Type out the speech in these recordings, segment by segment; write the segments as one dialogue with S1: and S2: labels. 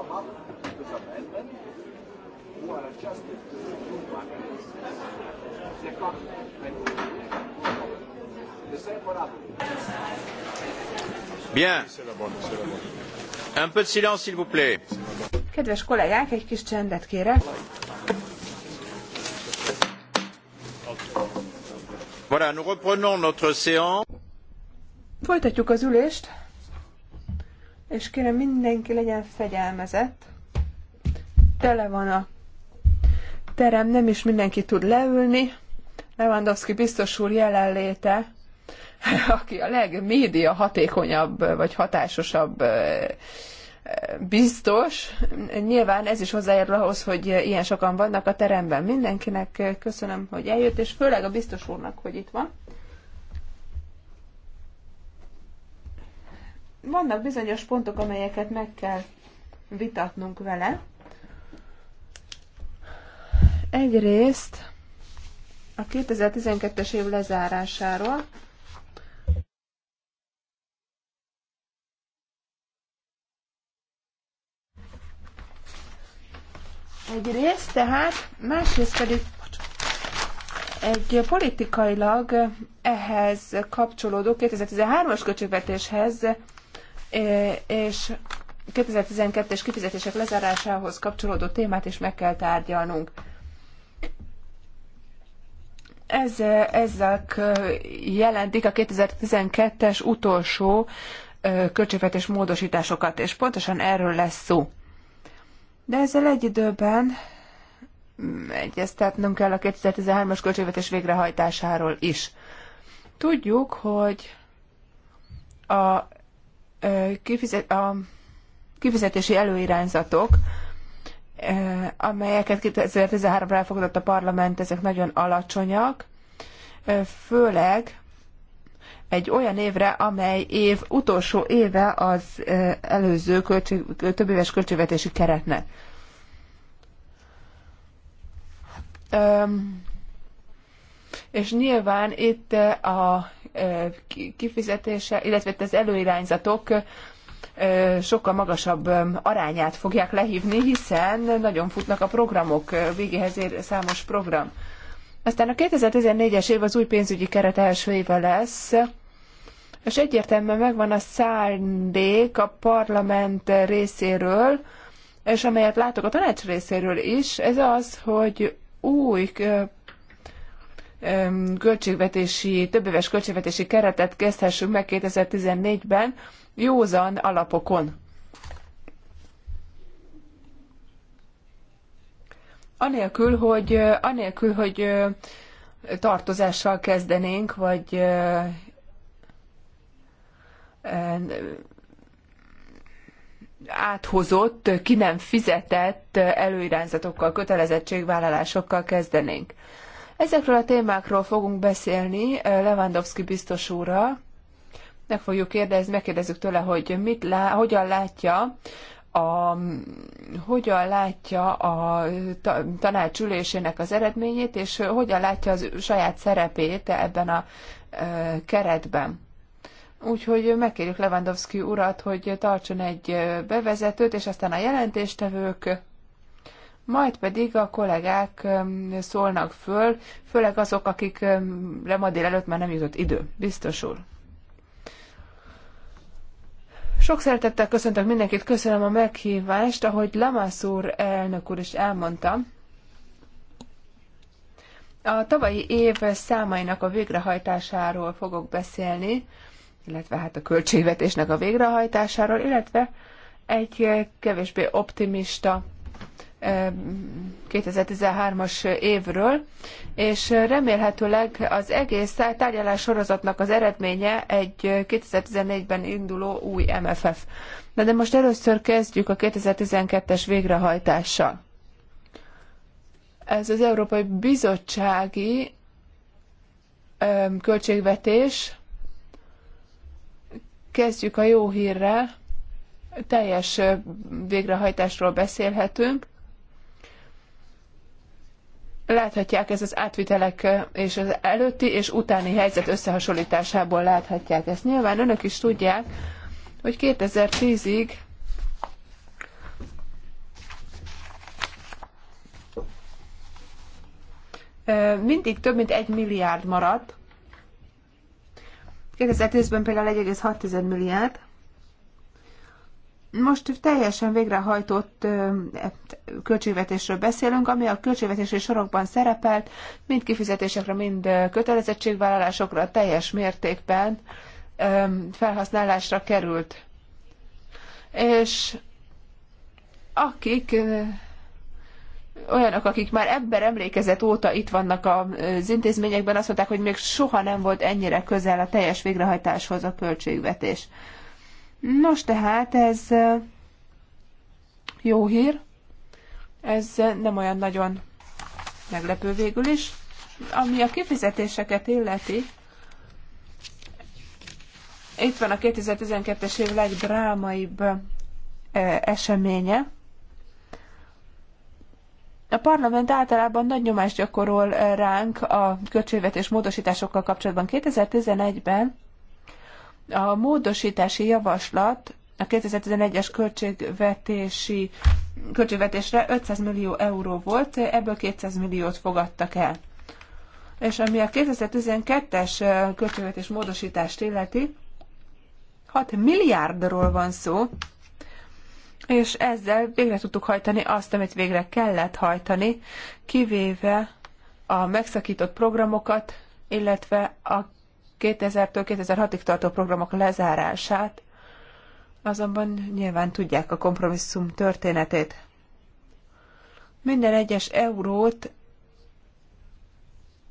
S1: come up with who are adjusted to the new markets. The same for others.
S2: Bien. Un peu de silence, s'il vous plaît.
S1: Kedves kollégák, egy kis csendet kérek.
S2: Voilà, nous reprenons notre séance.
S1: Folytatjuk az ülést és kérem mindenki legyen fegyelmezett. Tele van a terem, nem is mindenki tud leülni. Lewandowski biztos úr jelenléte, aki a legmédia hatékonyabb vagy hatásosabb biztos. Nyilván ez is hozzájárul ahhoz, hogy ilyen sokan vannak a teremben. Mindenkinek köszönöm, hogy eljött, és főleg a biztos úrnak, hogy itt van. vannak bizonyos pontok, amelyeket meg kell vitatnunk vele. Egyrészt a 2012-es év lezárásáról, Egyrészt, tehát másrészt pedig egy politikailag ehhez kapcsolódó 2013-as költségvetéshez és 2012-es kifizetések lezárásához kapcsolódó témát is meg kell tárgyalnunk. Ez, ezek jelentik a 2012-es utolsó költségvetés módosításokat, és pontosan erről lesz szó. De ezzel egy időben egyeztetnünk kell a 2013-as költségvetés végrehajtásáról is. Tudjuk, hogy a kifizet, a kifizetési előirányzatok, amelyeket 2013-ra elfogadott a parlament, ezek nagyon alacsonyak, főleg egy olyan évre, amely év utolsó éve az előző költség, több éves költségvetési keretnek. és nyilván itt a kifizetése, illetve az előirányzatok sokkal magasabb arányát fogják lehívni, hiszen nagyon futnak a programok, végéhez ér számos program. Aztán a 2014-es év az új pénzügyi keret első éve lesz, és egyértelműen megvan a szándék a parlament részéről, és amelyet látok a tanács részéről is, ez az, hogy új költségvetési, többéves költségvetési keretet kezdhessünk meg 2014-ben józan alapokon. Anélkül, hogy, anélkül, hogy tartozással kezdenénk, vagy áthozott, ki nem fizetett előirányzatokkal, kötelezettségvállalásokkal kezdenénk. Ezekről a témákról fogunk beszélni Lewandowski biztos úrral. Meg fogjuk kérdezni, megkérdezzük tőle, hogy mit lá, hogyan látja a, hogyan látja a ta, tanácsülésének az eredményét, és hogyan látja az saját szerepét ebben a e, keretben. Úgyhogy megkérjük Lewandowski urat, hogy tartson egy bevezetőt, és aztán a jelentéstevők majd pedig a kollégák szólnak föl, főleg azok, akik ma előtt már nem jutott idő. biztosul. Sok szeretettel köszöntök mindenkit, köszönöm a meghívást, ahogy úr elnök úr is elmondta. A tavalyi év számainak a végrehajtásáról fogok beszélni, illetve hát a költségvetésnek a végrehajtásáról, illetve egy kevésbé optimista 2013-as évről, és remélhetőleg az egész tárgyalás sorozatnak az eredménye egy 2014-ben induló új MFF. Na de most először kezdjük a 2012-es végrehajtással. Ez az Európai Bizottsági költségvetés. Kezdjük a jó hírrel. Teljes végrehajtásról beszélhetünk láthatják, ez az átvitelek és az előtti és utáni helyzet összehasonlításából láthatják ezt. Nyilván önök is tudják, hogy 2010-ig mindig több mint egy milliárd maradt. 2010-ben például 1,6 milliárd, most teljesen végrehajtott e, költségvetésről beszélünk, ami a költségvetési sorokban szerepelt, mind kifizetésekre, mind kötelezettségvállalásokra teljes mértékben felhasználásra került. És akik olyanok, akik már ebben emlékezet óta itt vannak az intézményekben, azt mondták, hogy még soha nem volt ennyire közel a teljes végrehajtáshoz a költségvetés. Nos tehát ez jó hír, ez nem olyan nagyon meglepő végül is. Ami a kifizetéseket illeti, itt van a 2012-es év legdrámaibb eseménye. A parlament általában nagy nyomást gyakorol ránk a költségvetés módosításokkal kapcsolatban. 2011-ben a módosítási javaslat a 2011-es költségvetési költségvetésre 500 millió euró volt, ebből 200 milliót fogadtak el. És ami a 2012-es költségvetés módosítást illeti, 6 milliárdról van szó, és ezzel végre tudtuk hajtani azt, amit végre kellett hajtani, kivéve a megszakított programokat, illetve a 2000-től 2006-ig tartó programok lezárását, azonban nyilván tudják a kompromisszum történetét. Minden egyes eurót,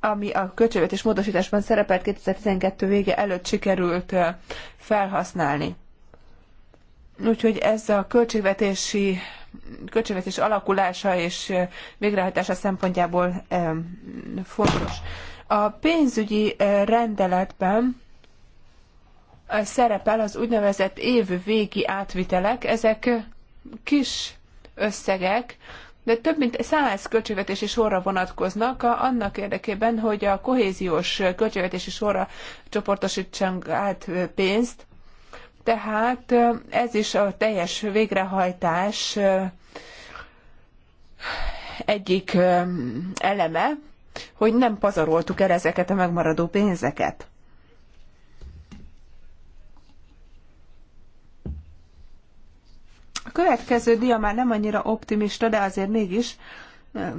S1: ami a költségvetés módosításban szerepelt 2012 vége előtt sikerült felhasználni. Úgyhogy ez a költségvetési költségvetés alakulása és végrehajtása szempontjából fontos. A pénzügyi eh, rendeletben eh, szerepel az úgynevezett végi átvitelek. Ezek eh, kis összegek, de több mint száz költségvetési sorra vonatkoznak annak érdekében, hogy a kohéziós költségvetési sorra csoportosítsanak át pénzt. Tehát ez is a teljes végrehajtás egyik eleme, hogy nem pazaroltuk el ezeket a megmaradó pénzeket. A következő dia már nem annyira optimista, de azért mégis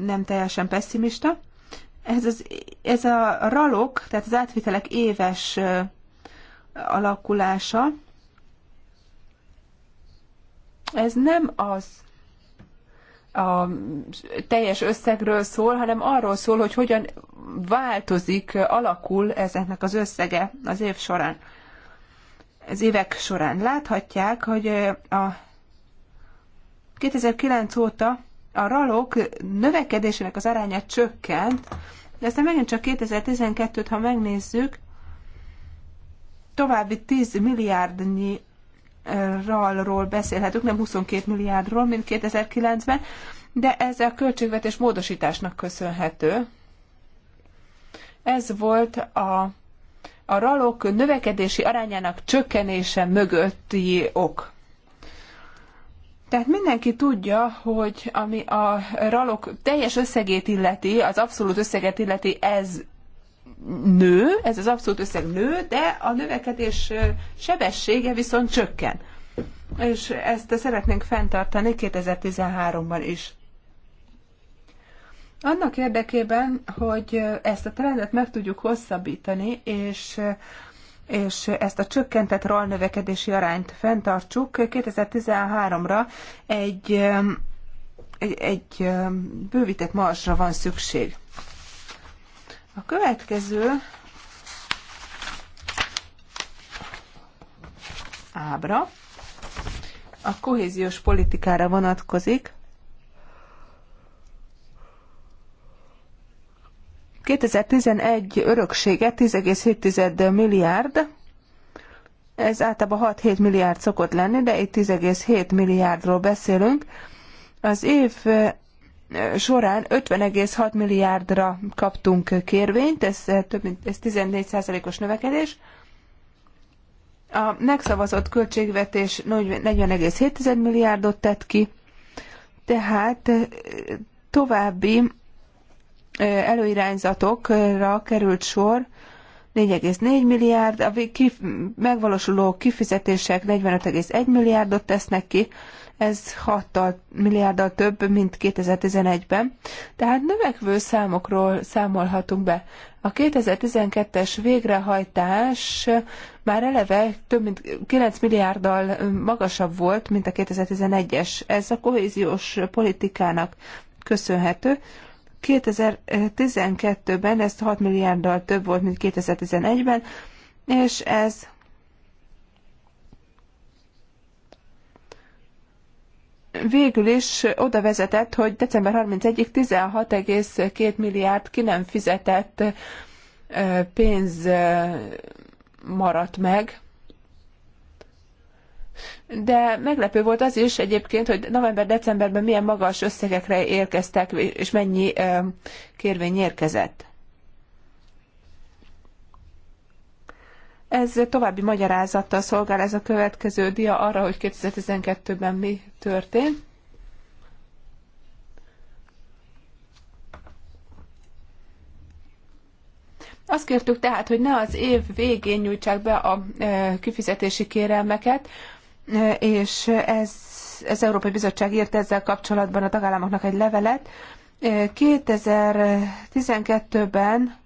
S1: nem teljesen pessimista. Ez, az, ez a ralok, tehát az átvitelek éves alakulása, ez nem az a teljes összegről szól, hanem arról szól, hogy hogyan változik, alakul ezeknek az összege az év során. Az évek során láthatják, hogy a 2009 óta a ralok növekedésének az aránya csökkent, de aztán megint csak 2012-t, ha megnézzük, további 10 milliárdnyi ralról beszélhetünk, nem 22 milliárdról, mint 2009-ben, de ez a költségvetés módosításnak köszönhető. Ez volt a, a ralok növekedési arányának csökkenése mögötti ok. Tehát mindenki tudja, hogy ami a ralok teljes összegét illeti, az abszolút összeget illeti, ez nő, ez az abszolút összeg nő, de a növekedés sebessége viszont csökken. És ezt szeretnénk fenntartani 2013-ban is. Annak érdekében, hogy ezt a trendet meg tudjuk hosszabbítani, és és ezt a csökkentett RAL növekedési arányt fenntartsuk. 2013-ra egy, egy, egy bővített marsra van szükség. A következő ábra a kohéziós politikára vonatkozik. 2011 öröksége 10,7 milliárd, ez általában 6-7 milliárd szokott lenni, de itt 10,7 milliárdról beszélünk. Az év során 50,6 milliárdra kaptunk kérvényt, ez, eh, több mint, ez 14%-os növekedés. A megszavazott költségvetés 40,7 milliárdot tett ki, tehát eh, további eh, előirányzatokra került sor, 4,4 milliárd, a megvalósuló kifizetések 45,1 milliárdot tesznek ki, ez 6 milliárddal több, mint 2011-ben, tehát növekvő számokról számolhatunk be. A 2012-es végrehajtás már eleve több mint 9 milliárddal magasabb volt, mint a 2011-es. Ez a kohéziós politikának köszönhető. 2012-ben ez 6 milliárddal több volt, mint 2011-ben, és ez végül is oda vezetett, hogy december 31-ig 16,2 milliárd ki nem fizetett pénz maradt meg. De meglepő volt az is egyébként, hogy november-decemberben milyen magas összegekre érkeztek, és mennyi kérvény érkezett. Ez további magyarázattal szolgál ez a következő dia arra, hogy 2012-ben mi történt. Azt kértük tehát, hogy ne az év végén nyújtsák be a e, kifizetési kérelmeket, e, és ez, ez Európai Bizottság írt ezzel kapcsolatban a tagállamoknak egy levelet. 2012-ben e,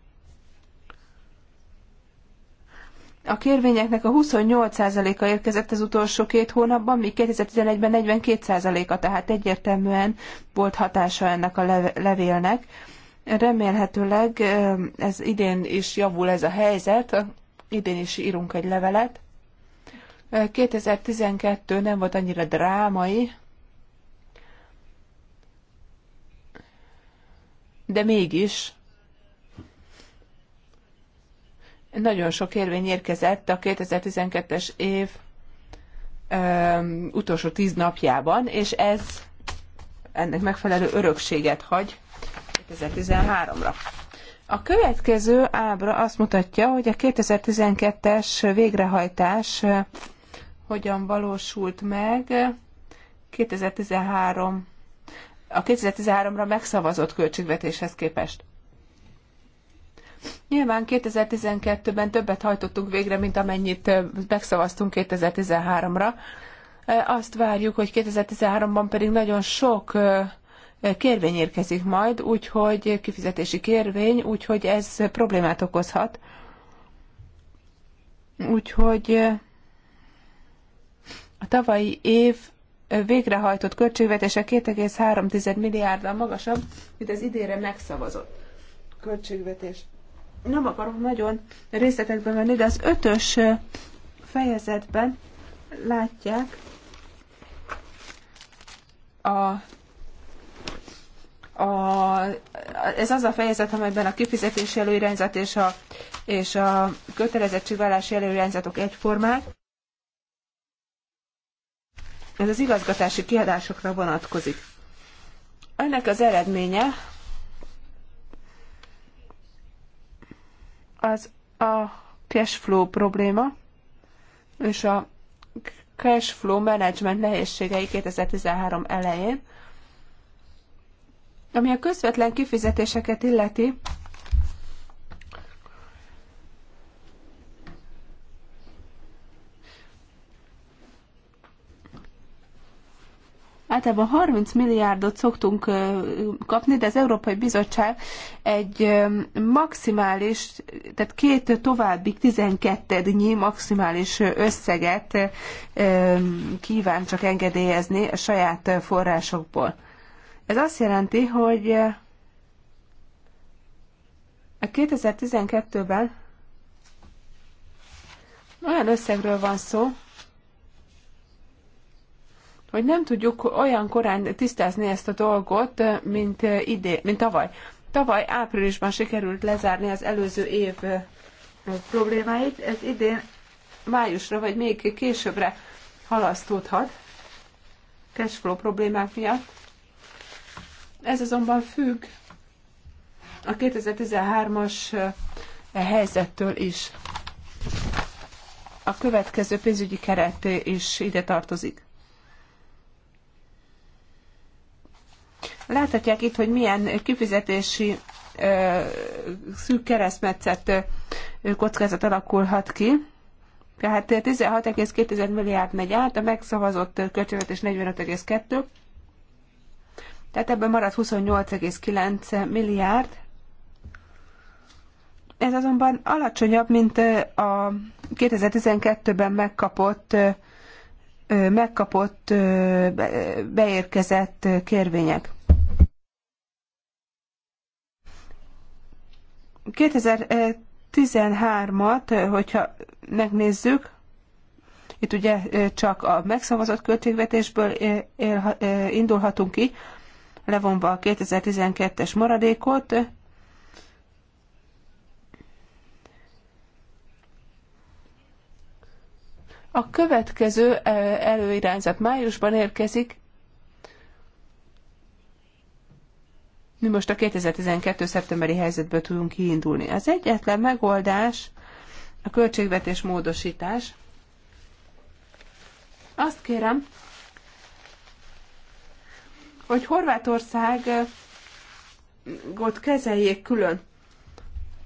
S1: A kérvényeknek a 28%-a érkezett az utolsó két hónapban, míg 2011-ben 42%-a, tehát egyértelműen volt hatása ennek a levélnek. Remélhetőleg ez idén is javul ez a helyzet, idén is írunk egy levelet. 2012 nem volt annyira drámai, de mégis Nagyon sok érvény érkezett a 2012-es év öm, utolsó tíz napjában, és ez ennek megfelelő örökséget hagy 2013-ra. A következő ábra azt mutatja, hogy a 2012-es végrehajtás hogyan valósult meg 2013 a 2013-ra megszavazott költségvetéshez képest. Nyilván 2012-ben többet hajtottunk végre, mint amennyit megszavaztunk 2013-ra. Azt várjuk, hogy 2013-ban pedig nagyon sok kérvény érkezik majd, úgyhogy kifizetési kérvény, úgyhogy ez problémát okozhat. Úgyhogy a tavalyi év végrehajtott költségvetése 2,3 milliárdal magasabb, mint az idére megszavazott költségvetés nem akarok nagyon részletekbe menni, de az ötös fejezetben látják a a, ez az a fejezet, amelyben a kifizetési előirányzat és a, és a kötelezettségvállási előirányzatok egyformák. Ez az igazgatási kiadásokra vonatkozik. Ennek az eredménye az a cash flow probléma, és a cash flow management nehézségei 2013 elején, ami a közvetlen kifizetéseket illeti, Általában 30 milliárdot szoktunk kapni, de az Európai Bizottság egy maximális, tehát két további 12-nyi maximális összeget kíván csak engedélyezni a saját forrásokból. Ez azt jelenti, hogy a 2012-ben olyan összegről van szó, hogy nem tudjuk olyan korán tisztázni ezt a dolgot, mint, eh, idé, mint tavaly. Tavaly áprilisban sikerült lezárni az előző év eh, problémáit, ez idén májusra vagy még későbbre halasztódhat cashflow problémák miatt. Ez azonban függ a 2013-as eh, helyzettől is. A következő pénzügyi keret is ide tartozik. Láthatják itt, hogy milyen kifizetési szűk keresztmetszett kockázat alakulhat ki. Tehát 16,2 milliárd megy át, a megszavazott költségvetés 45,2. Tehát ebben marad 28,9 milliárd. Ez azonban alacsonyabb, mint a 2012-ben megkapott megkapott beérkezett kérvények. 2013-at, eh, hogyha megnézzük, itt ugye eh, csak a megszavazott költségvetésből eh, indulhatunk ki, levonva a 2012-es maradékot. A következő előirányzat májusban érkezik, mi most a 2012. szeptemberi helyzetből tudunk kiindulni. Az egyetlen megoldás a költségvetés módosítás. Azt kérem, hogy Horvátországot kezeljék külön.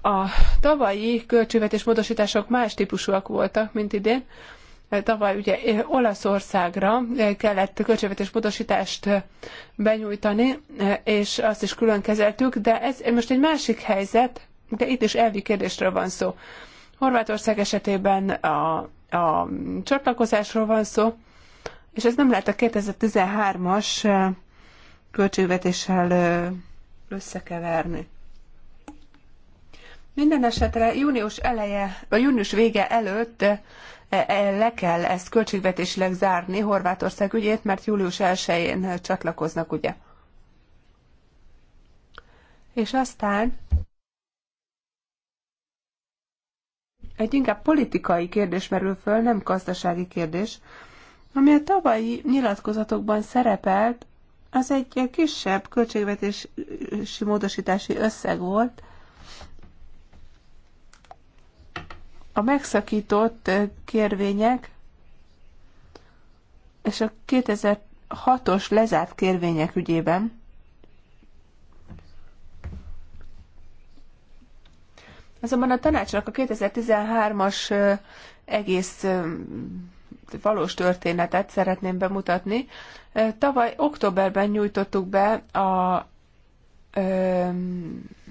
S1: A tavalyi költségvetés módosítások más típusúak voltak, mint idén tavaly ugye eh, Olaszországra eh, kellett költségvetés módosítást eh, benyújtani, és azt is külön kezeltük, de ez most egy másik helyzet, de itt is elvi kérdésről van szó. Horvátország esetében a, a csatlakozásról van szó, és ez nem lehet a 2013-as költségvetéssel összekeverni. Minden esetre június eleje, vagy június vége előtt le kell ezt költségvetésileg zárni Horvátország ügyét, mert július 1-én csatlakoznak, ugye? És aztán egy inkább politikai kérdés merül föl, nem gazdasági kérdés, ami a tavalyi nyilatkozatokban szerepelt, az egy kisebb költségvetési módosítási összeg volt, A megszakított kérvények és a 2006-os lezárt kérvények ügyében Azonban a tanácsnak a 2013-as egész valós történetet szeretném bemutatni. Tavaly októberben nyújtottuk be a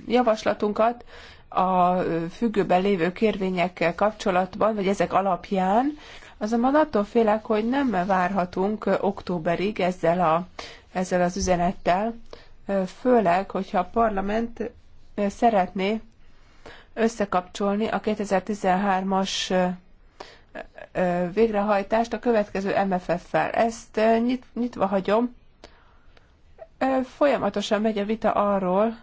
S1: javaslatunkat, a függőben lévő kérvényekkel kapcsolatban, vagy ezek alapján, azonban attól félek, hogy nem várhatunk októberig ezzel, a, ezzel az üzenettel, főleg, hogyha a parlament szeretné összekapcsolni a 2013-as végrehajtást a következő MFF-fel. Ezt nyitva hagyom. Folyamatosan megy a vita arról,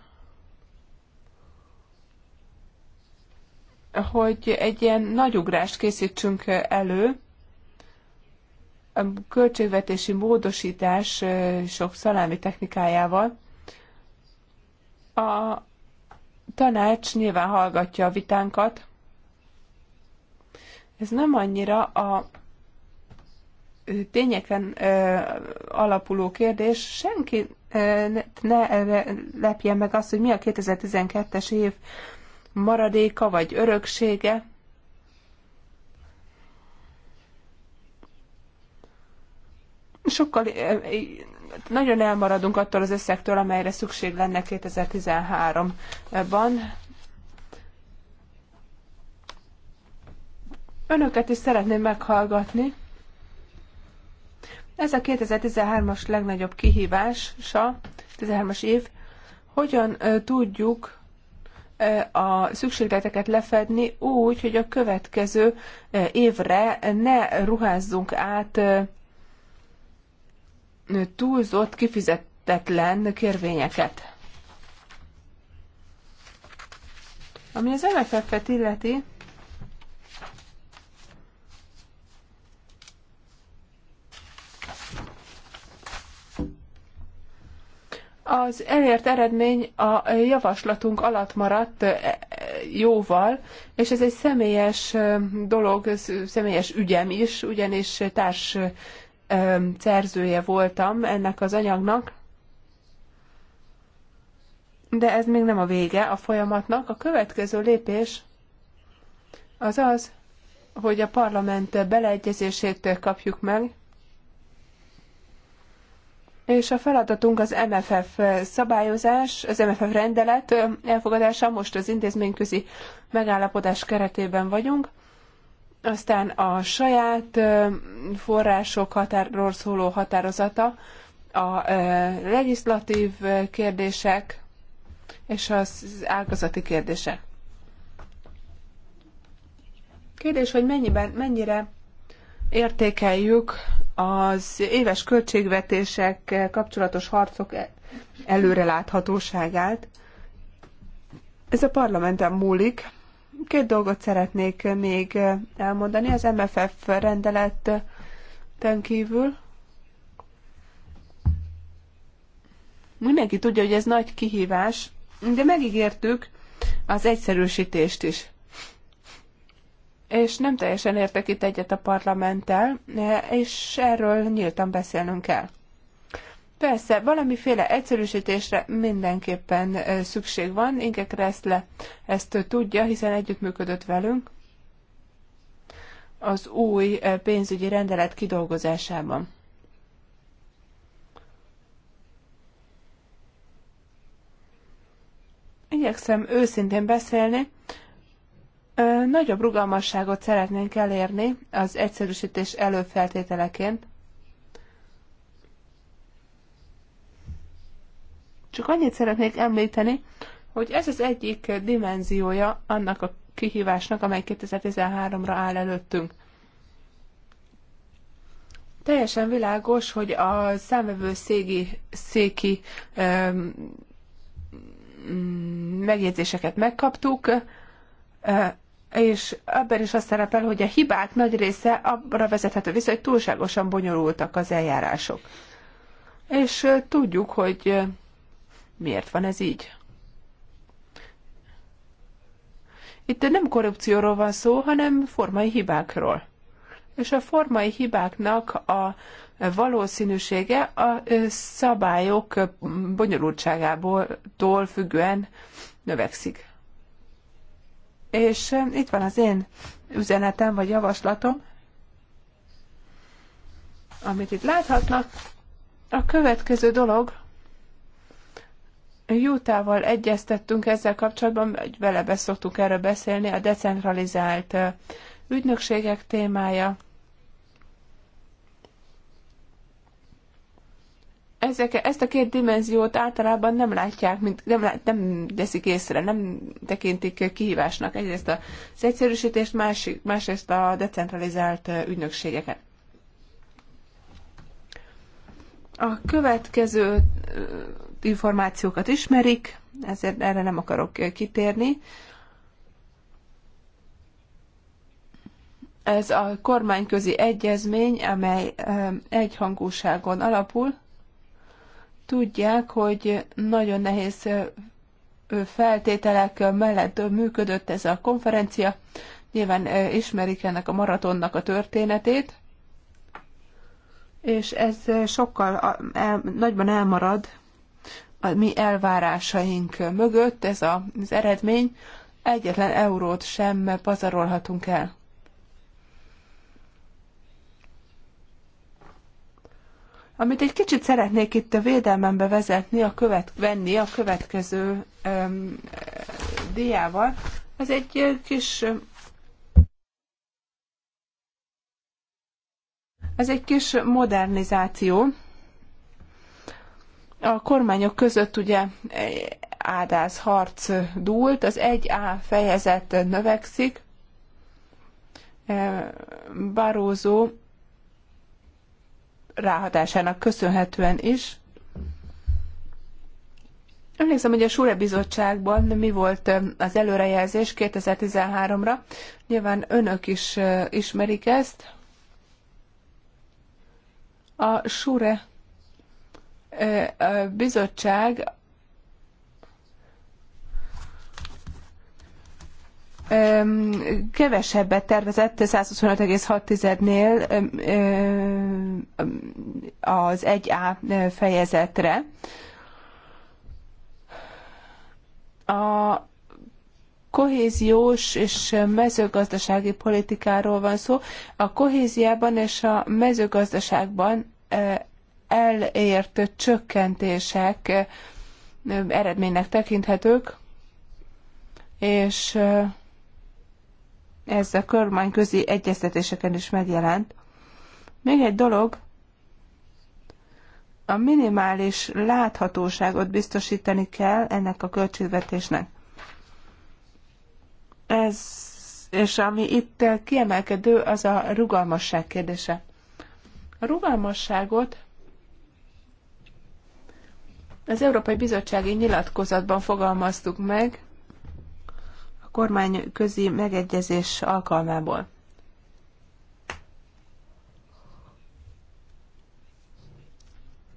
S1: hogy egy ilyen nagy ugrást készítsünk elő, a költségvetési módosítás sok szalámi technikájával. A tanács nyilván hallgatja a vitánkat. Ez nem annyira a tényeken ö, alapuló kérdés, senki ö, ne, ne lepje meg azt, hogy mi a 2012-es év maradéka vagy öröksége. Sokkal eh, eh, nagyon elmaradunk attól az összegtől, amelyre szükség lenne 2013-ban. Önöket is szeretném meghallgatni. Ez a 2013-as legnagyobb kihívása, 2013 as év, hogyan eh, tudjuk a szükségleteket lefedni úgy, hogy a következő évre ne ruházzunk át túlzott, kifizetetlen kérvényeket. Ami az MFF-et illeti, Az elért eredmény a javaslatunk alatt maradt e, e, jóval, és ez egy személyes dolog, személyes ügyem is, ugyanis társ szerzője voltam ennek az anyagnak, de ez még nem a vége a folyamatnak. A következő lépés az az, hogy a parlament beleegyezését kapjuk meg, és a feladatunk az MFF szabályozás, az MFF rendelet elfogadása, most az intézményközi megállapodás keretében vagyunk. Aztán a saját források határról szóló határozata, a legislatív kérdések és az ágazati kérdések. Kérdés, hogy mennyiben, mennyire értékeljük az éves költségvetések kapcsolatos harcok előreláthatóságát. Ez a parlamenten múlik. Két dolgot szeretnék még elmondani az MFF rendeleten kívül. Mindenki tudja, hogy ez nagy kihívás, de megígértük az egyszerűsítést is és nem teljesen értek itt egyet a parlamenttel, e, és erről nyíltan beszélnünk kell. Persze, valamiféle egyszerűsítésre mindenképpen e, szükség van, Inge Kreszle ezt tudja, hiszen együttműködött velünk az új e, pénzügyi rendelet kidolgozásában. Igyekszem őszintén beszélni, Nagyobb rugalmasságot szeretnénk elérni az egyszerűsítés előfeltételeként. Csak annyit szeretnék említeni, hogy ez az egyik dimenziója annak a kihívásnak, amely 2013-ra áll előttünk. Teljesen világos, hogy a számvevő szégi, széki öm, megjegyzéseket megkaptuk, és ebben is azt szerepel, hogy a hibák nagy része abra vezethető vissza, hogy túlságosan bonyolultak az eljárások. És tudjuk, hogy miért van ez így. Itt nem korrupcióról van szó, hanem formai hibákról. És a formai hibáknak a valószínűsége a szabályok bonyolultságából függően növekszik. És itt van az én üzenetem, vagy javaslatom, amit itt láthatnak. A következő dolog, Jutával egyeztettünk ezzel kapcsolatban, vele beszoktuk erről beszélni, a decentralizált ügynökségek témája. ezek, ezt a két dimenziót általában nem látják, mint, nem, lát, nem deszik észre, nem tekintik kihívásnak. Egyrészt az egyszerűsítést, másik, másrészt a decentralizált ügynökségeket. A következő információkat ismerik, ezért erre nem akarok kitérni. Ez a kormányközi egyezmény, amely egyhangúságon alapul, tudják, hogy nagyon nehéz feltételek mellett működött ez a konferencia. Nyilván ismerik ennek a maratonnak a történetét, és ez sokkal el, nagyban elmarad a mi elvárásaink mögött, ez a, az eredmény. Egyetlen eurót sem pazarolhatunk el. Amit egy kicsit szeretnék itt a védelmembe vezetni, a követ, venni a következő um, diával, az egy kis Ez egy kis modernizáció. A kormányok között ugye e, ádáz harc dúlt, az 1A fejezet növekszik. Barózó ráhatásának köszönhetően is. Emlékszem, hogy a Sure Bizottságban mi volt az előrejelzés 2013-ra. Nyilván önök is ismerik ezt. A Sure bizottság kevesebbet tervezett 125,6-nél az 1A fejezetre. A kohéziós és mezőgazdasági politikáról van szó. A kohéziában és a mezőgazdaságban elért csökkentések eredménynek tekinthetők, és ez a kormányközi egyeztetéseken is megjelent. Még egy dolog, a minimális láthatóságot biztosítani kell ennek a költségvetésnek. Ez, és ami itt kiemelkedő, az a rugalmasság kérdése. A rugalmasságot az Európai Bizottsági Nyilatkozatban fogalmaztuk meg, kormányközi megegyezés alkalmából.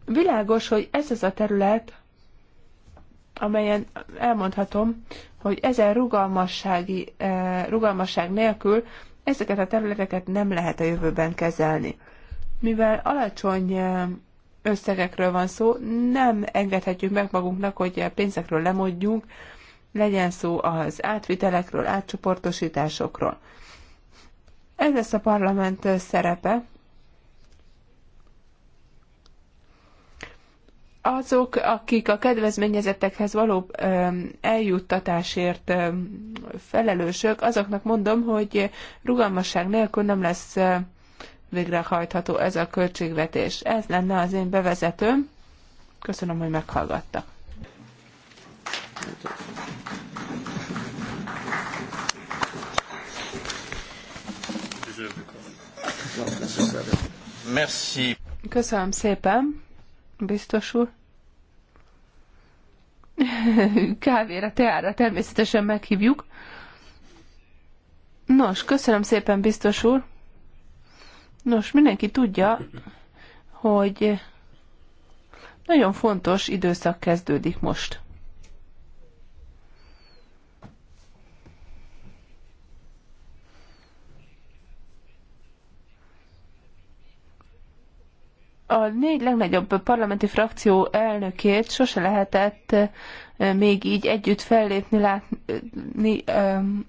S1: Világos, hogy ez az a terület, amelyen elmondhatom, hogy ezen rugalmassági, eh, rugalmasság nélkül ezeket a területeket nem lehet a jövőben kezelni. Mivel alacsony eh, összegekről van szó, nem engedhetjük meg magunknak, hogy pénzekről lemondjunk, legyen szó az átvitelekről, átcsoportosításokról. Ez lesz a parlament szerepe. Azok, akik a kedvezményezettekhez való eljuttatásért felelősök, azoknak mondom, hogy rugalmasság nélkül nem lesz végrehajtható ez a költségvetés. Ez lenne az én bevezetőm. Köszönöm, hogy meghallgattak. Köszönöm.
S2: Merci.
S1: Köszönöm szépen, biztos úr. Kávéra, teára természetesen meghívjuk. Nos, köszönöm szépen, biztos úr. Nos, mindenki tudja, hogy nagyon fontos időszak kezdődik most. a négy legnagyobb parlamenti frakció elnökét sose lehetett még így együtt fellépni, látni,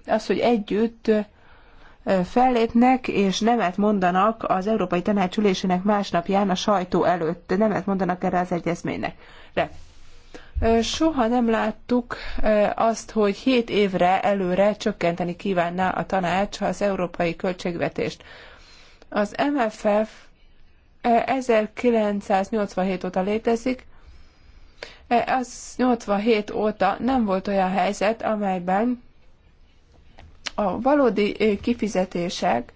S1: az, hogy együtt fellépnek és nemet mondanak az Európai Tanács ülésének másnapján a sajtó előtt, nemet mondanak erre az egyezménynek. De soha nem láttuk azt, hogy hét évre előre csökkenteni kívánná a tanács az európai költségvetést. Az MFF 1987 e, óta létezik, e, az 87 óta nem volt olyan helyzet, amelyben a valódi e, kifizetések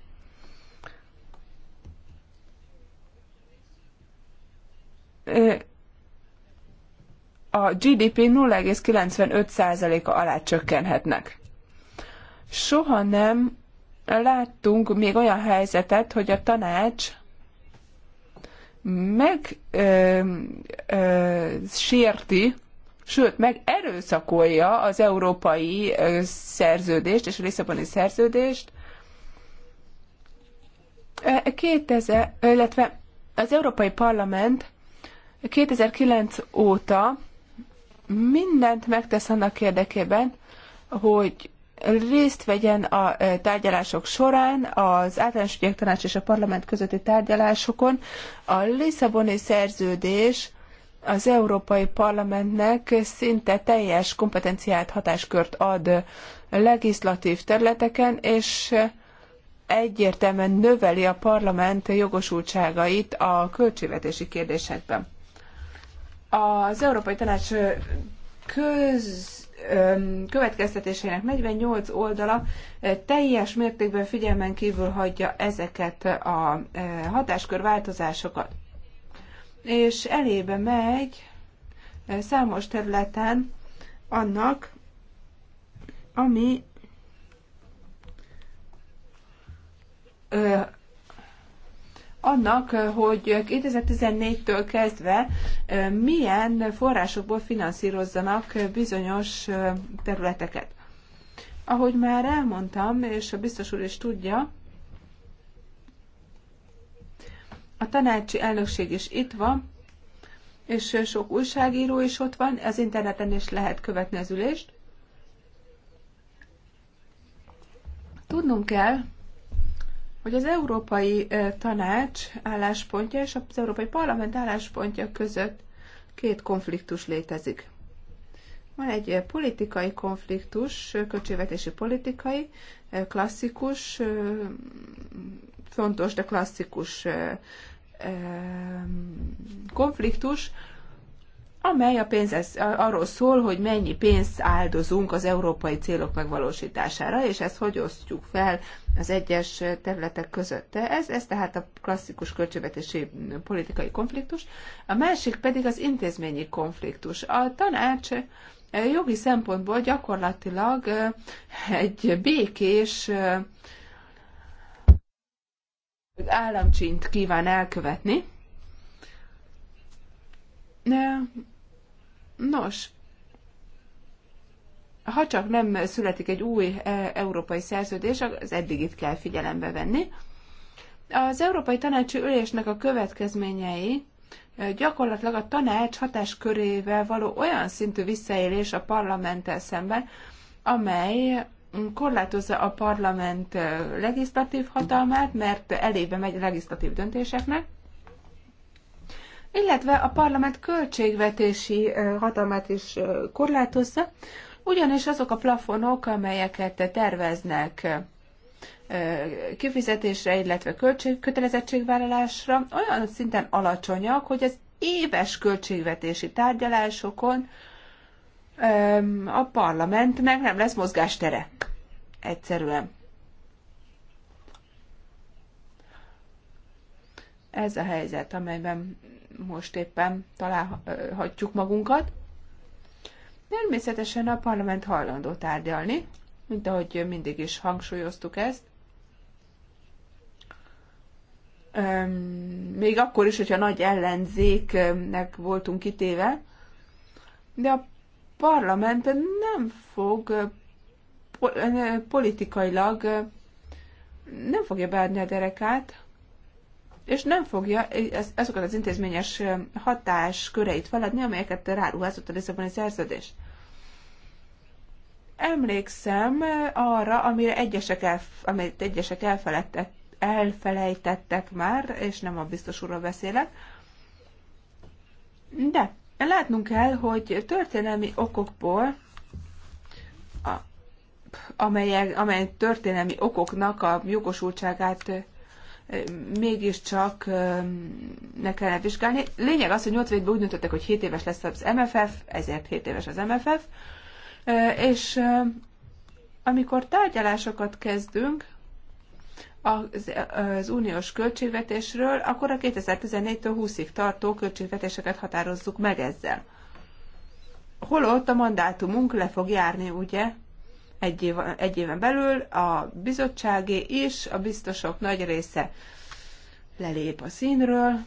S1: a GDP 0,95%-a alá csökkenhetnek. Soha nem láttunk még olyan helyzetet, hogy a tanács megsérti, sőt, meg erőszakolja az európai ö, szerződést és a Lisszaboni szerződést. 2000, illetve az Európai Parlament 2009 óta mindent megtesz annak érdekében, hogy részt vegyen a tárgyalások során, az általános ügyek tanács és a parlament közötti tárgyalásokon. A Lisszaboni szerződés az Európai Parlamentnek szinte teljes kompetenciát, hatáskört ad legislatív területeken, és egyértelműen növeli a parlament jogosultságait a költségvetési kérdésekben. Az Európai Tanács köz következtetésének 48 oldala teljes mértékben figyelmen kívül hagyja ezeket a hatáskör változásokat. És elébe megy számos területen annak, ami annak, eh, hogy 2014-től kezdve eh, milyen forrásokból finanszírozzanak eh, bizonyos területeket. Ahogy már elmondtam, és a biztos úr is tudja, a tanácsi elnökség is itt van, és sok újságíró is ott van, az interneten is lehet követni az ülést. Tudnunk kell, hogy az Európai Tanács álláspontja és az Európai Parlament álláspontja között két konfliktus létezik. Van egy politikai konfliktus, költségvetési politikai, klasszikus, fontos, de klasszikus konfliktus, amely a pénz ez, arról szól, hogy mennyi pénzt áldozunk az európai célok megvalósítására, és ezt hogy osztjuk fel az egyes területek között. Ez, ez tehát a klasszikus költségvetési politikai konfliktus. A másik pedig az intézményi konfliktus. A tanács eh, jogi szempontból gyakorlatilag eh, egy békés eh, államcsint kíván elkövetni, Nos, ha csak nem születik egy új e, európai szerződés, az eddigit kell figyelembe venni. Az Európai Tanácsi Ülésnek a következményei e, gyakorlatilag a tanács hatáskörével való olyan szintű visszaélés a parlamenttel szemben, amely korlátozza a parlament e, legislatív hatalmát, mert elébe megy a legislatív döntéseknek, illetve a parlament költségvetési hatalmát is korlátozza, ugyanis azok a plafonok, amelyeket terveznek kifizetésre, illetve költségkötelezettségvállalásra olyan szinten alacsonyak, hogy az éves költségvetési tárgyalásokon a parlamentnek nem lesz mozgástere. Egyszerűen. Ez a helyzet, amelyben most éppen találhatjuk magunkat. Természetesen a parlament hajlandó tárgyalni, mint ahogy mindig is hangsúlyoztuk ezt. Még akkor is, hogyha nagy ellenzéknek voltunk kitéve, de a parlament nem fog politikailag nem fogja beadni a derekát, és nem fogja azokat az intézményes hatás köreit feladni, amelyeket ráruházott a Lisszaboni szerződés. Emlékszem arra, amire egyesek, elf, amit egyesek elfelejtettek már, és nem a biztos úrról beszélek, de látnunk kell, hogy történelmi okokból, a, amelyek, amely történelmi okoknak a jogosultságát mégiscsak ne kellene vizsgálni. Lényeg az, hogy 8 évben úgy döntöttek, hogy 7 éves lesz az MFF, ezért 7 éves az MFF, és amikor tárgyalásokat kezdünk, az, az uniós költségvetésről, akkor a 2014-től 20-ig tartó költségvetéseket határozzuk meg ezzel. Holott a mandátumunk le fog járni, ugye? egy, év, egy éven belül a bizottságé is, a biztosok nagy része lelép a színről,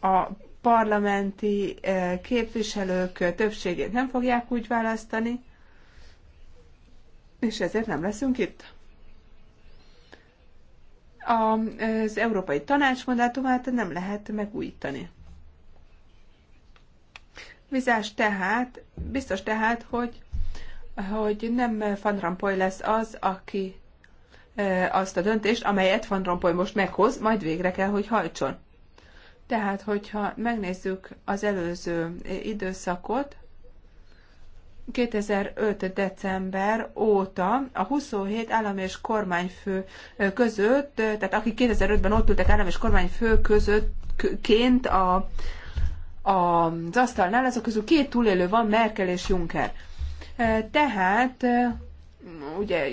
S1: a parlamenti eh, képviselők többségét nem fogják úgy választani, és ezért nem leszünk itt. Az Európai Tanács mandátumát nem lehet megújítani. Bizás tehát, biztos tehát, hogy hogy nem Van Rompuy lesz az, aki e, azt a döntést, amelyet Van Rompuy most meghoz, majd végre kell, hogy hajtson. Tehát, hogyha megnézzük az előző e, időszakot, 2005. december óta a 27 állam és kormányfő e, között, tehát akik 2005-ben ott ültek állam és kormányfő ként a, a, az asztalnál, azok közül két túlélő van, Merkel és Juncker. Tehát ugye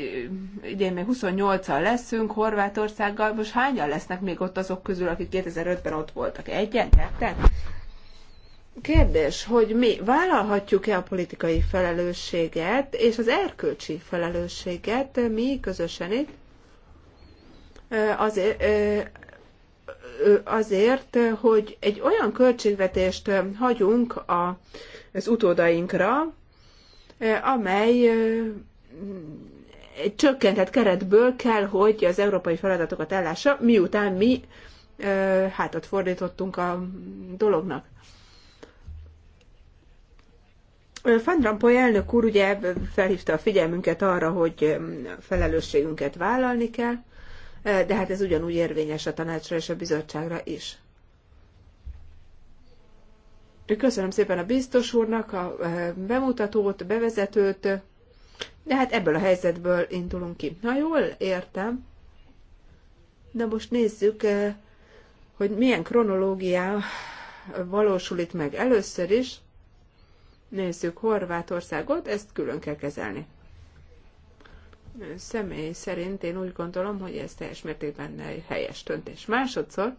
S1: idén még 28-al leszünk Horvátországgal, most hányan lesznek még ott azok közül, akik 2005-ben ott voltak? Egyen, ketten? Kérdés, hogy mi vállalhatjuk-e a politikai felelősséget és az erkölcsi felelősséget mi közösen itt azért, azért, hogy egy olyan költségvetést hagyunk a az utódainkra, amely egy csökkentett keretből kell, hogy az európai feladatokat ellássa, miután mi hátat fordítottunk a dolognak. Van Rompuy elnök úr ugye felhívta a figyelmünket arra, hogy felelősségünket vállalni kell, de hát ez ugyanúgy érvényes a tanácsra és a bizottságra is. Köszönöm szépen a biztos úrnak a eh, bemutatót, bevezetőt, de hát ebből a helyzetből indulunk ki. Na jól értem. Na most nézzük, eh, hogy milyen kronológia valósul itt meg először is. Nézzük Horvátországot, ezt külön kell kezelni. Személy szerint én úgy gondolom, hogy ez teljes mértékben helyes döntés. Másodszor,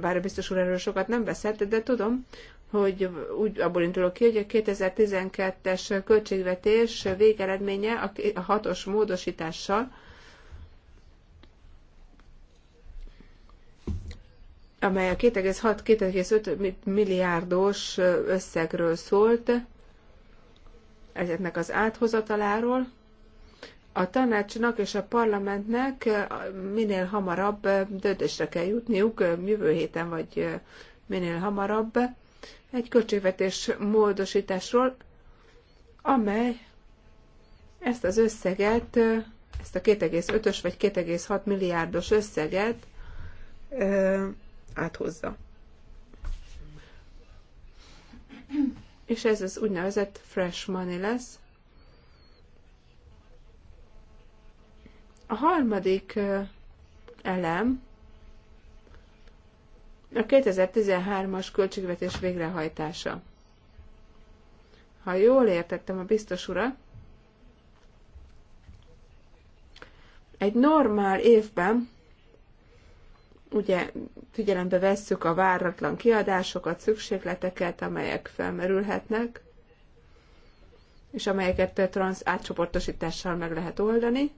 S1: bár a biztos úr erről sokat nem beszélt, de tudom, hogy úgy abból indulok ki, hogy a 2012-es költségvetés végeredménye a hatos módosítással, amely a 2,6-2,5 milliárdos összegről szólt, ezeknek az áthozataláról, a tanácsnak és a parlamentnek minél hamarabb döntésre kell jutniuk, jövő héten vagy minél hamarabb, egy költségvetés módosításról, amely ezt az összeget, ezt a 2,5-ös vagy 2,6 milliárdos összeget ö, áthozza. És ez az úgynevezett fresh money lesz, A harmadik elem a 2013-as költségvetés végrehajtása. Ha jól értettem a biztos ura, egy normál évben, ugye figyelembe vesszük a váratlan kiadásokat, szükségleteket, amelyek felmerülhetnek, és amelyeket transz átcsoportosítással meg lehet oldani.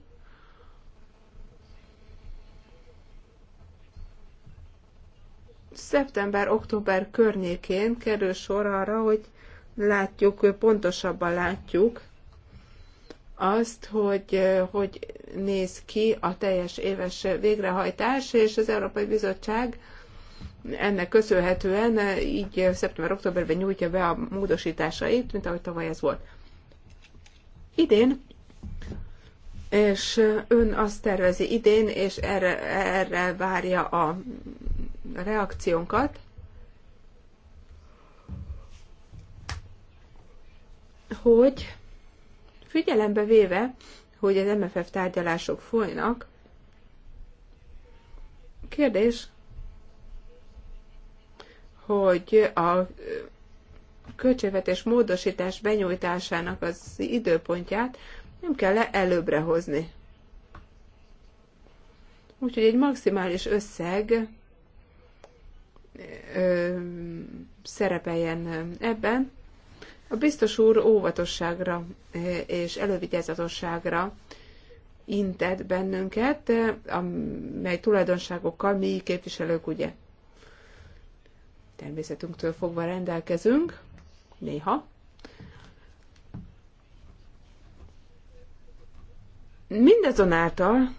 S1: Szeptember-október környékén kerül sor arra, hogy látjuk, pontosabban látjuk azt, hogy hogy néz ki a teljes éves végrehajtás, és az Európai Bizottság ennek köszönhetően így szeptember-októberben nyújtja be a módosításait, mint ahogy tavaly ez volt. Idén, és ön azt tervezi idén, és erre, erre várja a reakciónkat, hogy figyelembe véve, hogy az MFF tárgyalások folynak, kérdés, hogy a költségvetés módosítás benyújtásának az időpontját nem kell -e előbbre hozni. Úgyhogy egy maximális összeg ö, szerepeljen ebben. A biztos úr óvatosságra és elővigyázatosságra intett bennünket, amely tulajdonságokkal mi képviselők ugye természetünktől fogva rendelkezünk, néha. Mindazonáltal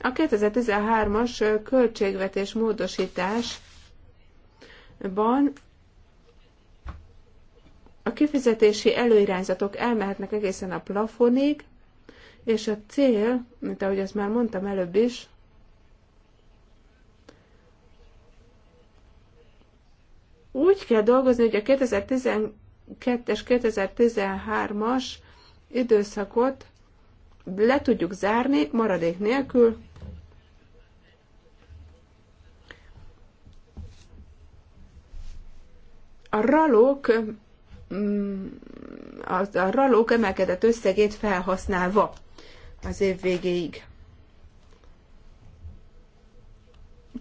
S1: a 2013-as költségvetés módosítás ban a kifizetési előirányzatok elmehetnek egészen a plafonig, és a cél, mint ahogy azt már mondtam előbb is, úgy kell dolgozni, hogy a 2012-es, 2013-as időszakot le tudjuk zárni maradék nélkül, a ralók mm, a, a ralók emelkedett összegét felhasználva az év végéig.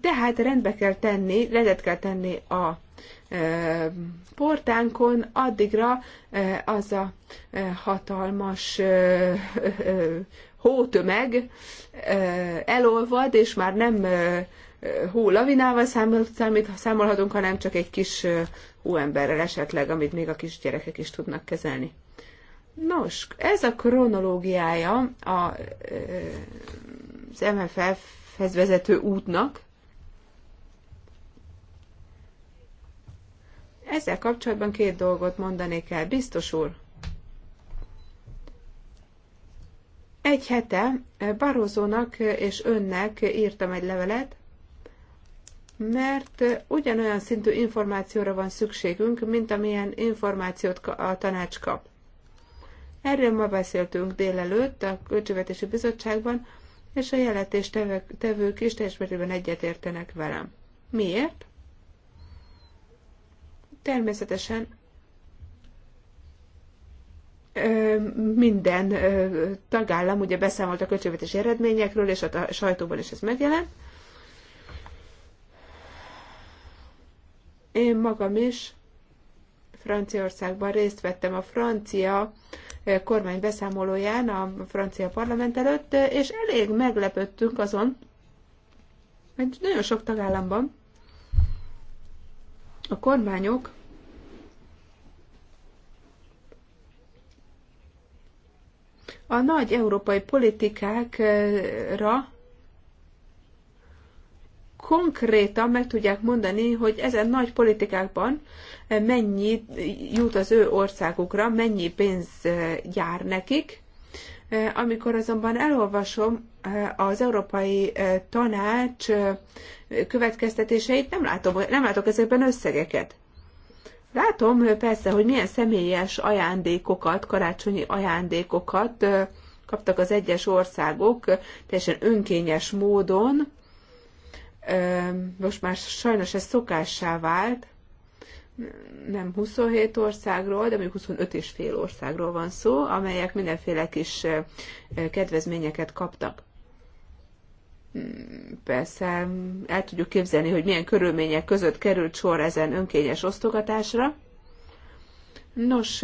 S1: Tehát rendbe kell tenni, rendet kell tenni a e, portánkon, addigra e, az a e, hatalmas e, e, hótömeg e, elolvad, és már nem e, hó lavinával számol, számít, számolhatunk, hanem csak egy kis e, emberrel esetleg, amit még a kisgyerekek is tudnak kezelni. Nos, ez a kronológiája a, az MFF-hez vezető útnak. Ezzel kapcsolatban két dolgot mondanék el. Biztos úr, egy hete Barózónak és önnek írtam egy levelet, mert eh, ugyanolyan szintű információra van szükségünk, mint amilyen információt a tanács kap. Erről ma beszéltünk délelőtt a Költségvetési Bizottságban, és a jelentéstevők is teljes mértékben egyetértenek velem. Miért? Természetesen eh, minden eh, tagállam ugye beszámolt a költségvetési eredményekről, és a sajtóban is ez megjelent, Én magam is Franciaországban részt vettem a francia eh, kormány beszámolóján a francia parlament előtt, eh, és elég meglepődtünk azon, hogy nagyon sok tagállamban a kormányok a nagy európai politikákra konkrétan meg tudják mondani, hogy ezen nagy politikákban eh, mennyi jut az ő országukra, mennyi pénz eh, jár nekik. Eh, amikor azonban elolvasom az Európai Tanács következtetéseit, nem, látom, nem látok ezekben összegeket. Látom persze, hogy milyen személyes ajándékokat, karácsonyi ajándékokat kaptak az egyes országok teljesen önkényes módon, most már sajnos ez szokássá vált, nem 27 országról, de még 25 és fél országról van szó, amelyek mindenféle kis kedvezményeket kaptak. Persze el tudjuk képzelni, hogy milyen körülmények között került sor ezen önkényes osztogatásra. Nos,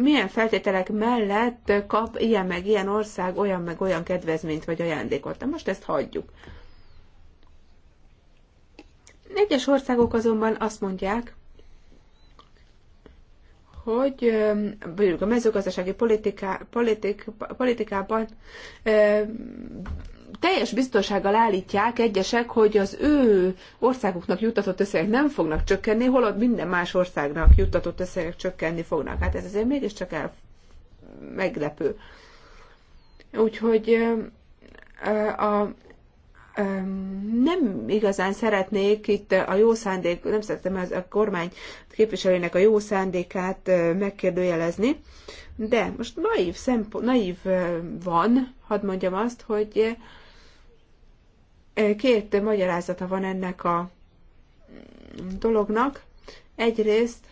S1: milyen feltételek mellett kap ilyen meg ilyen ország olyan meg olyan kedvezményt vagy ajándékot. de most ezt hagyjuk. Egyes országok azonban azt mondják, hogy a mezőgazdasági politiká, politik, politikában teljes biztonsággal állítják egyesek, hogy az ő országuknak juttatott összegek nem fognak csökkenni, holott minden más országnak juttatott összegek csökkenni fognak. Hát ez azért mégiscsak el meglepő. Úgyhogy a, nem igazán szeretnék itt a jó szándék, nem szeretem az a kormány képviselőnek a jó szándékát megkérdőjelezni, de most naív, szempo naív van, hadd mondjam azt, hogy Két magyarázata van ennek a dolognak. Egyrészt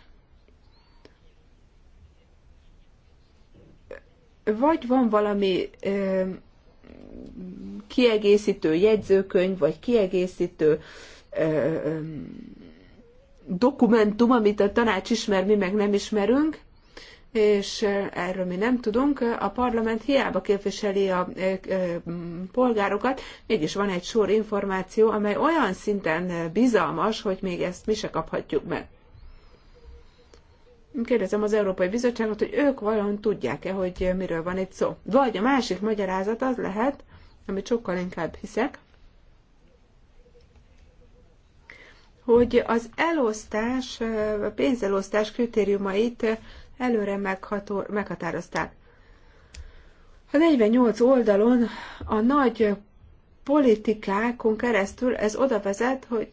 S1: vagy van valami ö, kiegészítő jegyzőkönyv, vagy kiegészítő ö, ö, dokumentum, amit a tanács ismer, mi meg nem ismerünk, és erről mi nem tudunk. A parlament hiába képviseli a polgárokat, mégis van egy sor információ, amely olyan szinten bizalmas, hogy még ezt mi se kaphatjuk meg. Kérdezem az Európai Bizottságot, hogy ők vajon tudják-e, hogy miről van itt szó. Vagy a másik magyarázat az lehet, amit sokkal inkább hiszek, hogy az elosztás, a pénzelosztás kritériumait előre megható, meghatározták. A 48 oldalon a nagy politikákon keresztül ez oda vezet, hogy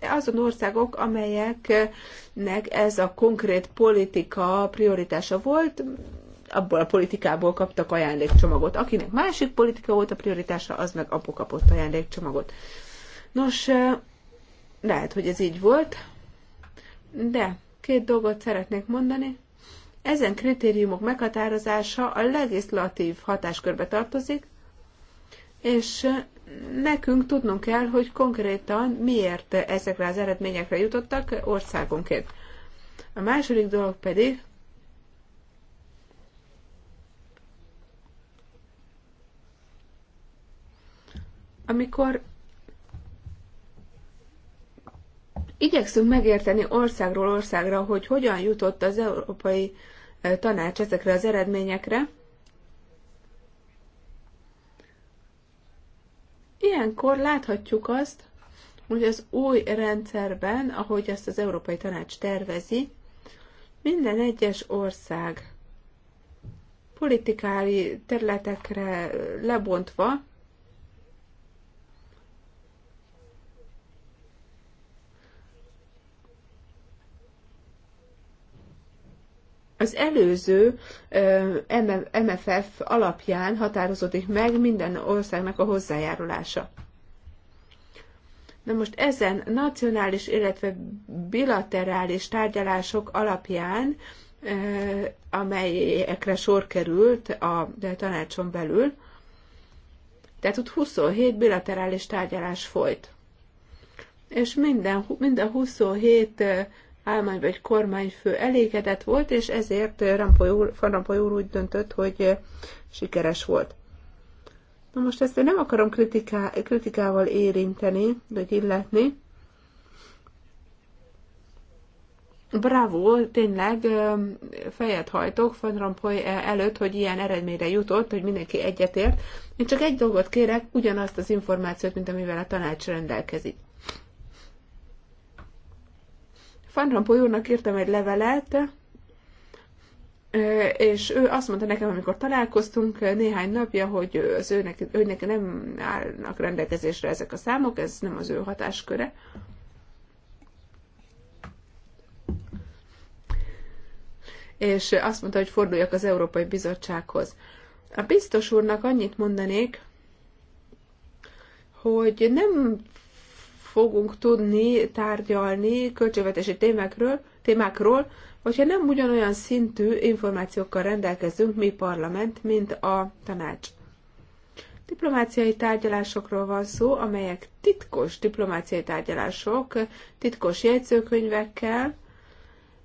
S1: azon országok, amelyeknek ez a konkrét politika prioritása volt, abból a politikából kaptak ajándékcsomagot. Akinek másik politika volt a prioritása, az meg abból kapott ajándékcsomagot. Nos, lehet, hogy ez így volt, de két dolgot szeretnék mondani. Ezen kritériumok meghatározása a legislatív hatáskörbe tartozik, és nekünk tudnunk kell, hogy konkrétan miért ezekre az eredményekre jutottak országonként. A második dolog pedig, amikor igyekszünk megérteni országról országra, hogy hogyan jutott az Európai tanács ezekre az eredményekre. Ilyenkor láthatjuk azt, hogy az új rendszerben, ahogy ezt az Európai Tanács tervezi, minden egyes ország politikári területekre lebontva Az előző MFF alapján határozódik meg minden országnak a hozzájárulása. Na most ezen nacionális, illetve bilaterális tárgyalások alapján, amelyekre sor került a tanácson belül, tehát ott 27 bilaterális tárgyalás folyt. És minden, minden 27 állomány vagy kormányfő elégedett volt, és ezért eh, Rampoly úr, úr úgy döntött, hogy eh, sikeres volt. Na most ezt én nem akarom kritiká, kritikával érinteni, vagy illetni. Bravo, tényleg eh, fejet hajtok Van Rompuy e- előtt, hogy ilyen eredményre jutott, hogy mindenki egyetért. Én csak egy dolgot kérek, ugyanazt az információt, mint amivel a tanács rendelkezik. Van Rompuy írtam egy levelet, és ő azt mondta nekem, amikor találkoztunk néhány napja, hogy az ő neki, ő neki nem állnak rendelkezésre ezek a számok, ez nem az ő hatásköre. És azt mondta, hogy forduljak az Európai Bizottsághoz. A biztos úrnak annyit mondanék, hogy nem fogunk tudni tárgyalni költségvetési témákról, témákról, hogyha nem ugyanolyan szintű információkkal rendelkezünk mi parlament, mint a tanács. Diplomáciai tárgyalásokról van szó, amelyek titkos diplomáciai tárgyalások, titkos jegyzőkönyvekkel,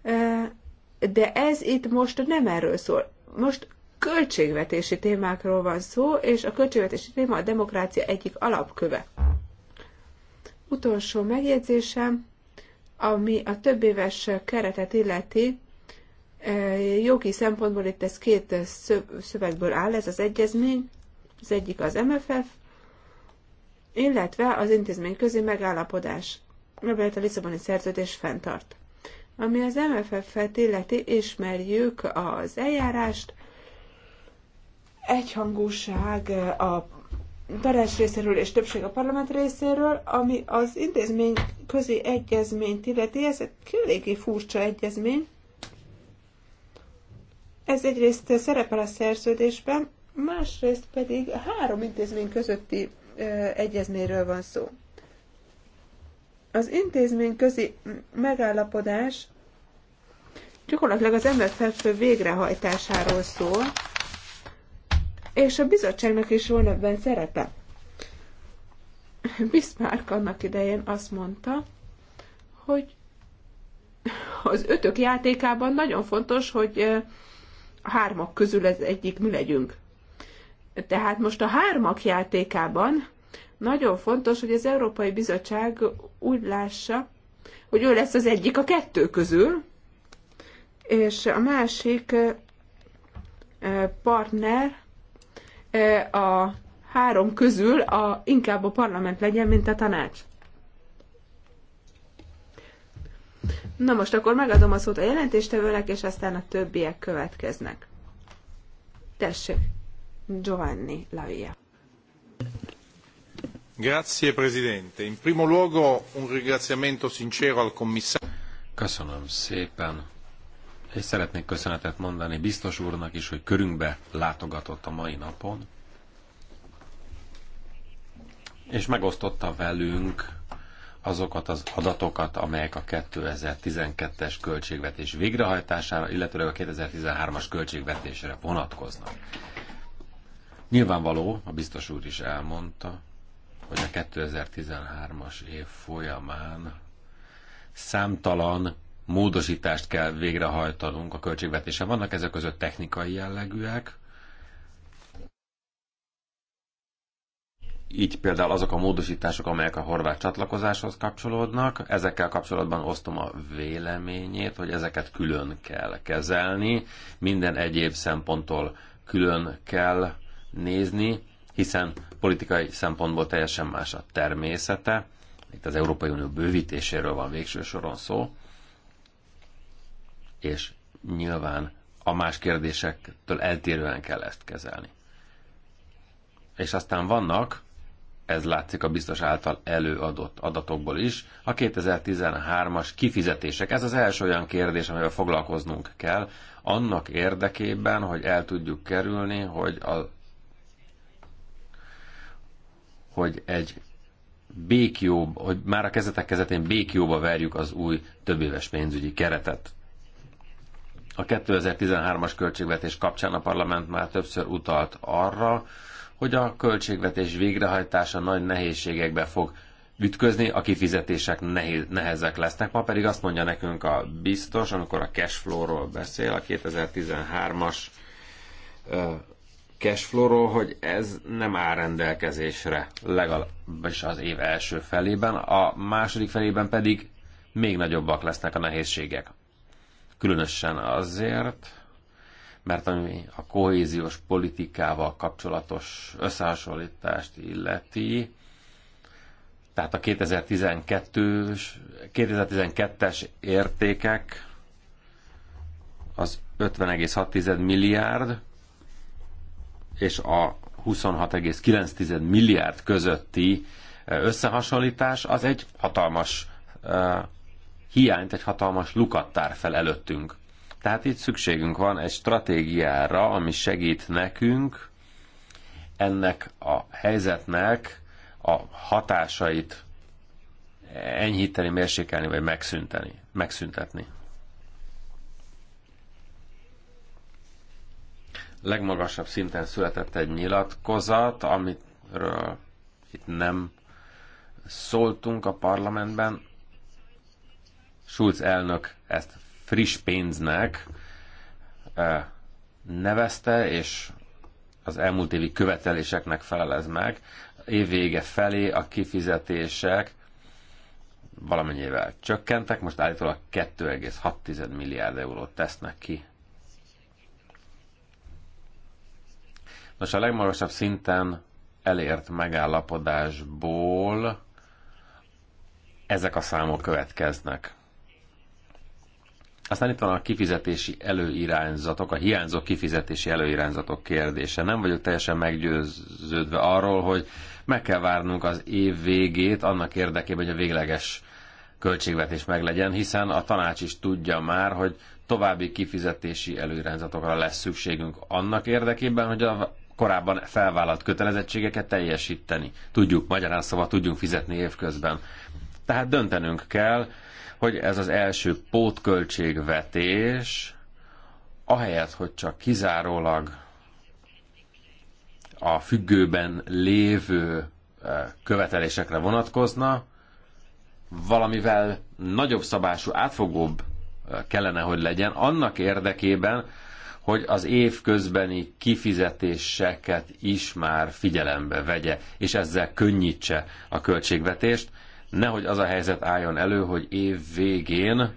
S1: e, de ez itt most nem erről szól. Most költségvetési témákról van szó, és a költségvetési téma a demokrácia egyik alapköve. Utolsó megjegyzésem, ami a több éves keretet illeti, eh, jogi szempontból itt ez két szövegből áll, ez az egyezmény, az egyik az MFF, illetve az intézmény közé megállapodás, amelyet a Lisszaboni szerződés fenntart. Ami az MFF-et illeti, ismerjük az eljárást, egyhangúság a tanács részéről és többség a parlament részéről, ami az intézmény közi egyezményt illeti, ez egy eléggé furcsa egyezmény. Ez egyrészt szerepel a szerződésben, másrészt pedig három intézmény közötti ö, egyezményről van szó. Az intézmény közi megállapodás gyakorlatilag az MFF végrehajtásáról szól, és a bizottságnak is volna ebben szerepe. Bismarck annak idején azt mondta, hogy az ötök játékában nagyon fontos, hogy a hármak közül ez egyik mi legyünk. Tehát most a hármak játékában nagyon fontos, hogy az Európai Bizottság úgy lássa, hogy ő lesz az egyik a kettő közül, és a másik partner a három közül a, inkább a parlament legyen, mint a tanács. Na most akkor megadom a szót a jelentéstevőnek, és aztán a többiek következnek. Tessék, Giovanni Lavia.
S2: Grazie Presidente. In primo luogo un ringraziamento sincero al commissario. Köszönöm szépen, és szeretnék köszönetet mondani biztos úrnak is, hogy körünkbe látogatott a mai napon, és megosztotta velünk azokat az adatokat, amelyek a 2012-es költségvetés végrehajtására, illetőleg a 2013-as költségvetésre vonatkoznak. Nyilvánvaló, a biztos úr is elmondta, hogy a 2013-as év folyamán számtalan módosítást kell végrehajtanunk a költségvetésen. Vannak ezek között technikai jellegűek, így például azok a módosítások, amelyek a horvát csatlakozáshoz kapcsolódnak, ezekkel kapcsolatban osztom a véleményét, hogy ezeket külön kell kezelni, minden egyéb szemponttól külön kell nézni, hiszen politikai szempontból teljesen más a természete, itt az Európai Unió bővítéséről van végső soron szó, és nyilván a más kérdésektől eltérően kell ezt kezelni. És aztán vannak, ez látszik a biztos által előadott adatokból is, a 2013-as kifizetések. Ez az első olyan kérdés, amivel foglalkoznunk kell, annak érdekében, hogy el tudjuk kerülni, hogy, a, hogy egy békjóba, hogy már a kezetek kezetén békjóba verjük az új többéves pénzügyi keretet. A 2013-as költségvetés kapcsán a parlament már többször utalt arra, hogy a költségvetés végrehajtása nagy nehézségekbe fog ütközni, a kifizetések nehéz, nehezek lesznek. Ma pedig azt mondja nekünk a biztos, amikor a cashflow-ról beszél, a 2013-as cashflow-ról, hogy ez nem áll rendelkezésre, legalábbis az év első felében, a második felében pedig még nagyobbak lesznek a nehézségek különösen azért, mert ami a kohéziós politikával kapcsolatos összehasonlítást illeti, tehát a 2012-es, 2012-es értékek az 50,6 milliárd, és a 26,9 milliárd közötti eh, összehasonlítás az egy hatalmas eh, hiányt, egy hatalmas lukat tár fel előttünk. Tehát itt szükségünk van egy stratégiára, ami segít nekünk ennek a helyzetnek a hatásait enyhíteni, mérsékelni, vagy megszünteni, megszüntetni. Legmagasabb szinten született egy nyilatkozat, amiről itt nem szóltunk a parlamentben, Schulz elnök ezt friss pénznek nevezte, és az elmúlt évi követeléseknek felelez meg. vége felé a kifizetések valamennyivel csökkentek, most állítólag 2,6 milliárd eurót tesznek ki. Most a legmagasabb szinten elért megállapodásból ezek a számok következnek. Aztán itt van a kifizetési előirányzatok, a hiányzó kifizetési előirányzatok kérdése. Nem vagyok teljesen meggyőződve arról, hogy meg kell várnunk az év végét annak érdekében, hogy a végleges költségvetés meglegyen, hiszen a tanács is tudja már, hogy további kifizetési előirányzatokra lesz szükségünk annak érdekében, hogy a korábban felvállalt kötelezettségeket teljesíteni. Tudjuk, magyarán szóval tudjunk fizetni évközben. Tehát döntenünk kell, hogy ez az első pótköltségvetés, ahelyett, hogy csak kizárólag a függőben lévő eh, követelésekre vonatkozna, valamivel nagyobb szabású, átfogóbb eh, kellene, hogy legyen, annak érdekében, hogy az év közbeni kifizetéseket is már figyelembe vegye, és ezzel könnyítse a költségvetést, Nehogy az a helyzet álljon elő, hogy év végén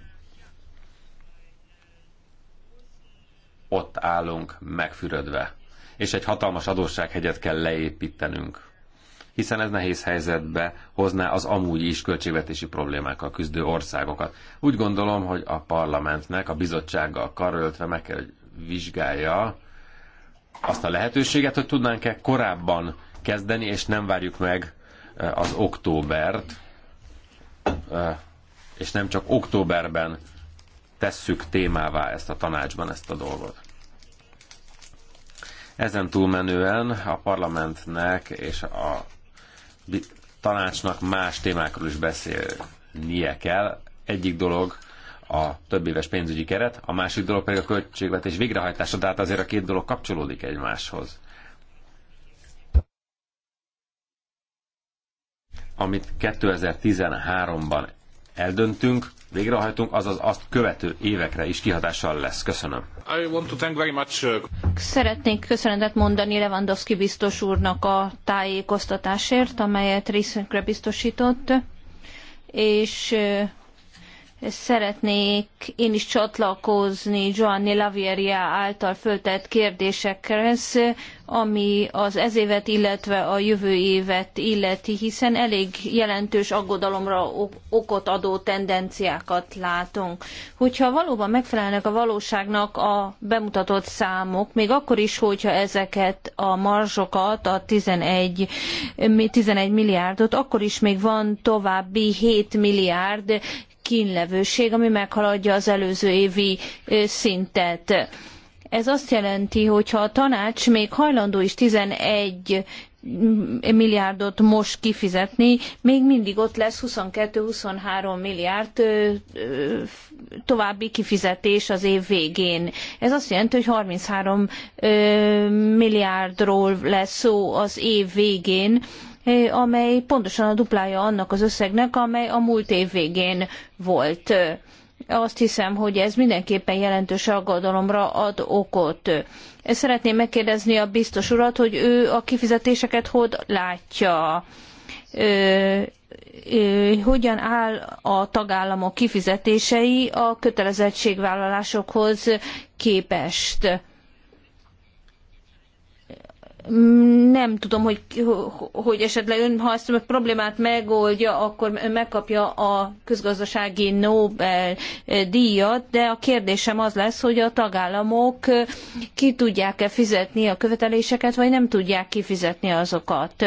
S2: ott állunk megfürödve, és egy hatalmas adóssághegyet kell leépítenünk hiszen ez nehéz helyzetbe hozná az amúgy is költségvetési problémákkal küzdő országokat. Úgy gondolom, hogy a parlamentnek a bizottsággal karöltve meg kell, hogy vizsgálja azt a lehetőséget, hogy tudnánk-e korábban kezdeni, és nem várjuk meg eh, az októbert, és nem csak októberben tesszük témává ezt a tanácsban ezt a dolgot. Ezen túlmenően a parlamentnek és a tanácsnak más témákról is beszélnie kell. Egyik dolog a több éves pénzügyi keret, a másik dolog pedig a költségvetés végrehajtása, de hát azért a két dolog kapcsolódik egymáshoz. amit 2013-ban eldöntünk, végrehajtunk, azaz azt követő évekre is kihatással lesz. Köszönöm. Uh,
S3: Szeretnék köszönetet mondani Lewandowski biztos úrnak a tájékoztatásért, amelyet részünkre biztosított, és uh, Szeretnék én is csatlakozni Giovanni Lavieria által föltett kérdésekhez, ami az ez évet, illetve a jövő évet illeti, hiszen elég jelentős aggodalomra okot adó tendenciákat látunk. Hogyha valóban megfelelnek a valóságnak a bemutatott számok, még akkor is, hogyha ezeket a marzsokat, a 11, 11 milliárdot, akkor is még van további 7 milliárd kínlevőség, ami meghaladja az előző évi szintet. Ez azt jelenti, hogy ha a tanács még hajlandó is 11 milliárdot most kifizetni, még mindig ott lesz 22-23 milliárd további kifizetés az év végén. Ez azt jelenti, hogy 33 milliárdról lesz szó az év végén, amely pontosan a duplája annak az összegnek, amely a múlt év végén volt. Azt hiszem, hogy ez mindenképpen jelentős aggodalomra ad okot. Szeretném megkérdezni a biztos urat, hogy ő a kifizetéseket hogy látja hogyan áll a tagállamok kifizetései a kötelezettségvállalásokhoz képest nem tudom, hogy, hogy esetleg ön, ha ezt a problémát megoldja, akkor megkapja a közgazdasági Nobel-díjat, eh, de a kérdésem az lesz, hogy a tagállamok eh, ki tudják-e fizetni a követeléseket, vagy nem tudják kifizetni azokat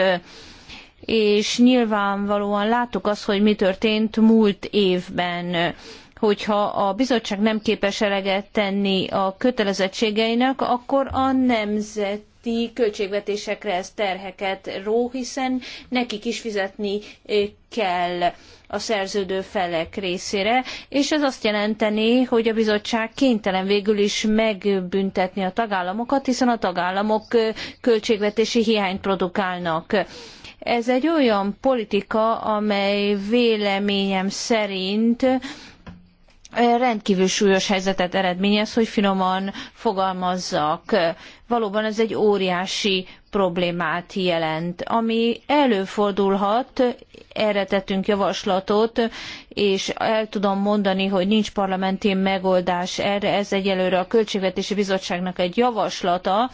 S3: és nyilvánvalóan láttuk azt, hogy mi történt múlt évben hogyha a bizottság nem képes eleget tenni a kötelezettségeinek, akkor a nemzet nemzeti költségvetésekre ez terheket ró, hiszen nekik is fizetni eh, kell a szerződő felek részére, és ez azt jelenteni, hogy a bizottság kénytelen végül is megbüntetni a tagállamokat, hiszen a tagállamok eh, költségvetési hiányt produkálnak. Ez egy olyan politika, amely véleményem szerint rendkívül súlyos helyzetet eredményez, hogy finoman fogalmazzak. Valóban ez egy óriási problémát jelent, ami előfordulhat, erre tettünk javaslatot, és el tudom mondani, hogy nincs parlamenti megoldás erre, ez egyelőre a Költségvetési Bizottságnak egy javaslata,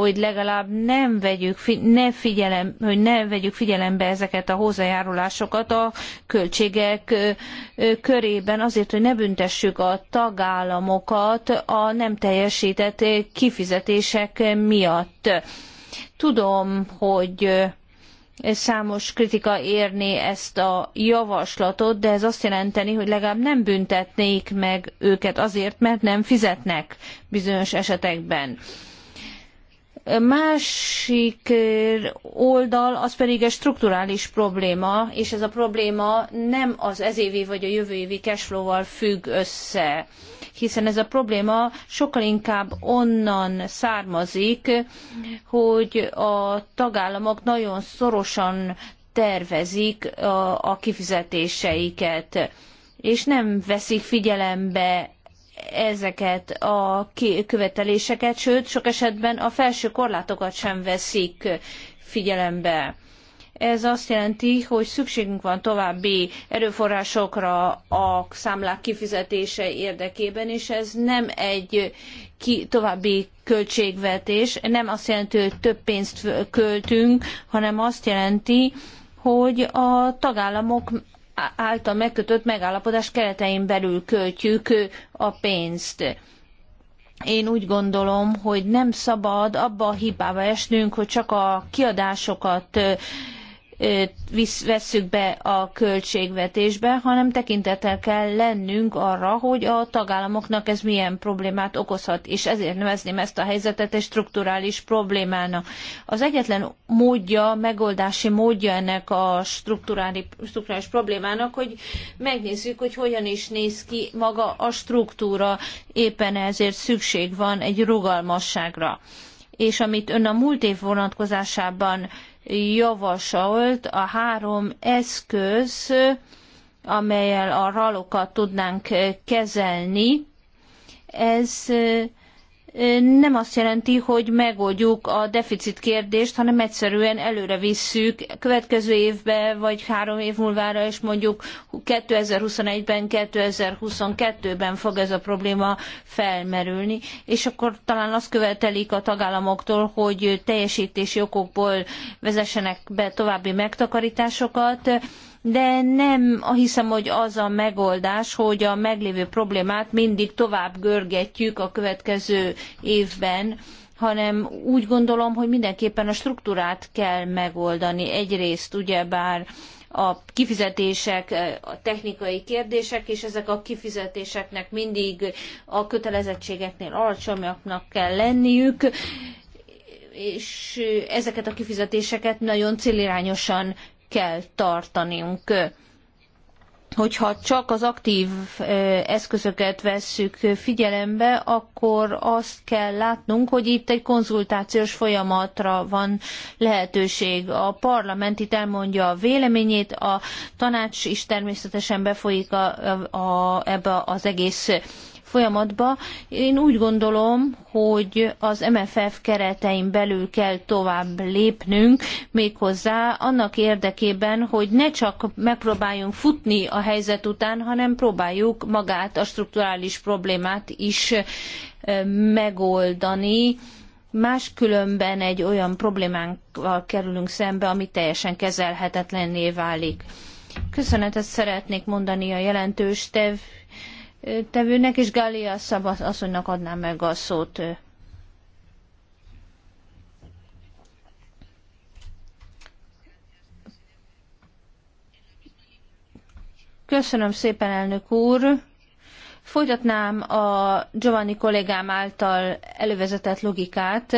S3: hogy legalább nem vegyük, ne figyelem, hogy ne vegyük figyelembe ezeket a hozzájárulásokat a költségek körében, azért, hogy ne büntessük a tagállamokat a nem teljesített kifizetések miatt. Tudom, hogy számos kritika érné ezt a javaslatot, de ez azt jelenteni, hogy legalább nem büntetnék meg őket azért, mert nem fizetnek bizonyos esetekben. Másik oldal az pedig egy strukturális probléma, és ez a probléma nem az ezévi vagy a jövő évi cashflow-val függ össze hiszen ez a probléma sokkal inkább onnan származik, hogy a tagállamok nagyon szorosan tervezik a, a kifizetéseiket, és nem veszik figyelembe ezeket a követeléseket, sőt, sok esetben a felső korlátokat sem veszik figyelembe. Ez azt jelenti, hogy szükségünk van további erőforrásokra a számlák kifizetése érdekében, és ez nem egy ki, további költségvetés, nem azt jelenti, hogy több pénzt költünk, hanem azt jelenti, hogy a tagállamok által megkötött megállapodás keretein belül költjük a pénzt. Én úgy gondolom, hogy nem szabad abba a hibába esnünk, hogy csak a kiadásokat vesszük be a költségvetésbe, hanem tekintettel kell lennünk arra, hogy a tagállamoknak ez milyen problémát okozhat, és ezért nevezném ezt a helyzetet egy strukturális problémának. Az egyetlen módja, megoldási módja ennek a strukturális problémának, hogy megnézzük, hogy hogyan is néz ki maga a struktúra, éppen ezért szükség van egy rugalmasságra. És amit ön a múlt év vonatkozásában javasolt a három eszköz, amelyel a ralokat tudnánk kezelni. Ez nem azt jelenti, hogy megoldjuk a deficit kérdést, hanem egyszerűen előre visszük következő évbe, vagy három év múlvára, és mondjuk 2021-ben, 2022-ben fog ez a probléma felmerülni, és akkor talán azt követelik a tagállamoktól, hogy teljesítési okokból vezessenek be további megtakarításokat, de nem hiszem, hogy az a megoldás, hogy a meglévő problémát mindig tovább görgetjük a következő évben, hanem úgy gondolom, hogy mindenképpen a struktúrát kell megoldani. Egyrészt ugyebár a kifizetések, a technikai kérdések, és ezek a kifizetéseknek mindig a kötelezettségeknél alacsonyabbnak kell lenniük, és ezeket a kifizetéseket nagyon célirányosan kell tartaniunk. Hogyha csak az aktív eszközöket vesszük figyelembe, akkor azt kell látnunk, hogy itt egy konzultációs folyamatra van lehetőség. A parlament itt elmondja a véleményét, a tanács is természetesen befolyik a, a, ebbe az egész folyamatba. Én úgy gondolom, hogy az MFF keretein belül kell tovább lépnünk, méghozzá annak érdekében, hogy ne csak megpróbáljunk futni a helyzet után, hanem próbáljuk magát a strukturális problémát is megoldani, máskülönben egy olyan problémánkkal kerülünk szembe, ami teljesen kezelhetetlenné válik. Köszönetet szeretnék mondani a jelentős tev tevőnek, és Gália asszonynak adnám meg a szót. Köszönöm szépen, elnök úr! Folytatnám a Giovanni kollégám által elővezetett logikát.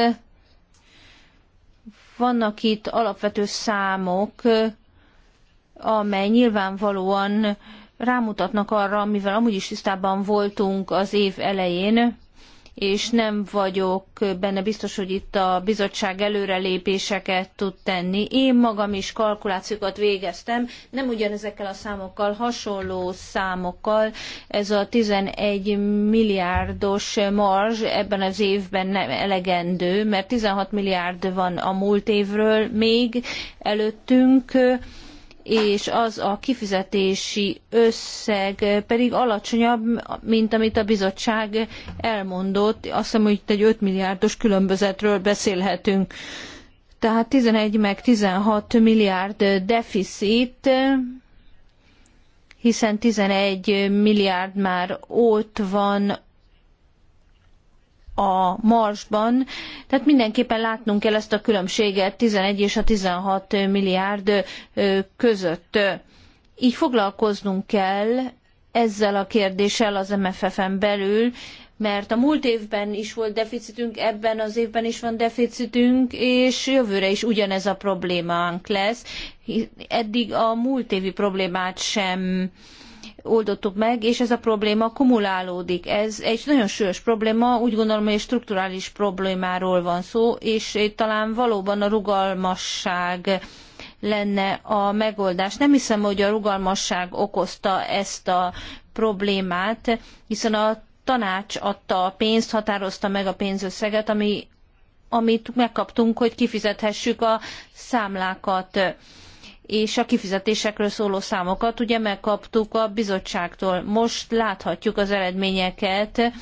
S3: Vannak itt alapvető számok, amely nyilvánvalóan rámutatnak arra, mivel amúgy is tisztában voltunk az év elején, és nem vagyok benne biztos, hogy itt a bizottság előrelépéseket tud tenni. Én magam is kalkulációkat végeztem, nem ugyanezekkel a számokkal, hasonló számokkal. Ez a 11 milliárdos marzs ebben az évben nem elegendő, mert 16 milliárd van a múlt évről még előttünk és az a kifizetési összeg pedig alacsonyabb, mint amit a bizottság elmondott. Azt hiszem, hogy itt egy 5 milliárdos különbözetről beszélhetünk. Tehát 11 meg 16 milliárd deficit, hiszen 11 milliárd már ott van a marsban. Tehát mindenképpen látnunk kell ezt a különbséget 11 és a 16 milliárd között. Így foglalkoznunk kell ezzel a kérdéssel az MFF-en belül, mert a múlt évben is volt deficitünk, ebben az évben is van deficitünk, és jövőre is ugyanez a problémánk lesz. Eddig a múlt évi problémát sem uh, oldottuk meg, és ez a probléma kumulálódik. Ez egy nagyon súlyos probléma, úgy gondolom, hogy strukturális problémáról van szó, és talán valóban a rugalmasság lenne a megoldás. Nem hiszem, hogy a rugalmasság okozta ezt a problémát, hiszen a tanács adta a pénzt, határozta meg a pénzösszeget, ami, amit megkaptunk, hogy kifizethessük a számlákat és a kifizetésekről szóló számokat ugye megkaptuk a bizottságtól. Most láthatjuk az eredményeket,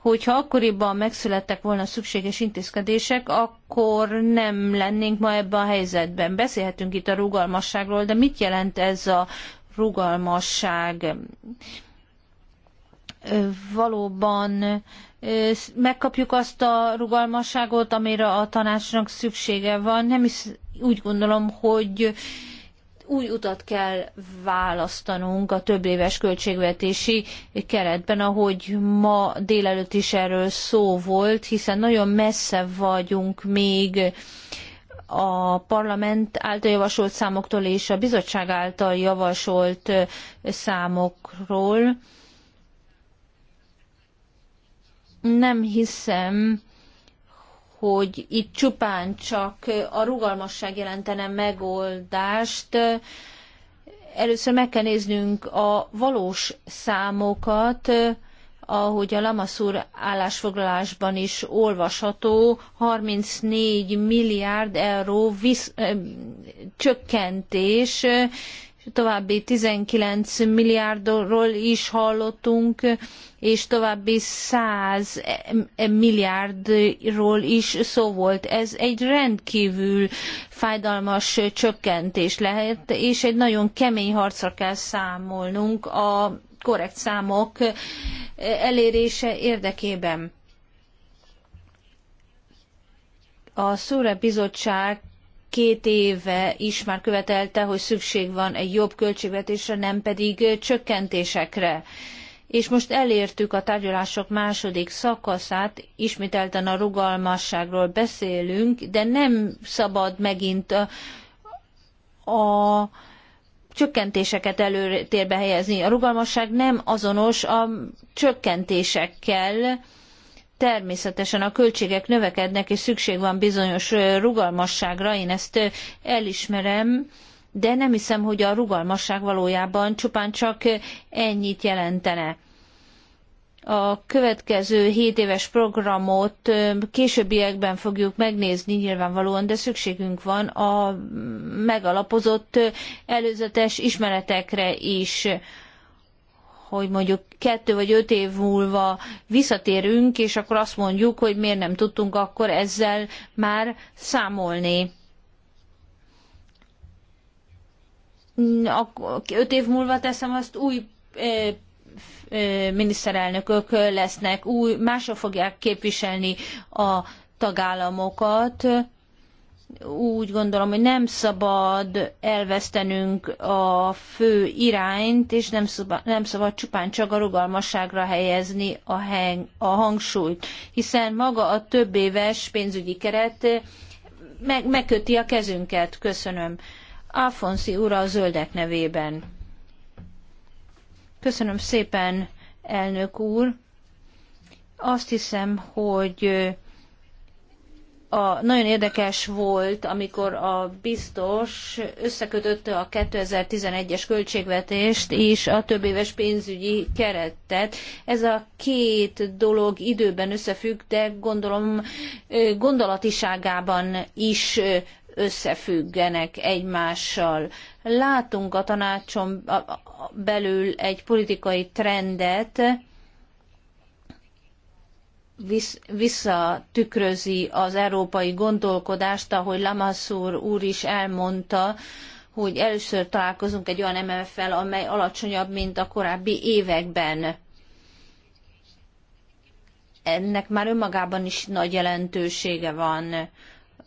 S3: hogyha akkoriban megszülettek volna szükséges intézkedések, akkor nem lennénk ma ebben a helyzetben. Beszélhetünk itt a rugalmasságról, de mit jelent ez a rugalmasság? Valóban megkapjuk azt a rugalmasságot, amire a tanácsnak szüksége van. Nem is úgy gondolom, hogy új utat kell választanunk a több éves költségvetési keretben, ahogy ma délelőtt is erről szó volt, hiszen nagyon messze vagyunk még a parlament által javasolt számoktól és a bizottság által javasolt számokról. Nem hiszem, hogy itt csupán csak a rugalmasság jelentene megoldást. Először meg kell néznünk a valós számokat, ahogy a Lamaszúr állásfoglalásban is olvasható, 34 milliárd euró visz, ö, csökkentés további 19 milliárdról is hallottunk, és további 100 milliárdról is szó volt. Ez egy rendkívül fájdalmas csökkentés lehet, és egy nagyon kemény harcra kell számolnunk a korrekt számok elérése érdekében. A Szóra Bizottság két éve is már követelte, hogy szükség van egy jobb költségvetésre, nem pedig csökkentésekre. És most elértük a tárgyalások második szakaszát, ismételten a rugalmasságról beszélünk, de nem szabad megint a, a csökkentéseket előtérbe helyezni. A rugalmasság nem azonos a csökkentésekkel, természetesen a költségek növekednek, és szükség van bizonyos rugalmasságra, én ezt elismerem, de nem hiszem, hogy a rugalmasság valójában csupán csak ennyit jelentene a következő 7 éves programot későbbiekben fogjuk megnézni nyilvánvalóan, de szükségünk van a megalapozott előzetes ismeretekre is hogy mondjuk kettő vagy öt év múlva visszatérünk, és akkor azt mondjuk, hogy miért nem tudtunk akkor ezzel már számolni. Öt év múlva teszem azt új miniszterelnökök lesznek, új, mások fogják képviselni a tagállamokat, úgy gondolom, hogy nem szabad elvesztenünk a fő irányt, és nem szabad, nem szabad csupán csak a rugalmasságra helyezni a, heng, a hangsúlyt, hiszen maga a több éves pénzügyi keret eh, meg, megköti a kezünket. Köszönöm. Alfonszi ura a zöldek nevében. Köszönöm szépen, elnök úr. Azt hiszem, hogy eh, a, nagyon érdekes volt, amikor a biztos összekötötte a 2011-es költségvetést és a többéves pénzügyi keretet. Ez a két dolog időben összefügg, de gondolom gondolatiságában is összefüggenek egymással. Látunk a tanácson belül egy politikai trendet, visszatükrözi az európai gondolkodást, ahogy Lamassur úr is elmondta, hogy először találkozunk egy olyan MMF-fel, amely alacsonyabb, mint a korábbi években. Ennek már önmagában is nagy jelentősége van.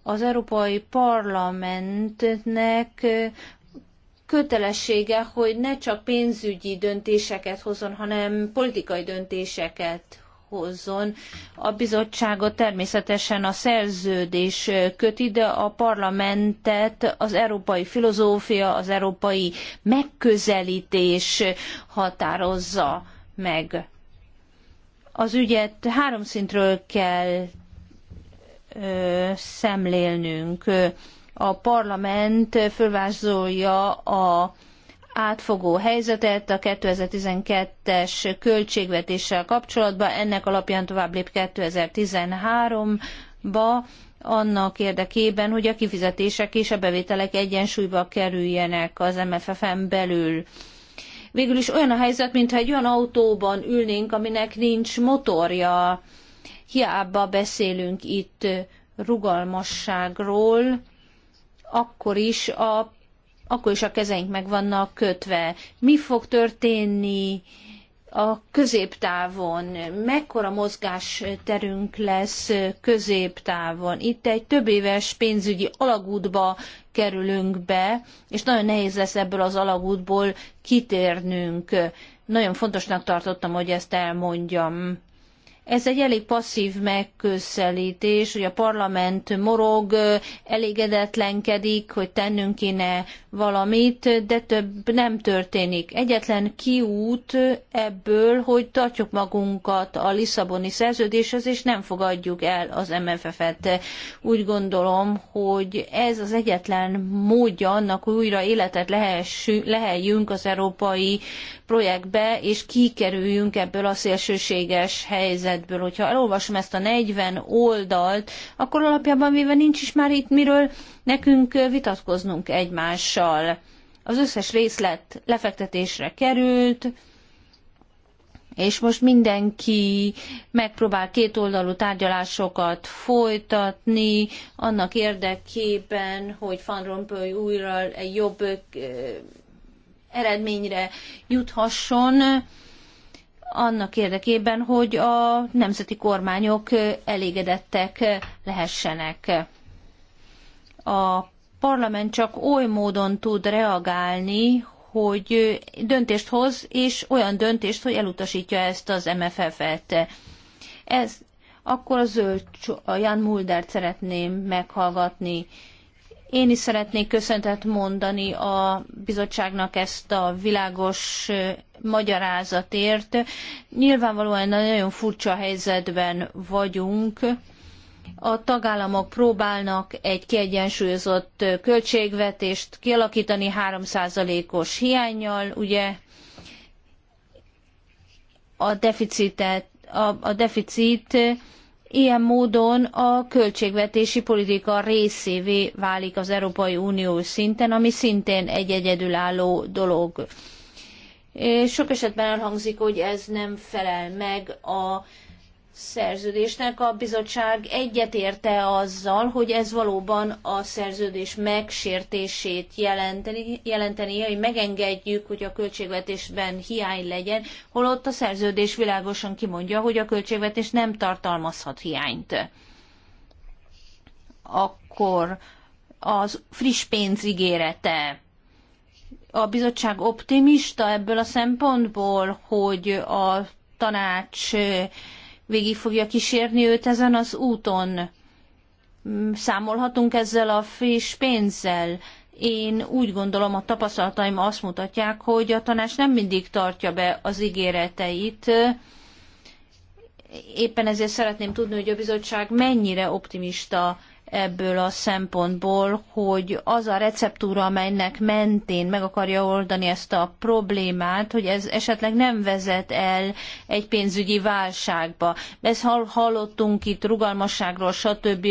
S3: Az Európai Parlamentnek kötelessége, hogy ne csak pénzügyi döntéseket hozzon, hanem politikai döntéseket hozzon. A bizottságot természetesen a szerződés köti, de a parlamentet az európai filozófia, az európai megközelítés határozza meg. Az ügyet három szintről kell ö, szemlélnünk. A parlament fölvázolja a átfogó helyzetet a 2012-es költségvetéssel kapcsolatban. Ennek alapján tovább lép 2013-ba annak érdekében, hogy a kifizetések és a bevételek egyensúlyba kerüljenek az MFF-en belül. Végül is olyan a helyzet, mintha egy olyan autóban ülnénk, aminek nincs motorja. Hiába beszélünk itt rugalmasságról, akkor is a akkor is a kezeink meg vannak kötve. Mi fog történni a középtávon? Mekkora terünk lesz középtávon? Itt egy több éves pénzügyi alagútba kerülünk be, és nagyon nehéz lesz ebből az alagútból kitérnünk. Nagyon fontosnak tartottam, hogy ezt elmondjam ez egy elég passzív megközelítés, hogy a parlament morog, elégedetlenkedik, hogy tennünk kéne valamit, de több nem történik. Egyetlen kiút ebből, hogy tartjuk magunkat a Lisszaboni szerződéshez, és nem fogadjuk el az MFF-et. Úgy gondolom, hogy ez az egyetlen módja annak, hogy újra életet leheljünk az európai projektbe, és kikerüljünk ebből a szélsőséges helyzetből rendeletből. Hogyha elolvasom ezt a 40 oldalt, akkor alapjában véve nincs is már itt miről nekünk vitatkoznunk egymással. Az összes részlet lefektetésre került, és most mindenki megpróbál kétoldalú tárgyalásokat folytatni annak érdekében, hogy Van Rompuy újra egy jobb eh, eredményre juthasson annak érdekében, hogy a nemzeti kormányok elégedettek lehessenek. A parlament csak oly módon tud reagálni, hogy döntést hoz, és olyan döntést, hogy elutasítja ezt az MFF-et. Ez, akkor a zöld, a Jan Muldert szeretném meghallgatni. Én is szeretnék köszöntet mondani a bizottságnak ezt a világos magyarázatért. Nyilvánvalóan nagyon furcsa helyzetben vagyunk. A tagállamok próbálnak egy kiegyensúlyozott költségvetést kialakítani 3%-os hiányjal, ugye a deficitet a, a deficit Ilyen módon a költségvetési politika részévé válik az Európai Unió szinten, ami szintén egy egyedülálló dolog. Sok esetben elhangzik, hogy ez nem felel meg a szerződésnek a bizottság egyetérte azzal, hogy ez valóban a szerződés megsértését jelenteni, jelenteni, hogy megengedjük, hogy a költségvetésben hiány legyen, holott a szerződés világosan kimondja, hogy a költségvetés nem tartalmazhat hiányt. Akkor az friss pénz ígérete a bizottság optimista ebből a szempontból, hogy a tanács végig fogja kísérni őt ezen az úton. Számolhatunk ezzel a friss pénzzel. Én úgy gondolom, a tapasztalataim azt mutatják, hogy a tanács nem mindig tartja be az ígéreteit. Éppen ezért szeretném tudni, hogy a bizottság mennyire optimista ebből a szempontból, hogy az a receptúra, amelynek mentén meg akarja oldani ezt a problémát, hogy ez esetleg nem vezet el egy pénzügyi válságba. Ezt hallottunk itt rugalmasságról, stb.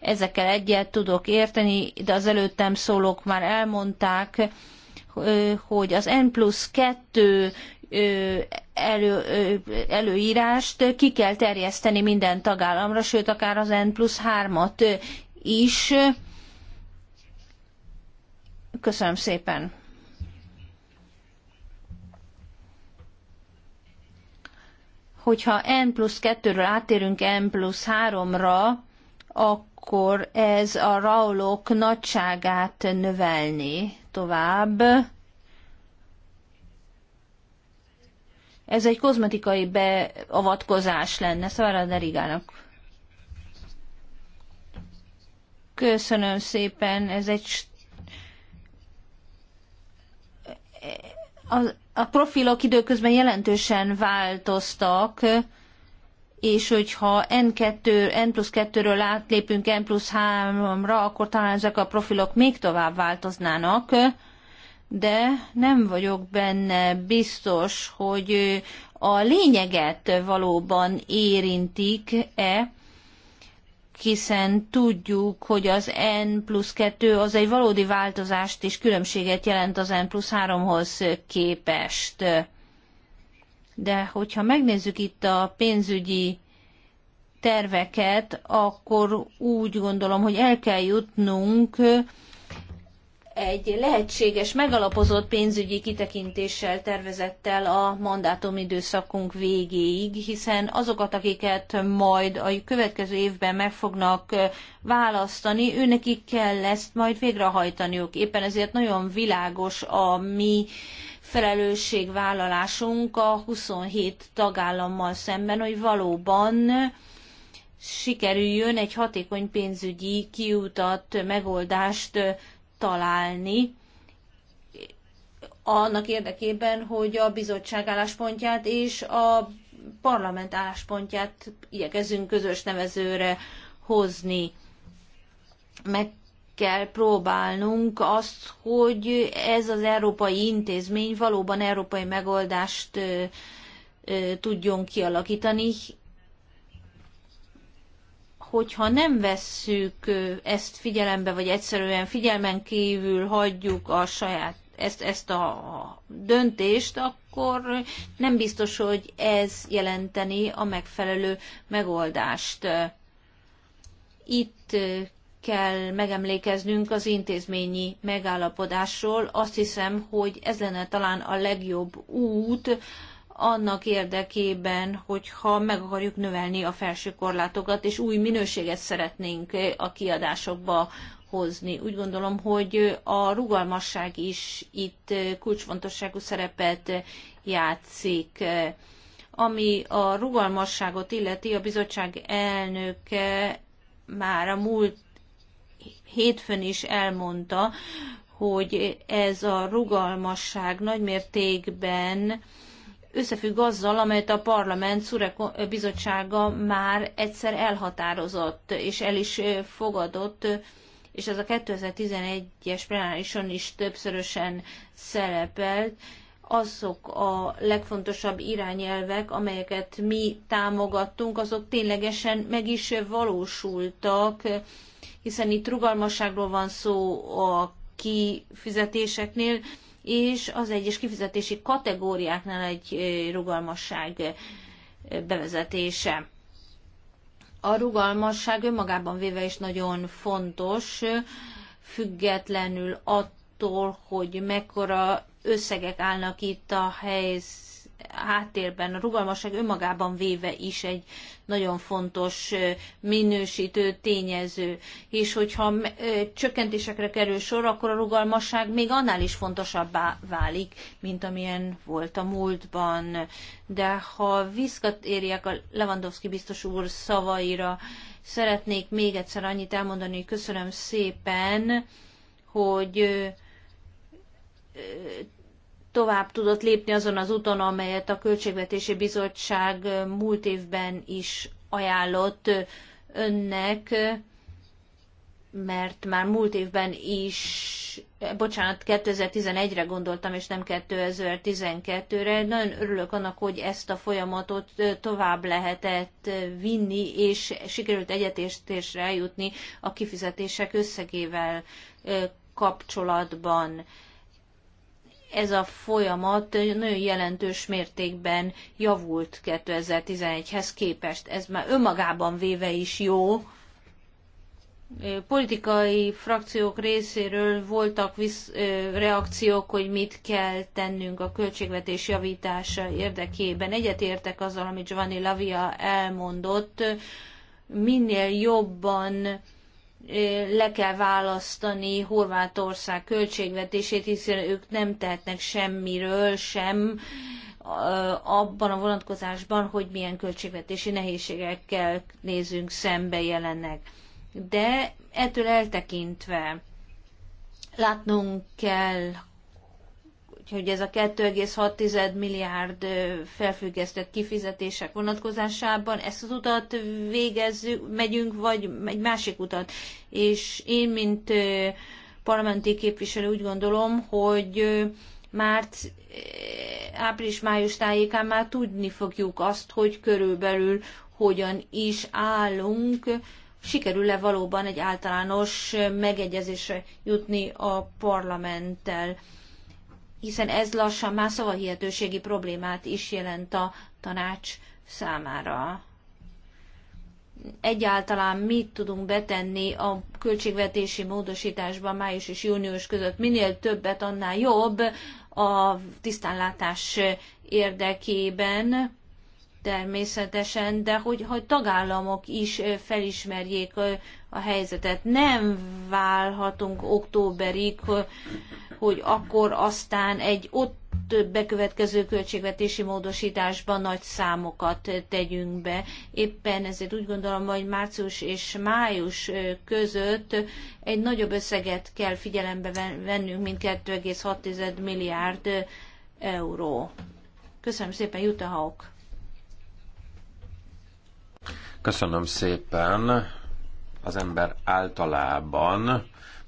S3: ezekkel egyet tudok érteni, de az előttem szólók már elmondták, hogy az N plusz 2 elő, előírást ki kell terjeszteni minden tagállamra, sőt akár az N plusz 3-at is. Köszönöm szépen! Hogyha N plusz 2-ről áttérünk N plusz 3-ra, akkor ez a raulok nagyságát növelni tovább ez egy kozmetikai beavatkozás lenne. Szóval a Derigának. Köszönöm szépen, ez egy a, a profilok időközben jelentősen változtak, és hogyha N2, N plusz 2-ről átlépünk N plusz 3-ra, akkor talán ezek a profilok még tovább változnának de nem vagyok benne biztos, hogy a lényeget valóban érintik-e, hiszen tudjuk, hogy az N plusz 2 az egy valódi változást és különbséget jelent az N plusz 3-hoz képest. De hogyha megnézzük itt a pénzügyi terveket, akkor úgy gondolom, hogy el kell jutnunk egy lehetséges, megalapozott pénzügyi kitekintéssel tervezett el a mandátumidőszakunk végéig, hiszen azokat, akiket majd a következő évben meg fognak választani, őnekik kell ezt majd végrehajtaniuk. Éppen ezért nagyon világos a mi felelősségvállalásunk a 27 tagállammal szemben, hogy valóban sikerüljön egy hatékony pénzügyi kiutat, megoldást találni annak érdekében, hogy a bizottság álláspontját és a parlament álláspontját igyekezünk közös nevezőre hozni. Meg kell próbálnunk azt, hogy ez az európai intézmény valóban európai megoldást tudjon kialakítani, hogyha nem vesszük ezt figyelembe, vagy egyszerűen figyelmen kívül hagyjuk a saját ezt, ezt a döntést, akkor nem biztos, hogy ez jelenteni a megfelelő megoldást. Itt kell megemlékeznünk az intézményi megállapodásról. Azt hiszem, hogy ez lenne talán a legjobb út annak érdekében, hogyha meg akarjuk növelni a felső korlátokat, és új minőséget szeretnénk eh, a kiadásokba hozni. Úgy gondolom, hogy a rugalmasság is itt eh, kulcsfontosságú szerepet eh, játszik. Ami a rugalmasságot illeti, a bizottság elnöke már a múlt hétfőn is elmondta, hogy ez a rugalmasság nagymértékben mértékben összefügg azzal, amelyet a parlament Szure bizottsága már egyszer elhatározott és el is fogadott, és ez a 2011-es plenárison is többszörösen szerepelt, azok a legfontosabb irányelvek, amelyeket mi támogattunk, azok ténylegesen meg is valósultak, hiszen itt rugalmasságról van szó a kifizetéseknél, és az egyes kifizetési kategóriáknál egy rugalmasság bevezetése. A rugalmasság önmagában véve is nagyon fontos, függetlenül attól, hogy mekkora összegek állnak itt a helyz háttérben a rugalmasság önmagában véve is egy nagyon fontos minősítő tényező, és hogyha csökkentésekre kerül sor, akkor a rugalmasság még annál is fontosabbá válik, mint amilyen volt a múltban. De ha visszatérjek a Lewandowski biztos úr szavaira, szeretnék még egyszer annyit elmondani, hogy köszönöm szépen, hogy tovább tudott lépni azon az úton, amelyet a Költségvetési Bizottság múlt évben is ajánlott önnek, mert már múlt évben is, bocsánat, 2011-re gondoltam, és nem 2012-re. Nagyon örülök annak, hogy ezt a folyamatot tovább lehetett vinni, és sikerült egyetértésre eljutni a kifizetések összegével kapcsolatban ez a folyamat nagyon jelentős mértékben javult 2011-hez képest. Ez már önmagában véve is jó. Politikai frakciók részéről voltak visz, reakciók, hogy mit kell tennünk a költségvetés javítása érdekében. Egyetértek azzal, amit Giovanni Lavia elmondott, minél jobban le kell választani Horvátország költségvetését, hiszen ők nem tehetnek semmiről sem abban a vonatkozásban, hogy milyen költségvetési nehézségekkel nézünk szembe jelenleg. De ettől eltekintve látnunk kell, Úgyhogy ez a 2,6 milliárd felfüggesztett kifizetések vonatkozásában ezt az utat végezzük, megyünk, vagy egy másik utat. És én, mint parlamenti képviselő úgy gondolom, hogy már április-május tájékán már tudni fogjuk azt, hogy körülbelül hogyan is állunk, sikerül-e valóban egy általános megegyezésre jutni a parlamenttel hiszen ez lassan már szavahihetőségi problémát is jelent a tanács számára. Egyáltalán mit tudunk betenni a költségvetési módosításban május és június között? Minél többet, annál jobb a tisztánlátás érdekében természetesen, de hogy, hogy tagállamok is felismerjék a helyzetet. Nem válhatunk októberig hogy akkor aztán egy ott bekövetkező költségvetési módosításban nagy számokat tegyünk be. Éppen ezért úgy gondolom, hogy március és május között egy nagyobb összeget kell figyelembe vennünk, mint 2,6 milliárd euró. Köszönöm szépen, Jutta Hauk.
S2: Köszönöm szépen. Az ember általában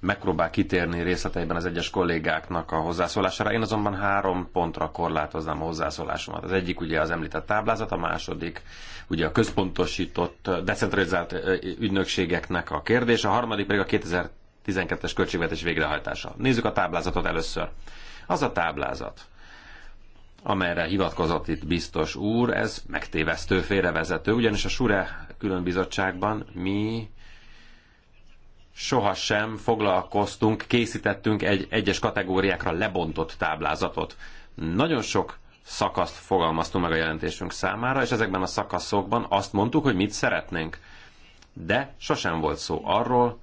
S2: megpróbál kitérni részleteiben az egyes kollégáknak a hozzászólására. Én azonban három pontra korlátoznám a hozzászólásomat. Az egyik ugye az említett táblázat, a második ugye a központosított, decentralizált ügynökségeknek a kérdés, a harmadik pedig a 2012-es költségvetés végrehajtása. Nézzük a táblázatot először. Az a táblázat, amelyre hivatkozott itt biztos úr, ez megtévesztő, félrevezető, ugyanis a SURE különbizottságban mi sohasem foglalkoztunk, készítettünk egy egyes kategóriákra lebontott táblázatot. Nagyon sok szakaszt fogalmaztunk meg a jelentésünk számára, és ezekben a szakaszokban azt mondtuk, hogy mit szeretnénk. De sosem volt szó arról,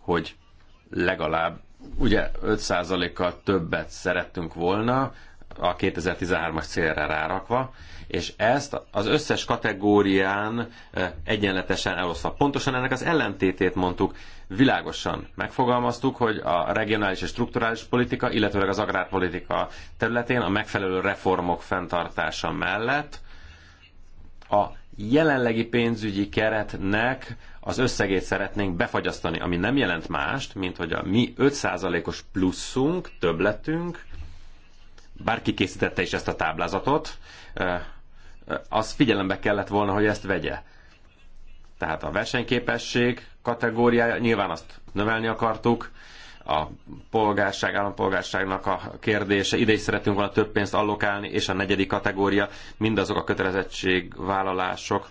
S2: hogy legalább ugye 5%-kal többet szerettünk volna a 2013-as célra rárakva, és ezt az összes kategórián eh, egyenletesen elosztva. Pontosan ennek az ellentétét mondtuk, világosan megfogalmaztuk, hogy a regionális és strukturális politika, illetőleg az agrárpolitika területén a megfelelő reformok fenntartása mellett a jelenlegi pénzügyi keretnek az összegét szeretnénk befagyasztani, ami nem jelent mást, mint hogy a mi 5%-os pluszunk, többletünk, bárki készítette is ezt a táblázatot, eh, az figyelembe kellett volna, hogy ezt vegye. Tehát a versenyképesség kategóriája, nyilván azt növelni akartuk, a polgárság, állampolgárságnak a kérdése, ide is szeretünk volna több pénzt allokálni, és a negyedik kategória, mindazok a kötelezettségvállalások,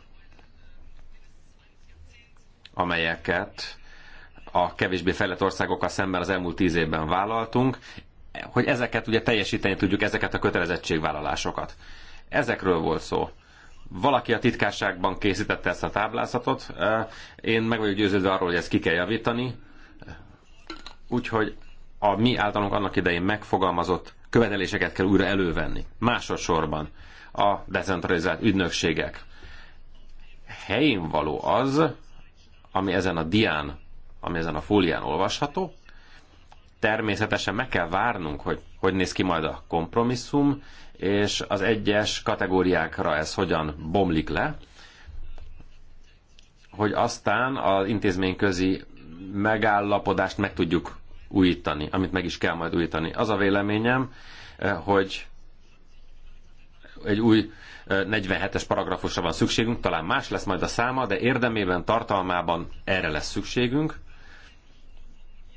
S2: amelyeket a kevésbé fejlett országokkal szemben az elmúlt tíz évben vállaltunk, hogy ezeket ugye teljesíteni tudjuk, ezeket a kötelezettségvállalásokat. Ezekről volt szó. Valaki a titkásságban készítette ezt a táblázatot, én meg vagyok győződve arról, hogy ezt ki kell javítani, úgyhogy a mi általunk annak idején megfogalmazott követeléseket kell újra elővenni. Másodszorban a decentralizált ügynökségek. Helyén való az, ami ezen a dián, ami ezen a fólián olvasható, természetesen meg kell várnunk, hogy hogy néz ki majd a kompromisszum, és az egyes kategóriákra ez hogyan bomlik le, hogy aztán az intézményközi megállapodást meg tudjuk újítani, amit meg is kell majd újítani. Az a véleményem, eh, hogy egy új 47-es eh, paragrafusra van szükségünk, talán más lesz majd a száma, de érdemében, tartalmában erre lesz szükségünk,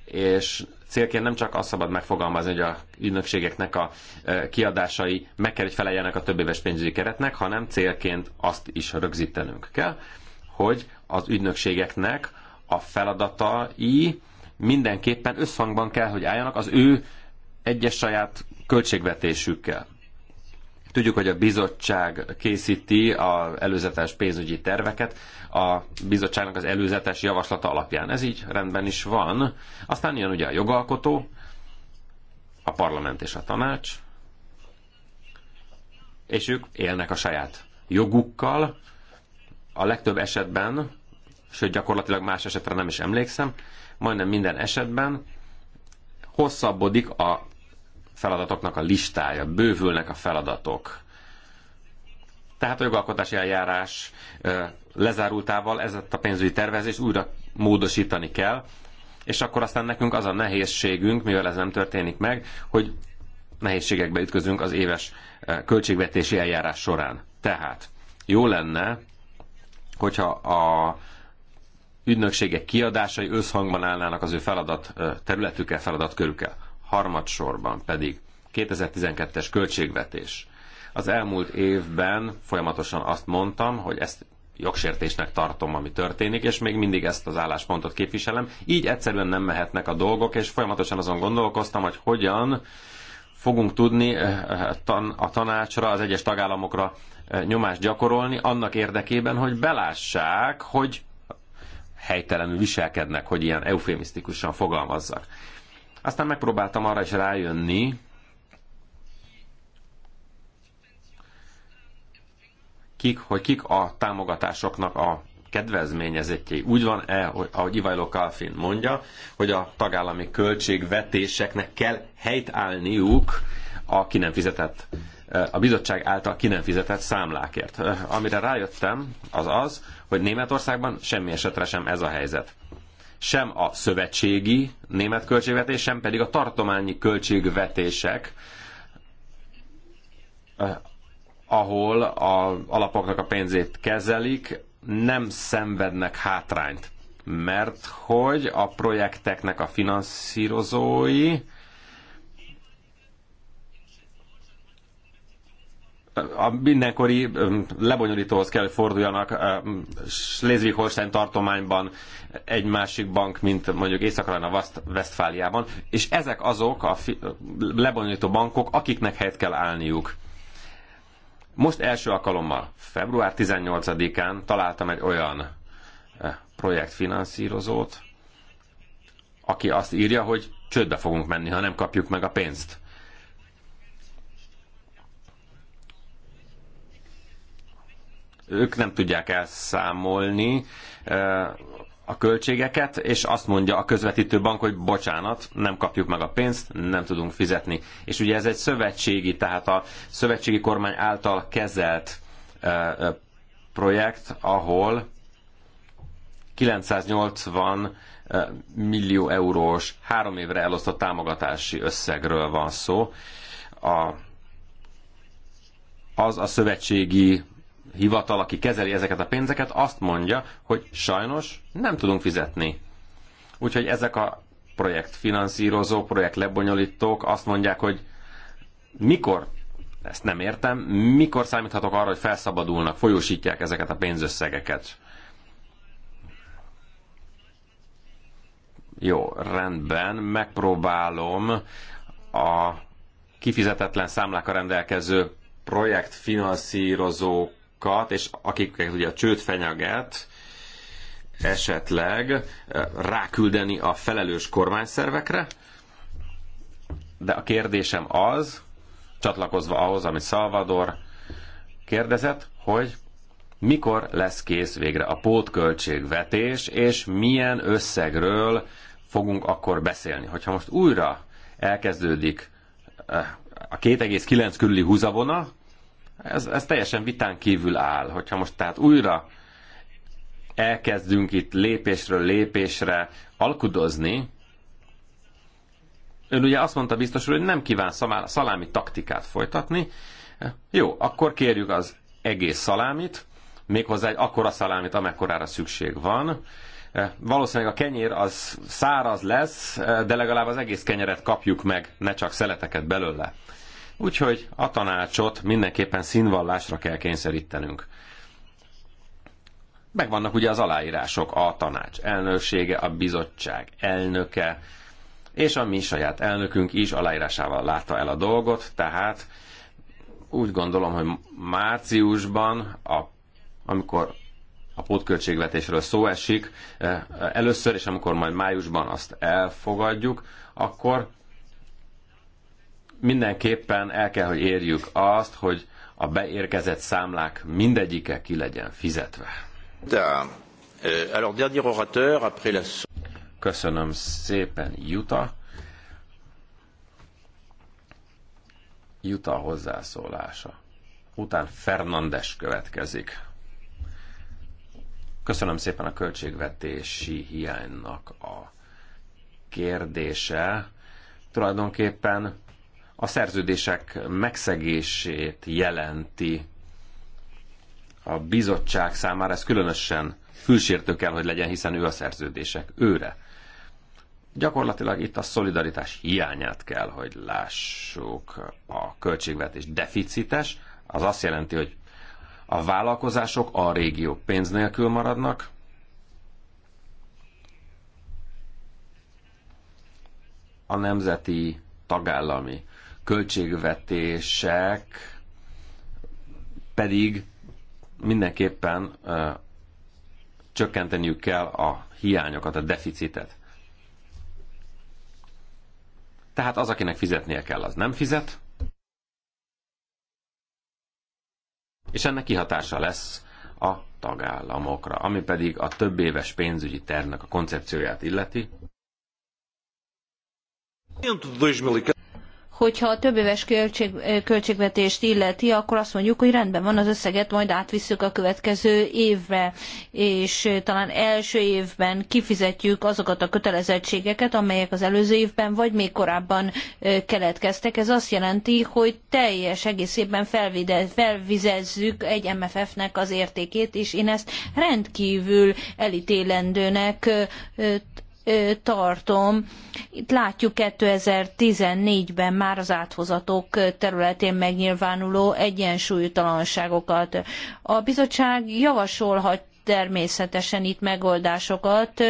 S2: és célként nem csak azt szabad megfogalmazni, hogy a ügynökségeknek a e, kiadásai meg kell, hogy feleljenek a éves pénzügyi keretnek, hanem célként azt is rögzítenünk kell, hogy az ügynökségeknek a feladatai mindenképpen összhangban kell, hogy álljanak az ő egyes saját költségvetésükkel. Tudjuk, hogy a bizottság készíti az előzetes pénzügyi terveket a bizottságnak az előzetes javaslata alapján. Ez így rendben is van. Aztán jön ugye a jogalkotó, a parlament és a tanács, és ők élnek a saját jogukkal. A legtöbb esetben, sőt gyakorlatilag más esetre nem is emlékszem, majdnem minden esetben hosszabbodik a feladatoknak a listája, bővülnek a feladatok. Tehát a jogalkotási eljárás lezárultával ezt a pénzügyi tervezést újra módosítani kell, és akkor aztán nekünk az a nehézségünk, mivel ez nem történik meg, hogy nehézségekbe ütközünk az éves költségvetési eljárás során. Tehát jó lenne, hogyha a ügynökségek kiadásai összhangban állnának az ő feladat területükkel, feladatkörükkel harmadsorban pedig 2012-es költségvetés. Az elmúlt évben folyamatosan azt mondtam, hogy ezt jogsértésnek tartom, ami történik, és még mindig ezt az álláspontot képviselem. Így egyszerűen nem mehetnek a dolgok, és folyamatosan azon gondolkoztam, hogy hogyan fogunk tudni eh, eh, a tanácsra, az egyes tagállamokra eh, nyomást gyakorolni, annak érdekében, hogy belássák, hogy helytelenül viselkednek, hogy ilyen eufémisztikusan fogalmazzak. Aztán megpróbáltam arra is rájönni, kik, hogy kik a támogatásoknak a kedvezményezettjei. Úgy van-e, ahogy Ivajló Kalfin mondja, hogy a tagállami költségvetéseknek kell helyt állniuk a ki nem fizetett a bizottság által ki nem fizetett számlákért. Amire rájöttem, az az, hogy Németországban semmi esetre sem ez a helyzet sem a szövetségi német költségvetés, sem pedig a tartományi költségvetések, eh, ahol a alapoknak a pénzét kezelik, nem szenvednek hátrányt. Mert hogy a projekteknek a finanszírozói, a mindenkori lebonyolítóhoz kell, hogy forduljanak Schleswig-Holstein tartományban, egy másik bank, mint mondjuk észak Westfáliában, és ezek azok a lebonyolító bankok, akiknek helyet kell állniuk. Most első alkalommal, február 18-án találtam egy olyan projektfinanszírozót, aki azt írja, hogy csődbe fogunk menni, ha nem kapjuk meg a pénzt. ők nem tudják elszámolni a költségeket, és azt mondja a közvetítő bank, hogy bocsánat, nem kapjuk meg a pénzt, nem tudunk fizetni. És ugye ez egy szövetségi, tehát a szövetségi kormány által kezelt projekt, ahol 980 millió eurós, három évre elosztott támogatási összegről van szó. A, az a szövetségi hivatal, aki kezeli ezeket a pénzeket, azt mondja, hogy sajnos nem tudunk fizetni. Úgyhogy ezek a projektfinanszírozó, projektlebonyolítók azt mondják, hogy mikor, ezt nem értem, mikor számíthatok arra, hogy felszabadulnak, folyósítják ezeket a pénzösszegeket. Jó, rendben, megpróbálom a kifizetetlen számlákra rendelkező projektfinanszírozók bankokat, és akiket ugye a csőd fenyeget, esetleg ráküldeni a felelős kormányszervekre, de a kérdésem az, csatlakozva ahhoz, amit Salvador kérdezett, hogy mikor lesz kész végre a pótköltségvetés, és milyen összegről fogunk akkor beszélni. Hogyha most újra elkezdődik a 2,9 körüli húzavona, ez, ez teljesen vitán kívül áll, hogyha most tehát újra elkezdünk itt lépésről lépésre alkudozni, Ön ugye azt mondta biztos hogy nem kíván szalámi taktikát folytatni. Jó, akkor kérjük az egész szalámit, méghozzá egy akkora szalámit, amekkorára szükség van. Valószínűleg a kenyér az száraz lesz, de legalább az egész kenyeret kapjuk meg, ne csak szeleteket belőle. Úgyhogy a tanácsot mindenképpen színvallásra kell kényszerítenünk. Megvannak ugye az aláírások, a tanács elnöksége, a bizottság elnöke, és a mi saját elnökünk is aláírásával látta el a dolgot, tehát úgy gondolom, hogy márciusban, a, amikor a pótköltségvetésről szó esik, eh, először, és amikor majd májusban azt elfogadjuk, akkor mindenképpen el kell, hogy érjük azt, hogy a beérkezett számlák mindegyike ki legyen fizetve. Euh, Köszönöm szépen, Juta. Juta hozzászólása. Után Fernandes következik. Köszönöm szépen a költségvetési hiánynak a kérdése. Tulajdonképpen a szerződések megszegését jelenti a bizottság számára, ez különösen fülsértő kell, hogy legyen, hiszen ő a szerződések őre. Gyakorlatilag itt a szolidaritás hiányát kell, hogy lássuk. A költségvetés deficites, az azt jelenti, hogy a vállalkozások a régió pénz nélkül maradnak, a nemzeti tagállami költségvetések pedig mindenképpen csökkenteniük kell a hiányokat, a deficitet. Tehát az, akinek fizetnie kell, az nem fizet, és ennek kihatása lesz a tagállamokra, ami pedig a több éves pénzügyi tervnek a koncepcióját illeti
S3: hogyha a többéves költség, költségvetést illeti, akkor azt mondjuk, hogy rendben van az összeget, majd átvisszük a következő évre, és talán első évben kifizetjük azokat a kötelezettségeket, amelyek az előző évben vagy még korábban keletkeztek. Ez azt jelenti, hogy teljes egészében felvizezzük egy MFF-nek az értékét, és én ezt rendkívül elítélendőnek tartom. Itt látjuk 2014-ben már az áthozatok területén megnyilvánuló egyensúlytalanságokat. A bizottság javasolhat természetesen itt megoldásokat,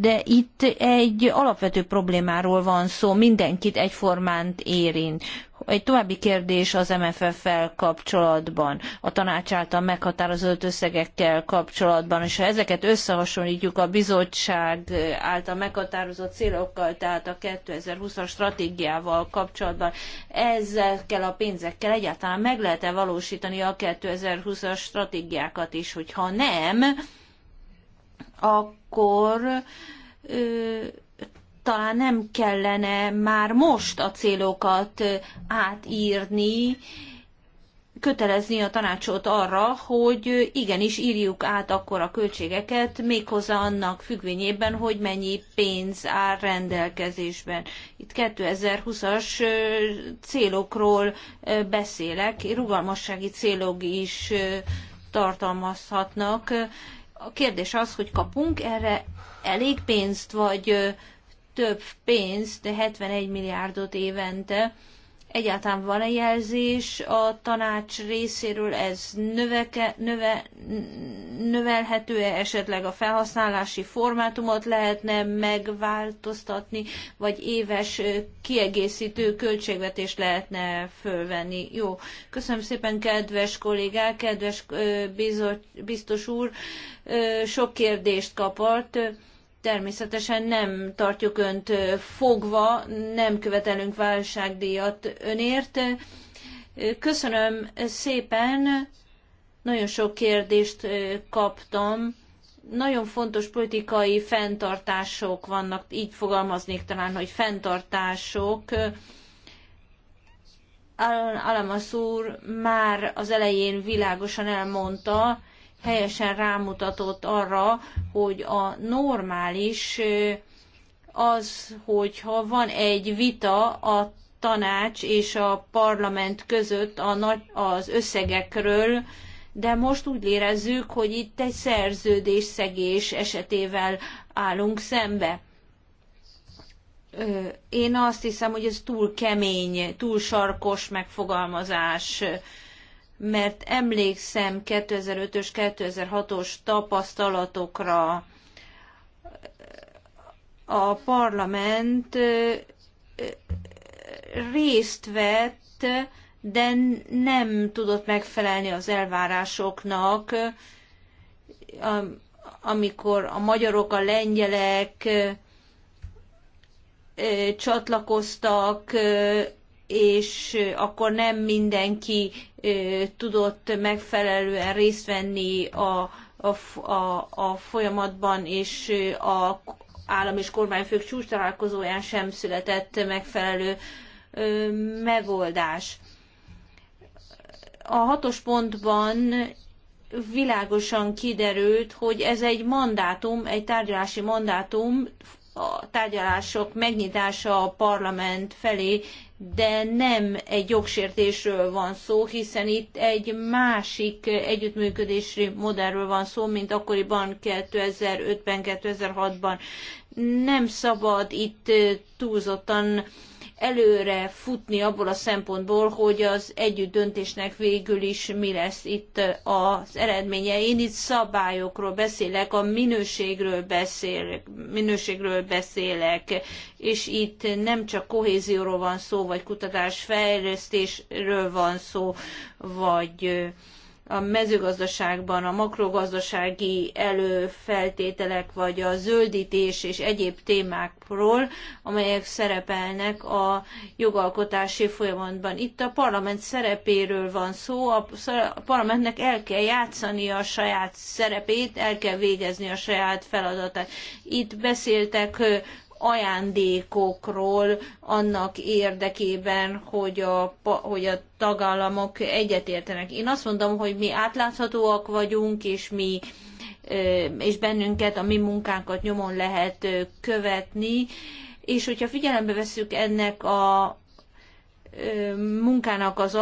S3: de itt egy alapvető problémáról van szó, mindenkit egyformán érint. Egy további kérdés az MFF-fel kapcsolatban, a tanács által meghatározott összegekkel kapcsolatban, és ha ezeket összehasonlítjuk a bizottság által meghatározott célokkal, tehát a 2020-as stratégiával kapcsolatban, ezekkel a pénzekkel egyáltalán meg lehet-e valósítani a 2020-as stratégiákat is, hogyha nem, akkor ö, talán nem kellene már most a célokat átírni, kötelezni a tanácsot arra, hogy igenis írjuk át akkor a költségeket, méghozzá annak függvényében, hogy mennyi pénz áll rendelkezésben. Itt 2020-as célokról beszélek, rugalmassági célok is tartalmazhatnak, a kérdés az, hogy kapunk erre elég pénzt, vagy több pénzt, 71 milliárdot évente, Egyáltalán van egy jelzés a tanács részéről, ez növeke, növe, növelhető-e esetleg a felhasználási formátumot lehetne megváltoztatni, vagy éves kiegészítő költségvetés lehetne fölvenni. Jó, köszönöm szépen kedves kollégák, kedves bizot, biztos úr, sok kérdést kapott. Természetesen nem tartjuk önt fogva, nem követelünk válságdíjat önért. Köszönöm szépen, nagyon sok kérdést kaptam. Nagyon fontos politikai fenntartások vannak, így fogalmaznék talán, hogy fenntartások. Alamasz úr már az elején világosan elmondta, helyesen rámutatott arra, hogy a normális az, hogyha van egy vita a tanács és a parlament között a nagy, az összegekről, de most úgy érezzük, hogy itt egy szegés esetével állunk szembe. Én azt hiszem, hogy ez túl kemény, túl sarkos megfogalmazás mert emlékszem 2005-ös, 2006-os tapasztalatokra a parlament részt vett, de nem tudott megfelelni az elvárásoknak, amikor a magyarok, a lengyelek csatlakoztak és akkor nem mindenki tudott megfelelően részt venni a, a, a, a folyamatban, és a állam és kormányfők csúcs találkozóján sem született megfelelő megoldás. A hatos pontban világosan kiderült, hogy ez egy mandátum, egy tárgyalási mandátum, a tárgyalások megnyitása a parlament felé, de nem egy jogsértésről van szó, hiszen itt egy másik együttműködési modellről van szó, mint akkoriban 2005-ben, 2006-ban. Nem szabad itt túlzottan előre futni abból a szempontból, hogy az együtt döntésnek végül is mi lesz itt eh, az eredménye. Én itt szabályokról beszélek, a minőségről beszélek, minőségről beszélek, és itt nem csak kohézióról van szó, vagy kutatásfejlesztésről van szó, vagy eh, a mezőgazdaságban a makrogazdasági előfeltételek, vagy a zöldítés és egyéb témákról, amelyek szerepelnek a jogalkotási folyamatban. Itt a parlament szerepéről van szó, a parlamentnek el kell játszani a saját szerepét, el kell végezni a saját feladatát. Itt beszéltek ajándékokról annak érdekében, hogy a, hogy a tagállamok egyetértenek. Én azt mondom, hogy mi átláthatóak vagyunk, és mi és bennünket, a mi munkánkat nyomon lehet követni, és hogyha figyelembe veszük ennek a munkának az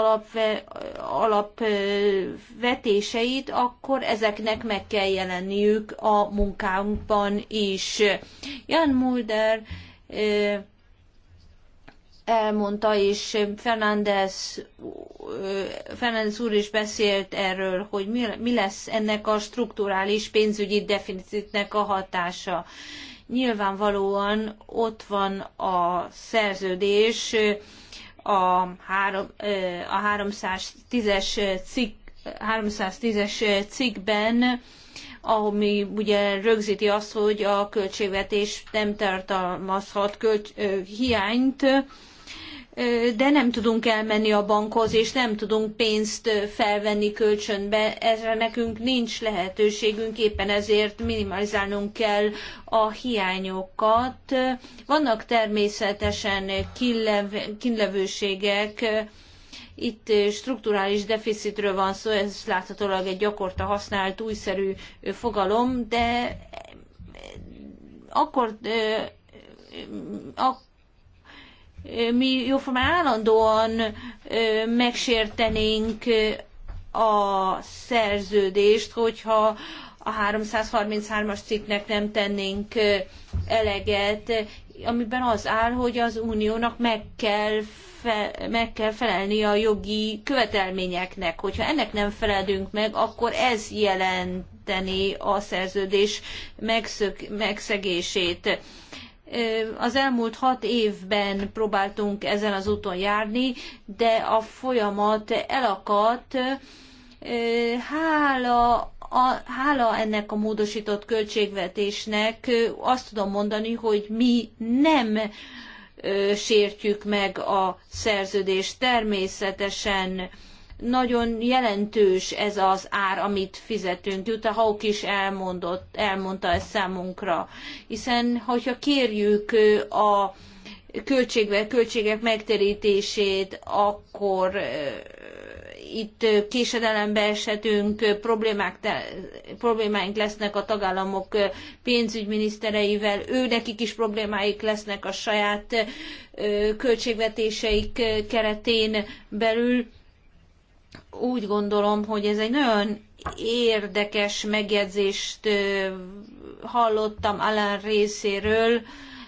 S3: alapvetéseit, alap akkor ezeknek meg kell jelenniük a munkánkban is. Jan Mulder elmondta, és Fernández, Fernández úr is beszélt erről, hogy mi lesz ennek a strukturális pénzügyi deficitnek a hatása. Nyilvánvalóan ott van a szerződés, a, három, a 310-es cikk 310-es cikkben, ami ugye rögzíti azt, hogy a költségvetés nem tartalmazhat költ, hiányt, de nem tudunk elmenni a bankhoz, és nem tudunk pénzt felvenni kölcsönbe, erre nekünk nincs lehetőségünk, éppen ezért minimalizálnunk kell a hiányokat. Vannak természetesen kínlev, itt strukturális deficitről van szó, ez láthatólag egy gyakorta használt újszerű fogalom, de akkor, akkor mi jóformán állandóan megsértenénk a szerződést, hogyha a 333-as cikknek nem tennénk eleget, amiben az áll, hogy az uniónak meg kell, fe, meg kell felelni a jogi követelményeknek. Hogyha ennek nem felelünk meg, akkor ez jelenteni a szerződés megszök, megszegését. Az elmúlt hat évben próbáltunk ezen az úton járni, de a folyamat elakadt. Hála a, hála ennek a módosított költségvetésnek azt tudom mondani, hogy mi nem ö, sértjük meg a szerződést. Természetesen nagyon jelentős ez az ár, amit fizetünk. Jutta Hauk is elmondott, elmondta ezt számunkra, hiszen hogyha kérjük a költségek, költségek megterítését, akkor itt késedelembe eshetünk, problémák, problémáink lesznek a tagállamok pénzügyminisztereivel, ő nekik is problémáik lesznek a saját költségvetéseik keretén belül úgy gondolom, hogy ez egy nagyon érdekes megjegyzést hallottam Alan részéről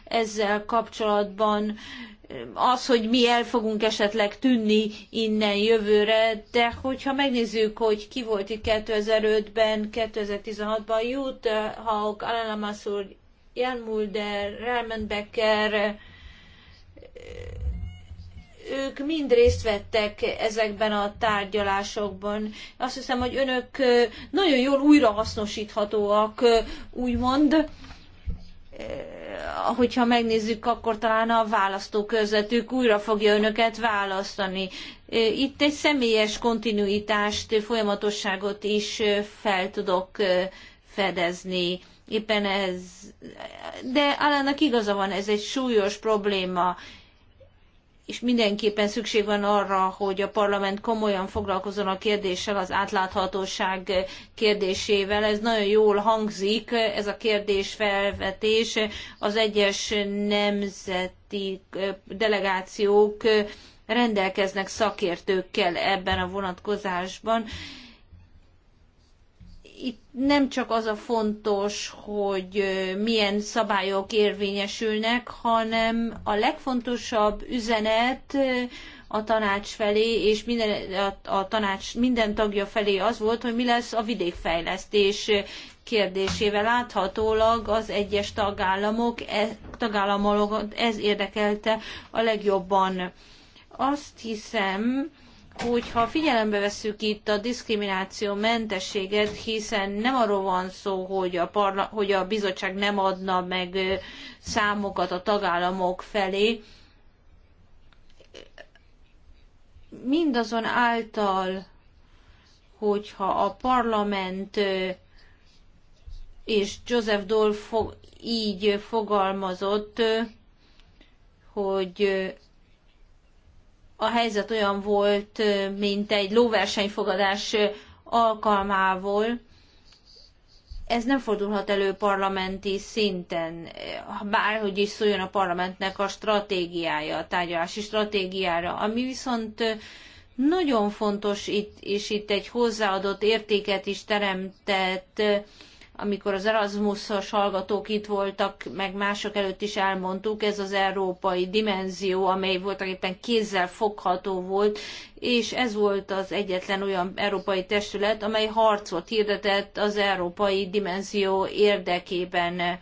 S3: ezzel kapcsolatban. Az, hogy mi el fogunk esetleg tűnni innen jövőre, de hogyha megnézzük, hogy ki volt itt 2005-ben, 2016-ban jut, Haug, Alan Lamassur, Jan Mulder, Relman Becker, ők mind részt vettek ezekben a tárgyalásokban. Azt hiszem, hogy önök nagyon jól újrahasznosíthatóak, úgymond hogyha megnézzük, akkor talán a választókörzetük újra fogja önöket választani. Itt egy személyes kontinuitást, folyamatosságot is fel tudok fedezni. Éppen ez, de Alának igaza van, ez egy súlyos probléma és mindenképpen szükség van arra, hogy a parlament komolyan foglalkozzon a kérdéssel, az átláthatóság kérdésével. Ez nagyon jól hangzik, ez a kérdésfelvetés az egyes nemzeti delegációk rendelkeznek szakértőkkel ebben a vonatkozásban, itt nem csak az a fontos, hogy milyen szabályok érvényesülnek, hanem a legfontosabb üzenet a tanács felé, és minden, a, a tanács minden tagja felé az volt, hogy mi lesz a vidékfejlesztés kérdésével. Láthatólag az egyes tagállamok, e, tagállamok ez érdekelte a legjobban. Azt hiszem, hogyha figyelembe vesszük itt a diszkrimináció mentességet, hiszen nem arról van szó, hogy a, parla- hogy a bizottság nem adna meg számokat a tagállamok felé, mindazon által, hogyha a parlament és Joseph Dole fog, így fogalmazott, hogy a helyzet olyan volt, mint egy lóversenyfogadás alkalmából. Ez nem fordulhat elő parlamenti szinten, bárhogy is szóljon a parlamentnek a stratégiája, a tárgyalási stratégiára, ami viszont nagyon fontos itt, és itt egy hozzáadott értéket is teremtett amikor az Erasmus-os hallgatók itt voltak, meg mások előtt is elmondtuk, ez az európai dimenzió, amely voltak éppen kézzel fogható volt, és ez volt az egyetlen olyan európai testület, amely harcot hirdetett az európai dimenzió érdekében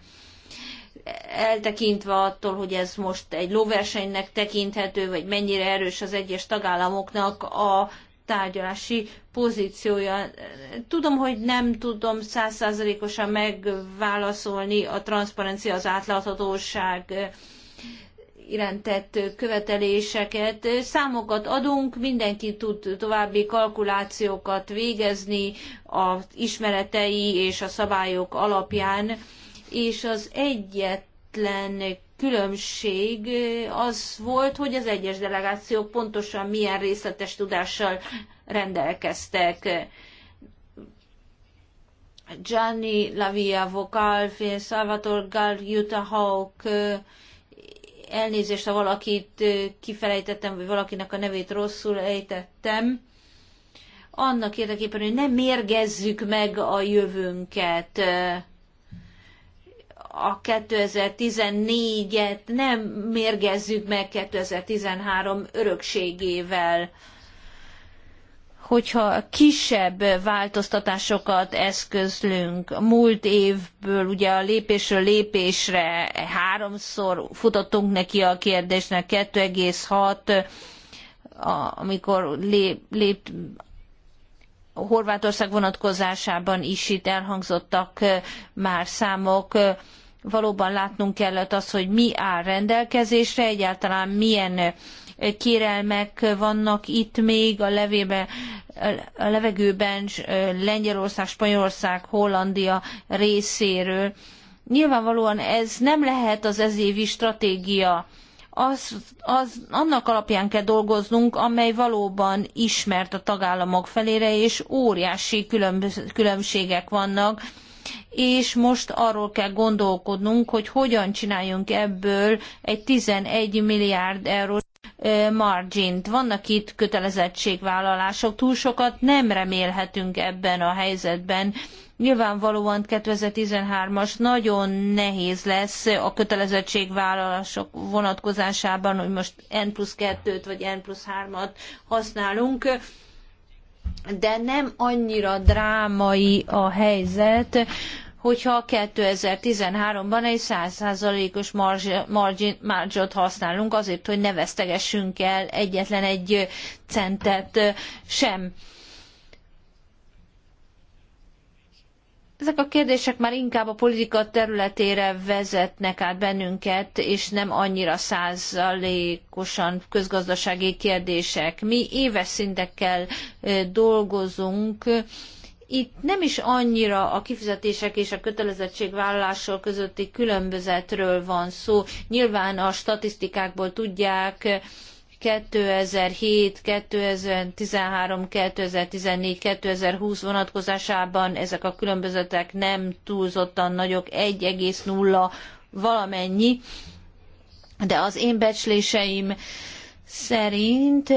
S3: eltekintve attól, hogy ez most egy lóversenynek tekinthető, vagy mennyire erős az egyes tagállamoknak a tárgyalási pozíciója. Tudom, hogy nem tudom százszázalékosan megválaszolni a transzparencia, az átláthatóság irántett követeléseket. Számokat adunk, mindenki tud további kalkulációkat végezni az ismeretei és a szabályok alapján, és az egyetlen különbség eh, az volt, hogy az egyes delegációk pontosan milyen részletes tudással rendelkeztek. Gianni Lavia Vocal, Salvatore Gal, Utah Hawk, eh, elnézést, ha valakit eh, kifelejtettem, vagy valakinek a nevét rosszul ejtettem, annak érdekében, hogy nem mérgezzük meg a jövőnket a 2014-et nem mérgezzük meg 2013 örökségével hogyha kisebb változtatásokat eszközlünk. Múlt évből ugye a lépésről lépésre háromszor futottunk neki a kérdésnek, 2,6 amikor lép, lép Horvátország vonatkozásában is itt elhangzottak eh, már számok, valóban látnunk kellett az, hogy mi áll rendelkezésre, egyáltalán milyen kérelmek vannak itt még a levébe, a levegőben Lengyelország, Spanyolország, Hollandia részéről. Nyilvánvalóan ez nem lehet az ezévi stratégia az, az, annak alapján kell dolgoznunk, amely valóban ismert a tagállamok felére, és óriási különböző, különbségek vannak és most arról kell gondolkodnunk, hogy hogyan csináljunk ebből egy 11 milliárd eurós margint. Vannak itt kötelezettségvállalások, túl sokat nem remélhetünk ebben a helyzetben. Nyilvánvalóan 2013-as nagyon nehéz lesz a kötelezettségvállalások vonatkozásában, hogy most N plusz 2-t vagy N plusz 3-at használunk de nem annyira drámai a helyzet, hogyha 2013-ban egy 100%-os margin, használunk azért, hogy ne vesztegessünk el egyetlen egy centet sem Ezek a kérdések már inkább a politika területére vezetnek át bennünket, és nem annyira százalékosan közgazdasági kérdések. Mi éves szintekkel dolgozunk, itt nem is annyira a kifizetések és a kötelezettségvállalások közötti különbözetről van szó. Nyilván a statisztikákból tudják, 2007, 2013, 2014, 2020 vonatkozásában ezek a különbözetek nem túlzottan nagyok, 1,0 valamennyi, de az én becsléseim szerint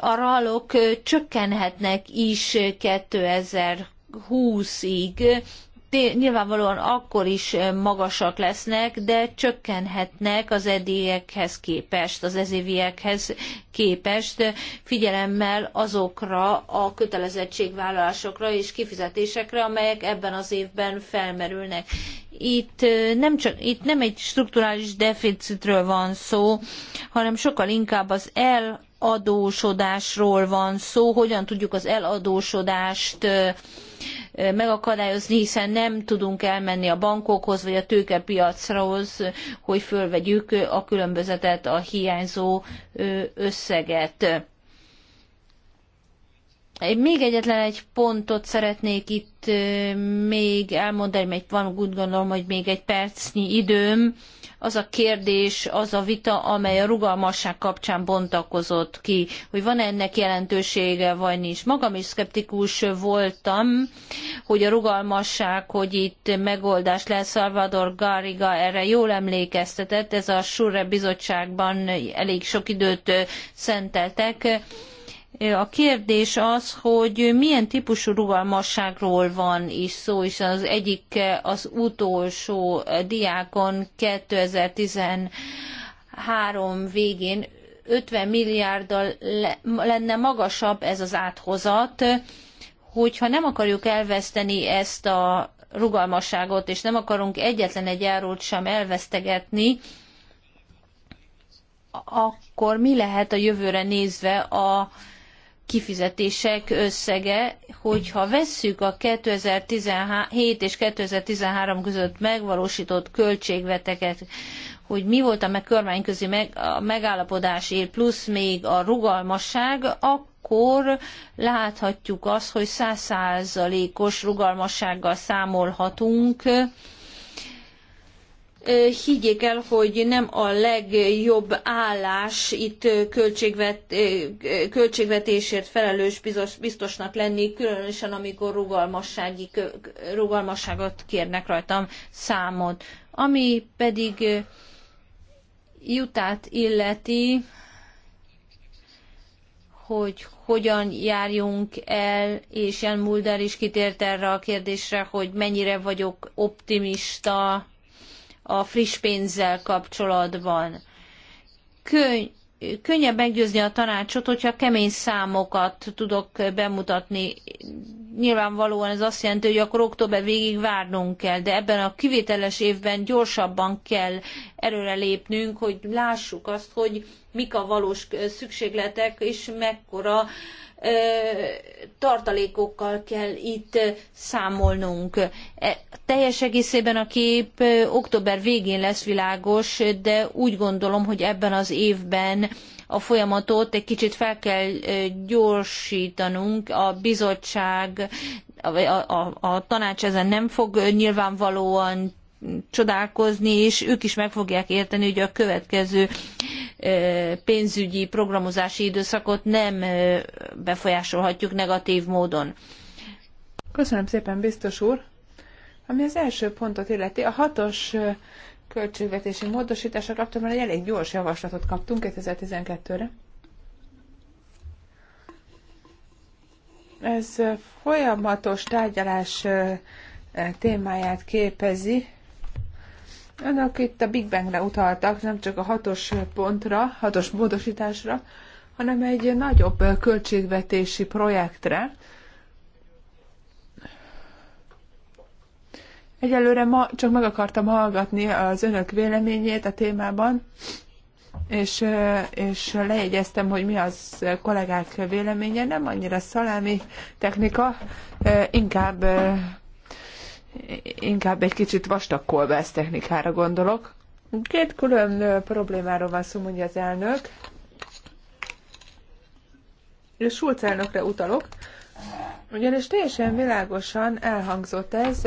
S3: a ralok csökkenhetnek is 2020-ig, nyilvánvalóan akkor is magasak lesznek, de csökkenhetnek az edélyekhez képest, az ezéviekhez képest, figyelemmel azokra a kötelezettségvállalásokra és kifizetésekre, amelyek ebben az évben felmerülnek. Itt nem, csak, itt nem egy strukturális deficitről van szó, hanem sokkal inkább az eladósodásról van szó, hogyan tudjuk az eladósodást megakadályozni, hiszen nem tudunk elmenni a bankokhoz vagy a tőkepiachoz hogy fölvegyük a különbözetet, a hiányzó összeget még egyetlen egy pontot szeretnék itt még elmondani, mert van úgy gondolom, hogy még egy percnyi időm. Az a kérdés, az a vita, amely a rugalmasság kapcsán bontakozott ki, hogy van -e ennek jelentősége, vagy nincs. Magam is szkeptikus voltam, hogy a rugalmasság, hogy itt megoldás lesz, Salvador Garriga erre jól emlékeztetett, ez a Surre bizottságban elég sok időt szenteltek a kérdés az, hogy milyen típusú rugalmasságról van is szó, és az egyik az utolsó diákon 2013 végén 50 milliárddal lenne magasabb ez az áthozat, hogyha nem akarjuk elveszteni ezt a rugalmasságot, és nem akarunk egyetlen egy árult sem elvesztegetni, akkor mi lehet a jövőre nézve a kifizetések összege, hogyha vesszük a 2017 és 2013 között megvalósított költségveteket, hogy mi volt a kormányközi meg, megállapodásért, plusz még a rugalmasság, akkor láthatjuk azt, hogy százszázalékos rugalmassággal számolhatunk higgyék el, hogy nem a legjobb állás itt költségvet, költségvetésért felelős biztos, biztosnak lenni, különösen amikor rugalmassági, rugalmasságot kérnek rajtam számot. Ami pedig jutát illeti, hogy hogyan járjunk el, és Jan Mulder is kitért erre a kérdésre, hogy mennyire vagyok optimista a friss pénzzel kapcsolatban. könnyebb meggyőzni a tanácsot, hogyha kemény számokat tudok bemutatni. Nyilvánvalóan ez azt jelenti, hogy akkor október végig várnunk kell, de ebben a kivételes évben gyorsabban kell erőre lépnünk, hogy lássuk azt, hogy mik a valós szükségletek, és mekkora tartalékokkal kell itt számolnunk. E, teljes egészében a kép október végén lesz világos, de úgy gondolom, hogy ebben az évben a folyamatot egy kicsit fel kell gyorsítanunk. A bizottság a, a, a, tanács ezen nem fog nyilvánvalóan csodálkozni, és ők is meg fogják érteni, hogy a következő pénzügyi programozási időszakot nem befolyásolhatjuk negatív módon. Köszönöm
S1: szépen, biztos úr! Ami az első pontot illeti, a hatos költségvetési módosításra kapcsolatban egy elég gyors javaslatot kaptunk 2012-re. Ez folyamatos tárgyalás témáját képezi, Önök itt a Big Bangre utaltak, nem csak a hatos pontra, hatos módosításra, hanem egy nagyobb költségvetési projektre. Egyelőre ma csak meg akartam hallgatni az önök véleményét a témában, és, és lejegyeztem, hogy mi az kollégák véleménye, nem annyira szalámi technika, inkább inkább egy kicsit vastag kolbász technikára gondolok. Két külön problémáról van szó, mondja az elnök. És Schulz elnökre utalok, ugyanis teljesen világosan elhangzott ez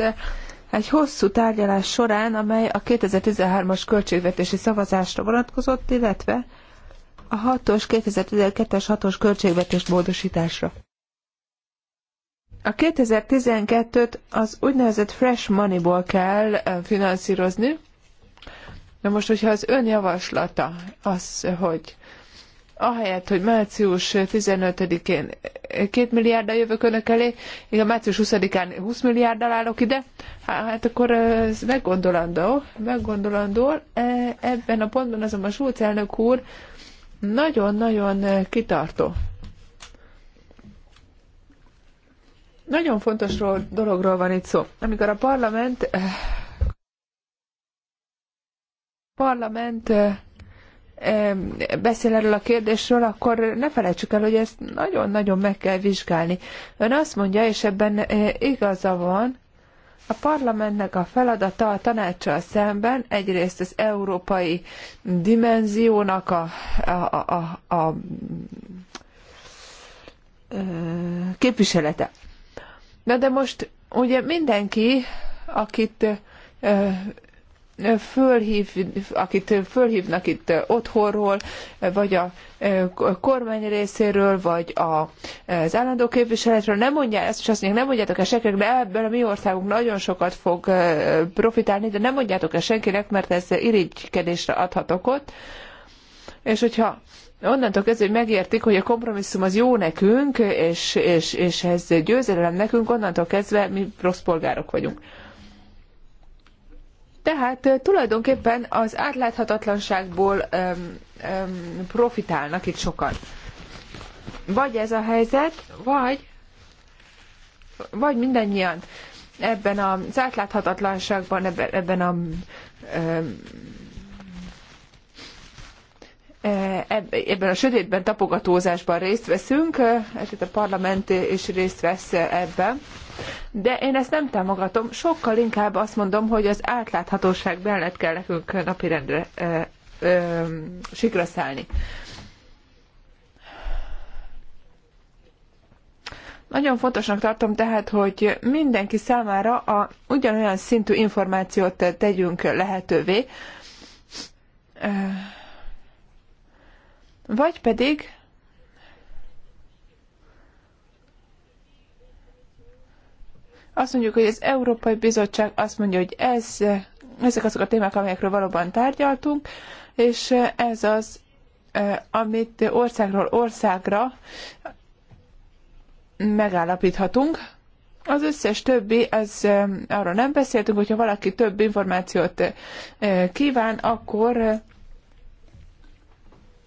S1: egy hosszú tárgyalás során, amely a 2013-as költségvetési szavazásra vonatkozott, illetve a 6-os, 2012-es 6-os költségvetés módosításra. A 2012-t az úgynevezett fresh Money-ból kell finanszírozni. Na most, hogyha az ön javaslata az, hogy ahelyett, hogy március 15-én 2 milliárddal jövök önök elé, én a március 20-án 20 milliárddal állok ide, hát akkor ez meggondolandó, meggondolandó. E, ebben a pontban azonban Schulz elnök úr nagyon-nagyon kitartó. Nagyon fontos dologról van itt szó. Amikor a parlament eh, parlament eh, eh, beszél erről a kérdésről, akkor ne felejtsük el, hogy ezt nagyon-nagyon meg kell vizsgálni. Ön azt mondja, és ebben igaza van, a parlamentnek a feladata a tanácssal szemben egyrészt az európai dimenziónak a, a, a, a, a képviselete. Na de most ugye mindenki, akit fölhív, akit fölhívnak itt otthonról, vagy a kormány részéről, vagy a, az állandó képviseletről, nem mondja ezt, és azt mondják, nem mondjátok el senkinek, de ebből a mi országunk nagyon sokat fog profitálni, de nem mondjátok el senkinek, mert ez irigykedésre adhat okot és hogyha onnantól kezdve, hogy megértik, hogy a kompromisszum az jó nekünk, és, és, és ez győzelem nekünk, onnantól kezdve mi rossz polgárok vagyunk. Tehát tulajdonképpen az átláthatatlanságból öm, öm, profitálnak itt sokan. Vagy ez a helyzet, vagy, vagy mindannyian ebben az átláthatatlanságban, ebben a öm, ebben a sötétben tapogatózásban részt veszünk, tehát a parlament is részt vesz ebben. De én ezt nem támogatom, sokkal inkább azt mondom, hogy az átláthatóság mellett kell nekünk napirendre sikra szállni. Nagyon fontosnak tartom tehát, hogy mindenki számára a ugyanolyan szintű információt tegyünk lehetővé. Ö, vagy pedig azt mondjuk, hogy az Európai Bizottság azt mondja, hogy ez, ezek azok a témák, amelyekről valóban tárgyaltunk, és ez az, e, amit országról országra megállapíthatunk. Az összes többi, ez, e, arról nem beszéltünk, hogyha valaki több információt e, kíván, akkor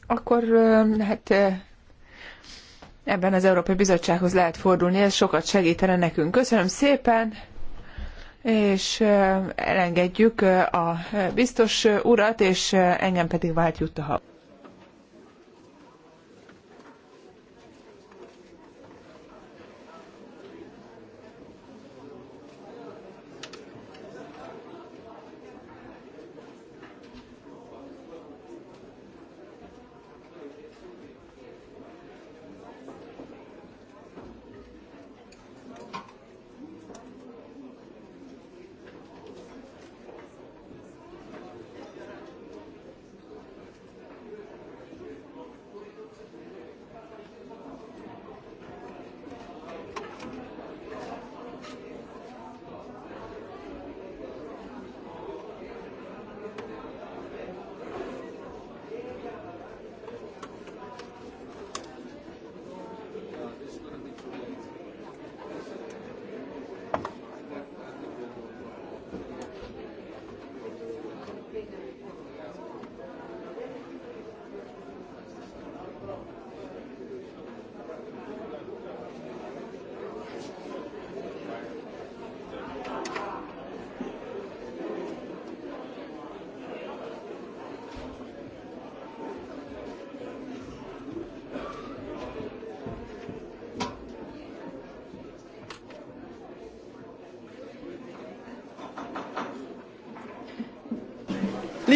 S1: akkor hát ebben az Európai Bizottsághoz lehet fordulni, ez sokat segítene nekünk. Köszönöm szépen, és elengedjük a biztos urat, és engem pedig vált jutta.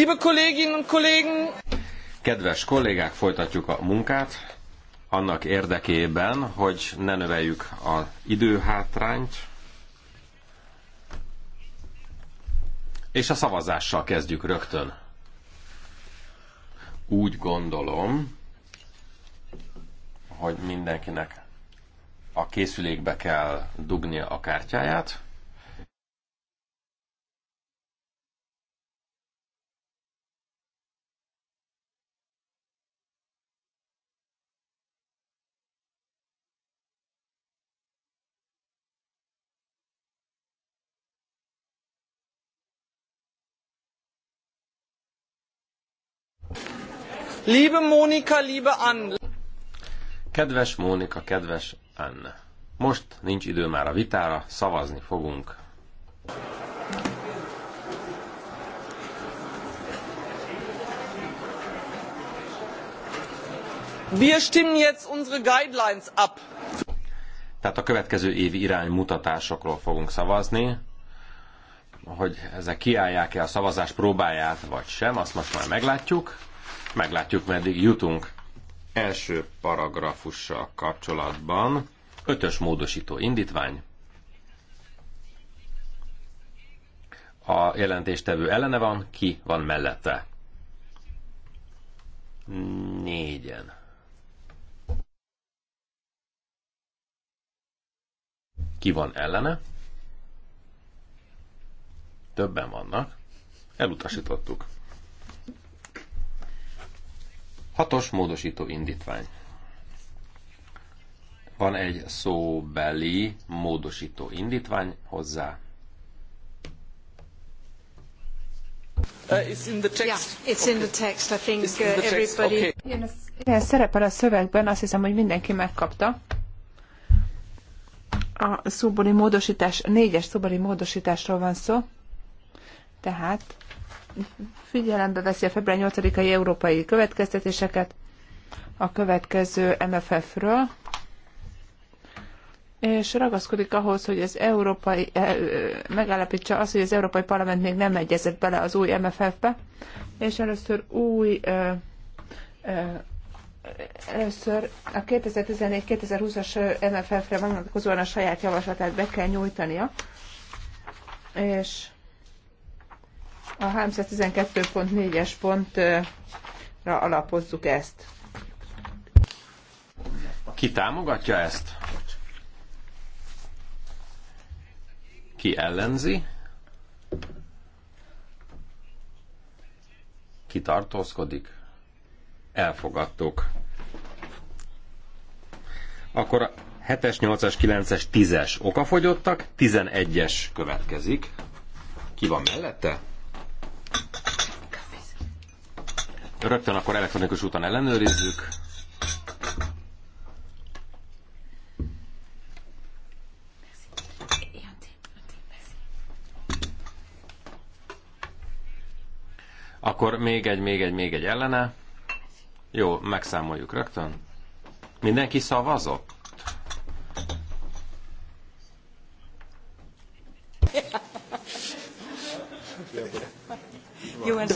S1: Liebe Kolleginnen und Kollegen!
S2: Kedves kollégák, folytatjuk a munkát annak érdekében, hogy ne növeljük az időhátrányt, és a szavazással kezdjük rögtön. Úgy gondolom, hogy mindenkinek a készülékbe kell dugnia a kártyáját.
S3: Liebe Monika, liebe Anne.
S2: Kedves Mónika, kedves Anne. Most nincs idő már a vitára, szavazni fogunk. Wir stimmen jetzt
S3: unsere guidelines ab.
S2: Tehát a következő évi iránymutatásokról fogunk szavazni, hogy ezek kiállják-e a szavazás próbáját, vagy sem, azt most már meglátjuk. Meglátjuk, meddig jutunk. Első paragrafussal kapcsolatban ötös módosító indítvány. A jelentéstevő ellene van, ki van mellette? Négyen. Ki van ellene? Többen vannak. Elutasítottuk. Hatos módosító indítvány. Van egy szóbeli módosító indítvány hozzá. Uh, yeah, it's in the
S1: text. I think uh, everybody. Igen, igen, szerepel a szövegben, azt hiszem, hogy mindenki megkapta. A szóbeli módosítás, a négyes szóbeli módosításról van szó. Tehát figyelembe veszi a február 8-ai európai következtetéseket a következő MFF-ről, és ragaszkodik ahhoz, hogy az európai, eh, megállapítsa azt, hogy az Európai Parlament még nem egyezett bele az új MFF-be, és először új eh, eh, először a 2014-2020-as MFF-re vonatkozóan a saját javaslatát be kell nyújtania, és a 312.4-es pontra alapozzuk ezt.
S2: Ki támogatja ezt? Ki ellenzi? Ki tartózkodik? Elfogadtuk. Akkor a 7-es, 8-as, 9-es, 10-es okafogyottak, 11-es következik. Ki van mellette? Rögtön akkor elektronikus úton ellenőrizzük. Akkor még egy, még egy, még egy ellene. Jó, megszámoljuk rögtön. Mindenki szavazott? Jó, ez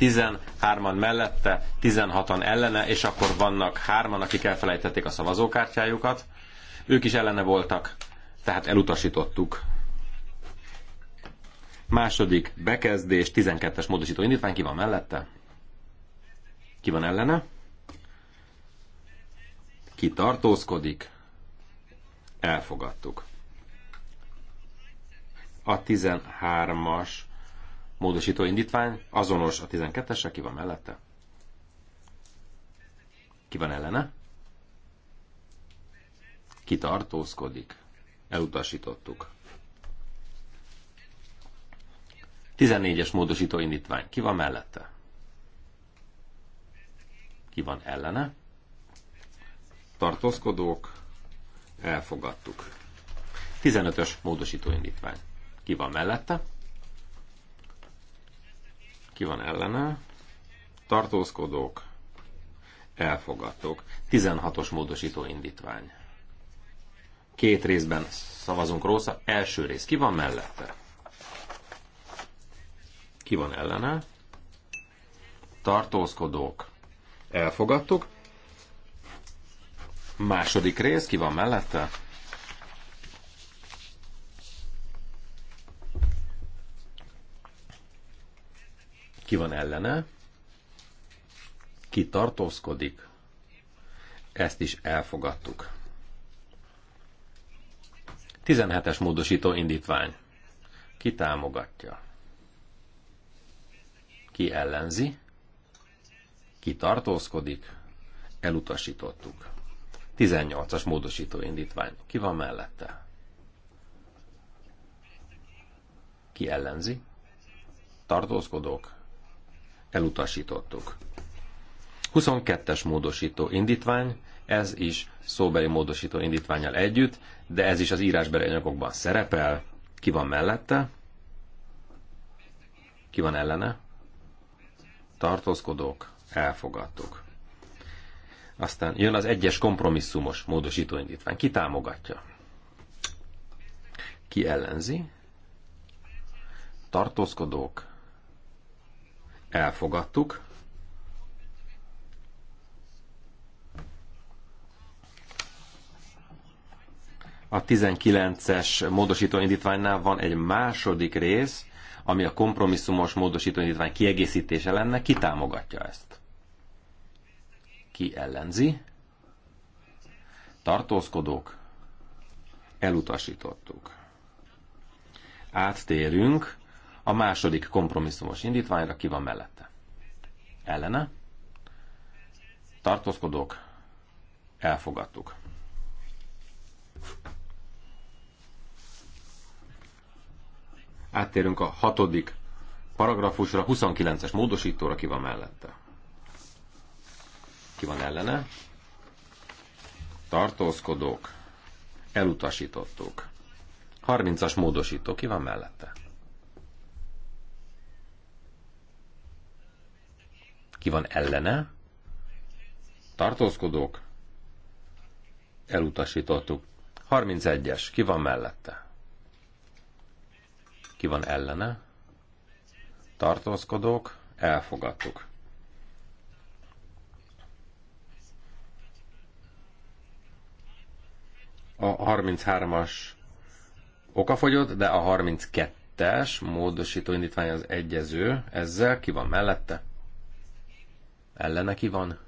S2: 13-an mellette, 16-an ellene, és akkor vannak hárman, akik elfelejtették a szavazókártyájukat. Ők is ellene voltak, tehát elutasítottuk. Második bekezdés, 12-es módosító indítvány, ki van mellette? Ki van ellene? Ki tartózkodik? Elfogadtuk. A 13-as módosító indítvány azonos a 12 esre ki van mellette? Ki van ellene? Ki tartózkodik? Elutasítottuk. 14-es módosító indítvány. Ki van mellette? Ki van ellene? Tartózkodók. Elfogadtuk. 15-ös módosító indítvány. Ki van mellette? ki van ellene, tartózkodók, elfogadtok. 16-os módosító indítvány. Két részben szavazunk róla, első rész ki van mellette? Ki van ellene? Tartózkodók, elfogadtok. Második rész ki van mellette? Ki van ellene? Ki tartózkodik? Ezt is elfogadtuk. 17-es módosító indítvány. Ki támogatja? Ki ellenzi? Ki tartózkodik? Elutasítottuk. 18-as módosító indítvány. Ki van mellette? Ki ellenzi? Tartózkodók? elutasítottuk. 22-es módosító indítvány, ez is szóbeli módosító indítványal együtt, de ez is az írásbeli anyagokban szerepel. Ki van mellette? Ki van ellene? Tartózkodók, elfogadtuk. Aztán jön az egyes kompromisszumos módosító indítvány. Ki támogatja? Ki ellenzi? Tartózkodók, elfogadtuk. A 19-es módosítóindítványnál van egy második rész, ami a kompromisszumos módosítóindítvány kiegészítése lenne, ki támogatja ezt? Ki ellenzi? Tartózkodók? Elutasítottuk. Áttérünk a második kompromisszumos indítványra ki van mellette? Ellene? Tartózkodók? Elfogadtuk. Áttérünk a hatodik paragrafusra, 29-es módosítóra ki van mellette. Ki van ellene? Tartózkodók. Elutasítottuk. 30-as módosító ki van mellette? ki van ellene, tartózkodók, elutasítottuk. 31-es, ki van mellette? Ki van ellene? Tartózkodók, elfogadtuk. A 33-as okafogyott, de a 32-es módosító indítvány az egyező, ezzel ki van mellette? ellene ki van,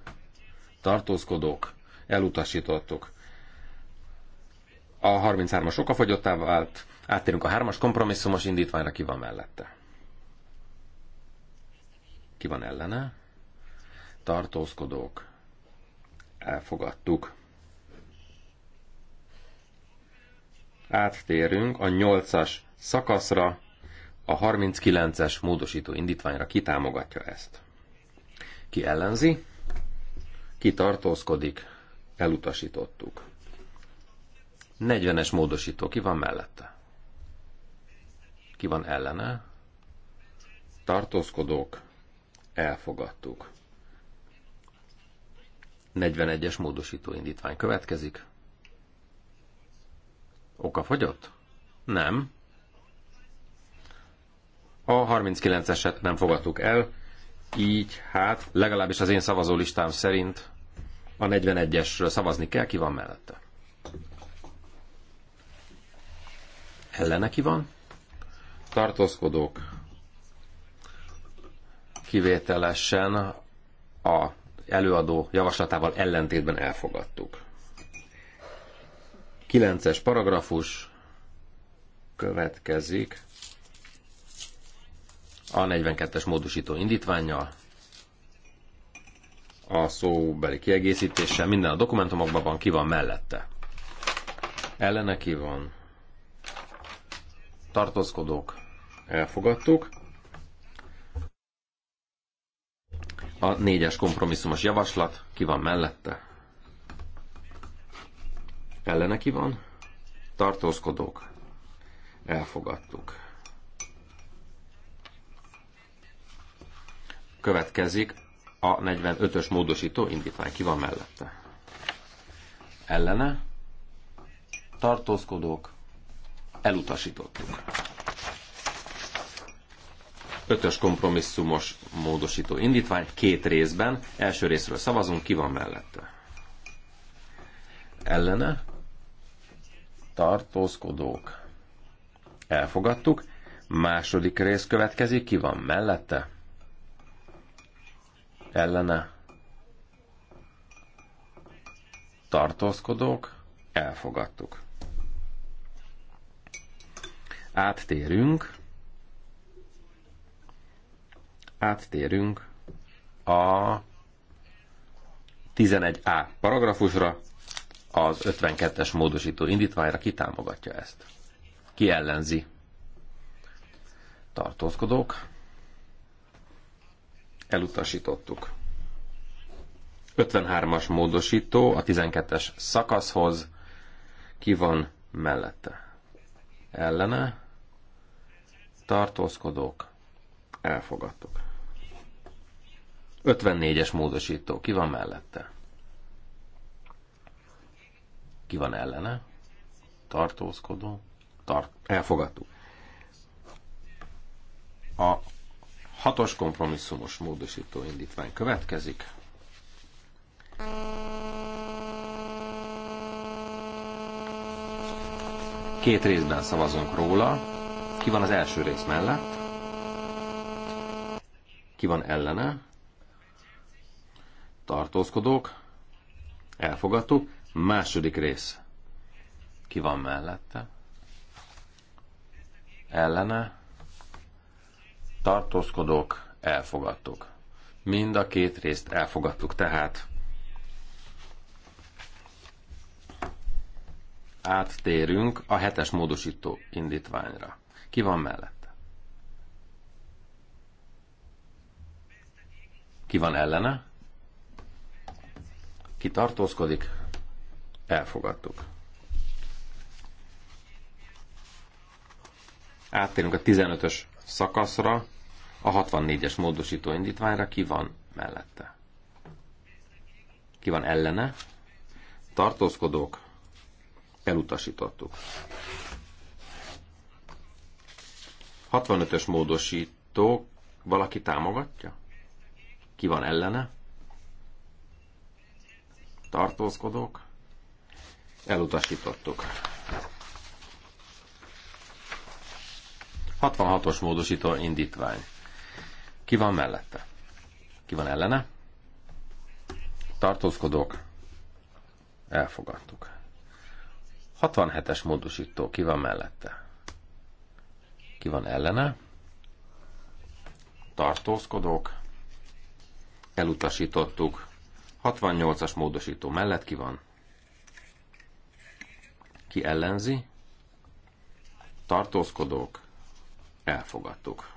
S2: tartózkodók, elutasítottuk. A 33-as okafogyottá vált, áttérünk a 3-as kompromisszumos indítványra, ki van mellette. Ki van ellene? Tartózkodók. Elfogadtuk. Áttérünk a 8-as szakaszra, a 39-es módosító indítványra kitámogatja ezt. Ki ellenzi? Ki tartózkodik? Elutasítottuk. 40-es módosító. Ki van mellette? Ki van ellene? Tartózkodók. Elfogadtuk. 41-es módosító indítvány következik. Oka fogyott? Nem. A 39-eset nem fogadtuk el, így hát, legalábbis az én listám szerint a 41-esről szavazni kell, ki van mellette. Ellene ki van? Tartózkodók kivételesen a előadó javaslatával ellentétben elfogadtuk. 9-es paragrafus következik a 42-es módosító indítványjal, a szóbeli kiegészítéssel, minden a dokumentumokban van, ki van mellette. Ellene ki van. Tartózkodók. Elfogadtuk. A négyes kompromisszumos javaslat, ki van mellette. Ellene ki van. Tartózkodók. Elfogadtuk. Következik a 45-ös módosító indítvány. Ki van mellette? Ellene? Tartózkodók? Elutasítottuk. 5-ös kompromisszumos módosító indítvány két részben. Első részről szavazunk, ki van mellette? Ellene? Tartózkodók? Elfogadtuk. Második rész következik, ki van mellette? ellene tartózkodók, elfogadtuk. Áttérünk, áttérünk a 11a paragrafusra, az 52-es módosító indítványra kitámogatja ezt. Ki ellenzi? Tartózkodók elutasítottuk. 53-as módosító a 12-es szakaszhoz, ki van mellette? Ellene, tartózkodók, elfogadtuk. 54-es módosító, ki van mellette? Ki van ellene? Tartózkodó, tart, elfogadtuk. A Hatos kompromisszumos módosító indítvány következik. Két részben szavazunk róla. Ki van az első rész mellett? Ki van ellene? Tartózkodók. Elfogadó. Második rész. Ki van mellette? Ellene? tartózkodók, elfogadtuk. Mind a két részt elfogadtuk, tehát áttérünk a hetes módosító indítványra. Ki van mellette? Ki van ellene? Ki tartózkodik? Elfogadtuk. Áttérünk a 15-ös szakaszra, a 64-es módosító indítványra ki van mellette? Ki van ellene? Tartózkodók? Elutasítottuk. 65-ös módosító valaki támogatja? Ki van ellene? Tartózkodók? Elutasítottuk. 66-os módosító indítvány. Ki van mellette? Ki van ellene? Tartózkodók. Elfogadtuk. 67-es módosító. Ki van mellette? Ki van ellene? Tartózkodók. Elutasítottuk. 68-as módosító mellett ki van? Ki ellenzi? Tartózkodók. Elfogadtuk.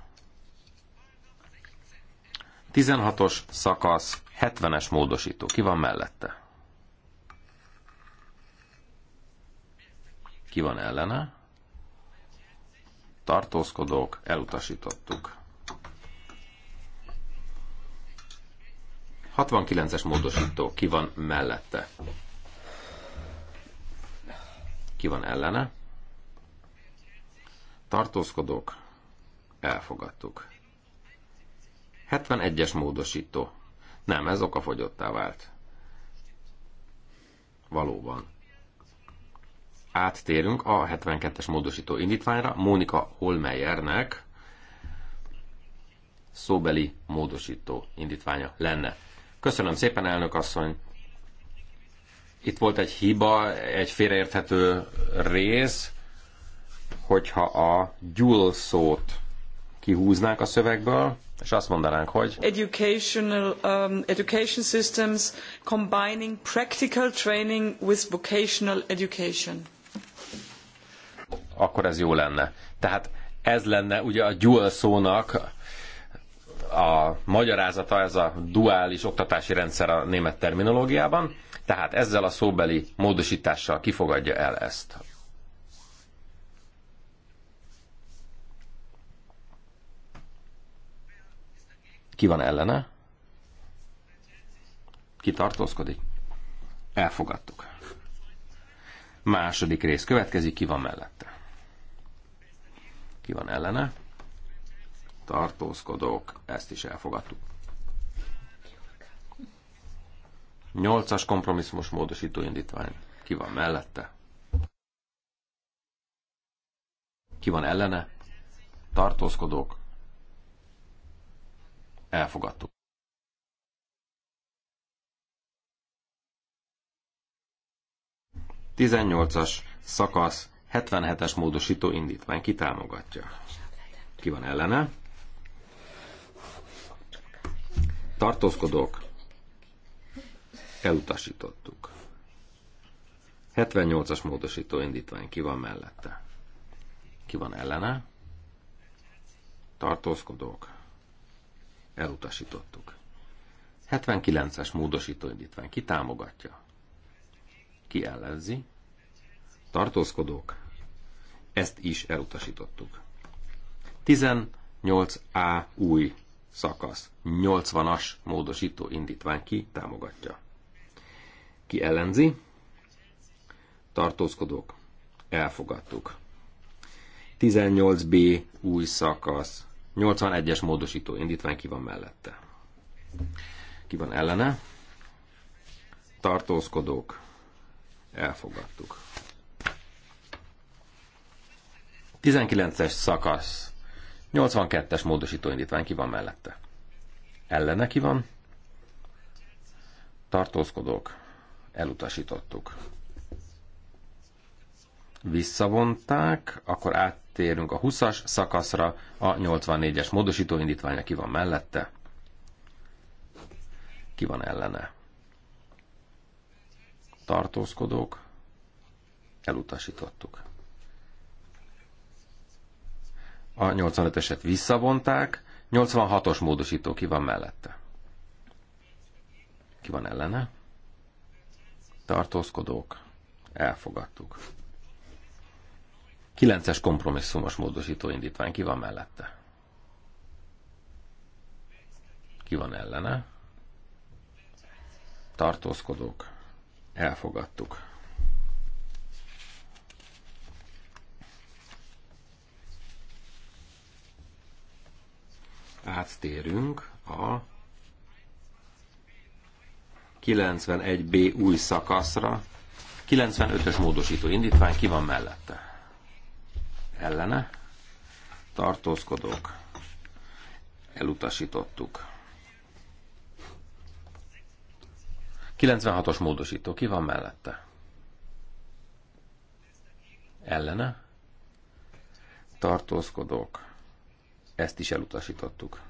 S2: 16-os szakasz, 70-es módosító. Ki van mellette? Ki van ellene? Tartózkodók, elutasítottuk. 69-es módosító, ki van mellette? Ki van ellene? Tartózkodók, elfogadtuk. 71-es módosító. Nem, ez okafogyottá vált. Valóban. Áttérünk a 72-es módosító indítványra Mónika Holmeyernek szóbeli módosító indítványa lenne. Köszönöm szépen, elnök asszony! Itt volt egy hiba, egy félreérthető rész, hogyha a gyúl szót kihúznák a szövegből, és azt mondanánk, hogy
S1: educational um, education systems combining practical training with vocational education.
S2: Akkor ez jó lenne. Tehát ez lenne ugye a dual szónak a magyarázata, ez a duális oktatási rendszer a német terminológiában. Tehát ezzel a szóbeli módosítással kifogadja el ezt Ki van ellene? Ki tartózkodik? Elfogadtuk. Második rész következik, ki van mellette? Ki van ellene? Tartózkodók, ezt is elfogadtuk. Nyolcas kompromisszumos módosító indítvány. Ki van mellette? Ki van ellene? Tartózkodók, elfogadtuk. Tizennyolcas szakasz 77-es módosító indítvány kitámogatja. Ki van ellene? Tartózkodók. Elutasítottuk. 78-as módosító indítvány ki van mellette? Ki van ellene? Tartózkodók. Elutasítottuk. 79-es módosító indítvány. Ki támogatja? Ki ellenzi? Tartózkodók? Ezt is elutasítottuk. 18A új szakasz. 80-as módosító indítvány. Ki támogatja? Ki ellenzi? Tartózkodók? Elfogadtuk. 18B új szakasz 81-es módosító indítvány ki van mellette. Ki van ellene? Tartózkodók. Elfogadtuk. 19-es szakasz. 82-es módosító indítvány ki van mellette. Ellene ki van? Tartózkodók. Elutasítottuk visszavonták, akkor áttérünk a 20-as szakaszra, a 84-es módosító indítványa ki van mellette, ki van ellene. Tartózkodók, elutasítottuk. A 85-eset visszavonták, 86-os módosító ki van mellette. Ki van ellene? Tartózkodók, elfogadtuk. Kilences kompromisszumos módosító indítvány. Ki van mellette? Ki van ellene? Tartózkodók. Elfogadtuk. Áttérünk a 91B új szakaszra. 95-ös módosító indítvány ki van mellette? ellene tartózkodók elutasítottuk. 96-os módosító, ki van mellette? Ellene? Tartózkodók. Ezt is elutasítottuk.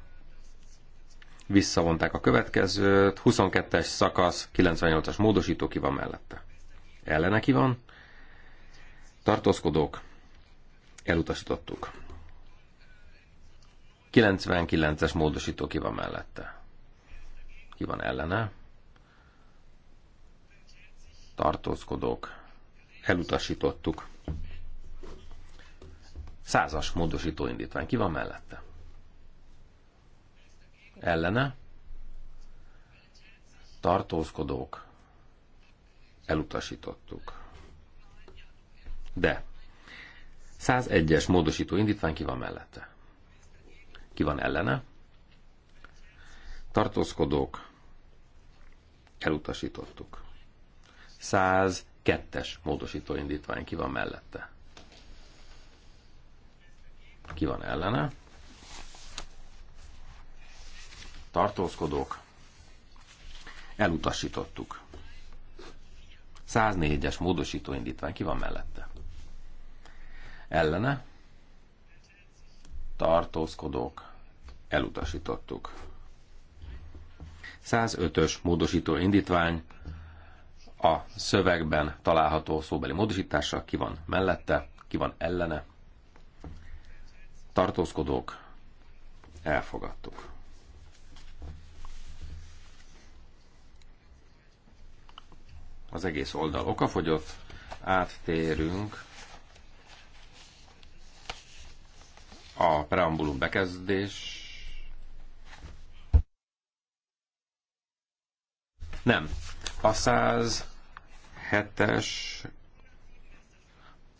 S2: Visszavonták a következőt. 22-es szakasz, 98-as módosító, ki van mellette? Ellene ki van? Tartózkodók. Elutasítottuk. 99-es módosító ki van mellette? Ki van ellene? Tartózkodók. Elutasítottuk. Százas módosító indítvány. Ki van mellette? Ellene? Tartózkodók. Elutasítottuk. De 101-es módosító indítvány ki van mellette? Ki van ellene? Tartózkodók. Elutasítottuk. 102-es módosító indítvány ki van mellette? Ki van ellene? Tartózkodók. Elutasítottuk. 104-es módosító indítvány ki van mellette? ellene tartózkodók elutasítottuk. 105-ös módosító indítvány a szövegben található szóbeli módosítással ki van mellette, ki van ellene. Tartózkodók elfogadtuk. Az egész oldal okafogyott, áttérünk a preambulum bekezdés. Nem. A 107-es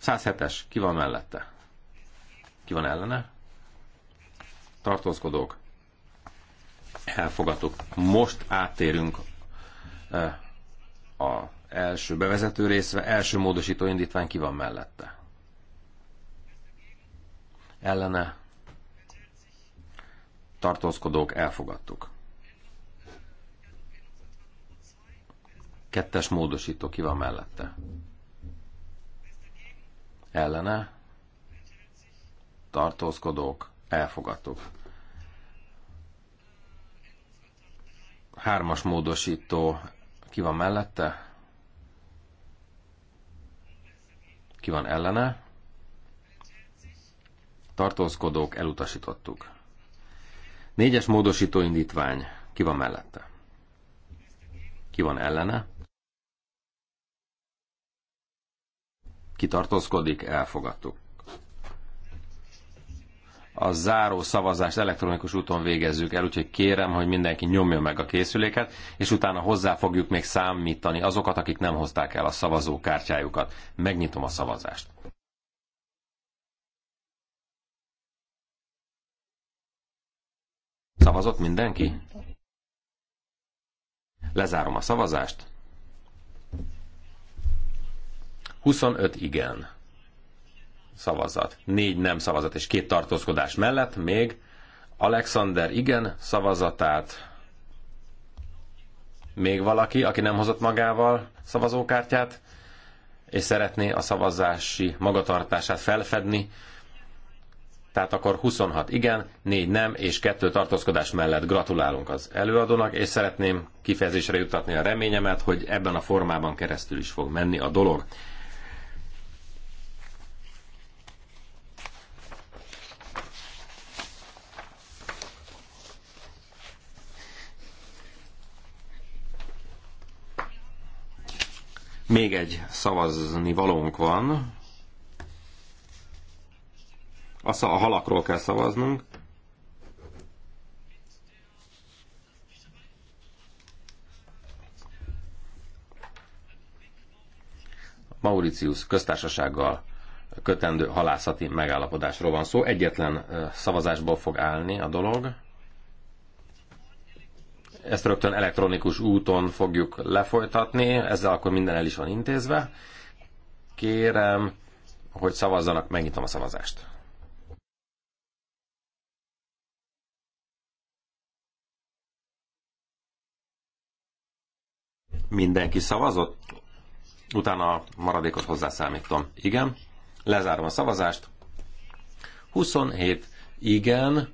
S2: 107-es, ki van mellette? Ki van ellene? Tartózkodók. Elfogadtuk. Most áttérünk eh, a első bevezető részre. Első módosító indítvány ki van mellette? ellene tartózkodók elfogadtuk. Kettes módosító ki van mellette. Ellene tartózkodók elfogadtuk. Hármas módosító ki van mellette? Ki van ellene? tartózkodók, elutasítottuk. Négyes módosító indítvány, ki van mellette? Ki van ellene? Ki tartózkodik, elfogadtuk. A záró szavazást elektronikus úton végezzük el, úgyhogy kérem, hogy mindenki nyomja meg a készüléket, és utána hozzá fogjuk még számítani azokat, akik nem hozták el a szavazókártyájukat. Megnyitom a szavazást. Szavazott mindenki? Lezárom a szavazást. 25 igen szavazat, 4 nem szavazat és két tartózkodás mellett még Alexander igen szavazatát még valaki, aki nem hozott magával szavazókártyát, és szeretné a szavazási magatartását felfedni, tehát akkor 26 igen, 4 nem és 2 tartózkodás mellett gratulálunk az előadónak, és szeretném kifejezésre juttatni a reményemet, hogy ebben a formában keresztül is fog menni a dolog. Még egy szavazni valónk van, a, a halakról kell szavaznunk. Mauritius köztársasággal kötendő halászati megállapodásról van szó. Egyetlen szavazásból fog állni a dolog. Ezt rögtön elektronikus úton fogjuk lefolytatni, ezzel akkor minden el is van intézve. Kérem, hogy szavazzanak, megnyitom a szavazást. Mindenki szavazott? Utána a maradékot hozzászámítom. Igen. Lezárom a szavazást. 27 igen,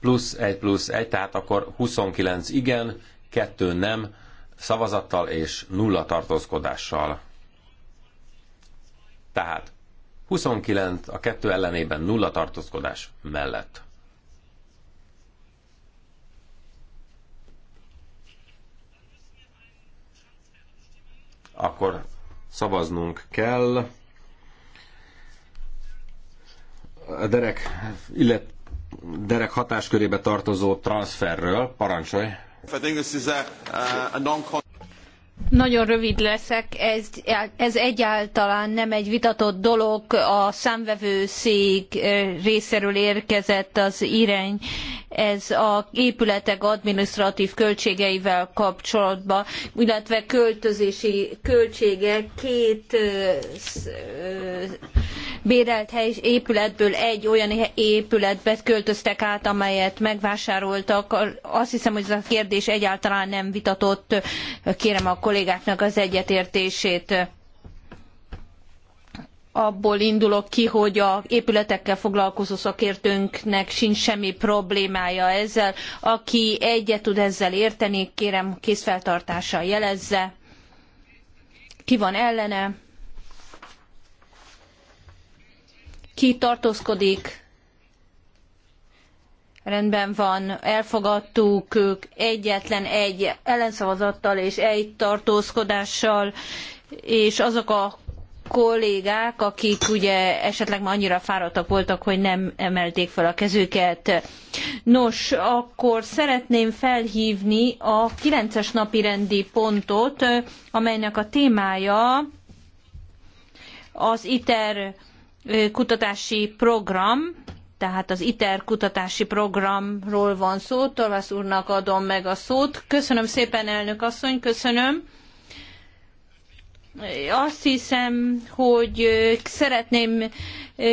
S2: plusz 1 plusz 1, tehát akkor 29 igen, 2 nem, szavazattal és nulla tartózkodással. Tehát 29 a kettő ellenében nulla tartózkodás mellett. akkor szavaznunk kell. A derek, illet, derek hatáskörébe tartozó transferről. Parancsolj!
S3: Nagyon rövid leszek, ez, ez egyáltalán nem egy vitatott dolog, a számvevőszék eh, részéről érkezett az irány, ez a épületek adminisztratív költségeivel kapcsolatban, illetve költözési költségek két eh, eh, bérelt hely, épületből egy olyan épületbe költöztek át, amelyet megvásároltak. Azt hiszem, hogy ez a kérdés egyáltalán nem vitatott. Kérem a kollégáknak az egyetértését abból indulok ki, hogy a épületekkel foglalkozó szakértőnknek sincs semmi problémája ezzel. Aki egyet tud ezzel érteni, kérem készfeltartással jelezze. Ki van ellene? ki tartózkodik, rendben van, elfogadtuk ők egyetlen egy ellenszavazattal és egy tartózkodással, és azok a kollégák, akik ugye esetleg már annyira fáradtak voltak, hogy nem emelték fel a kezüket. Nos, akkor szeretném felhívni a 9-es napi rendi pontot, amelynek a témája az ITER kutatási program, tehát az ITER kutatási programról van szó. Torvász úrnak adom meg a szót. Köszönöm szépen, elnök asszony, köszönöm azt hiszem, hogy szeretném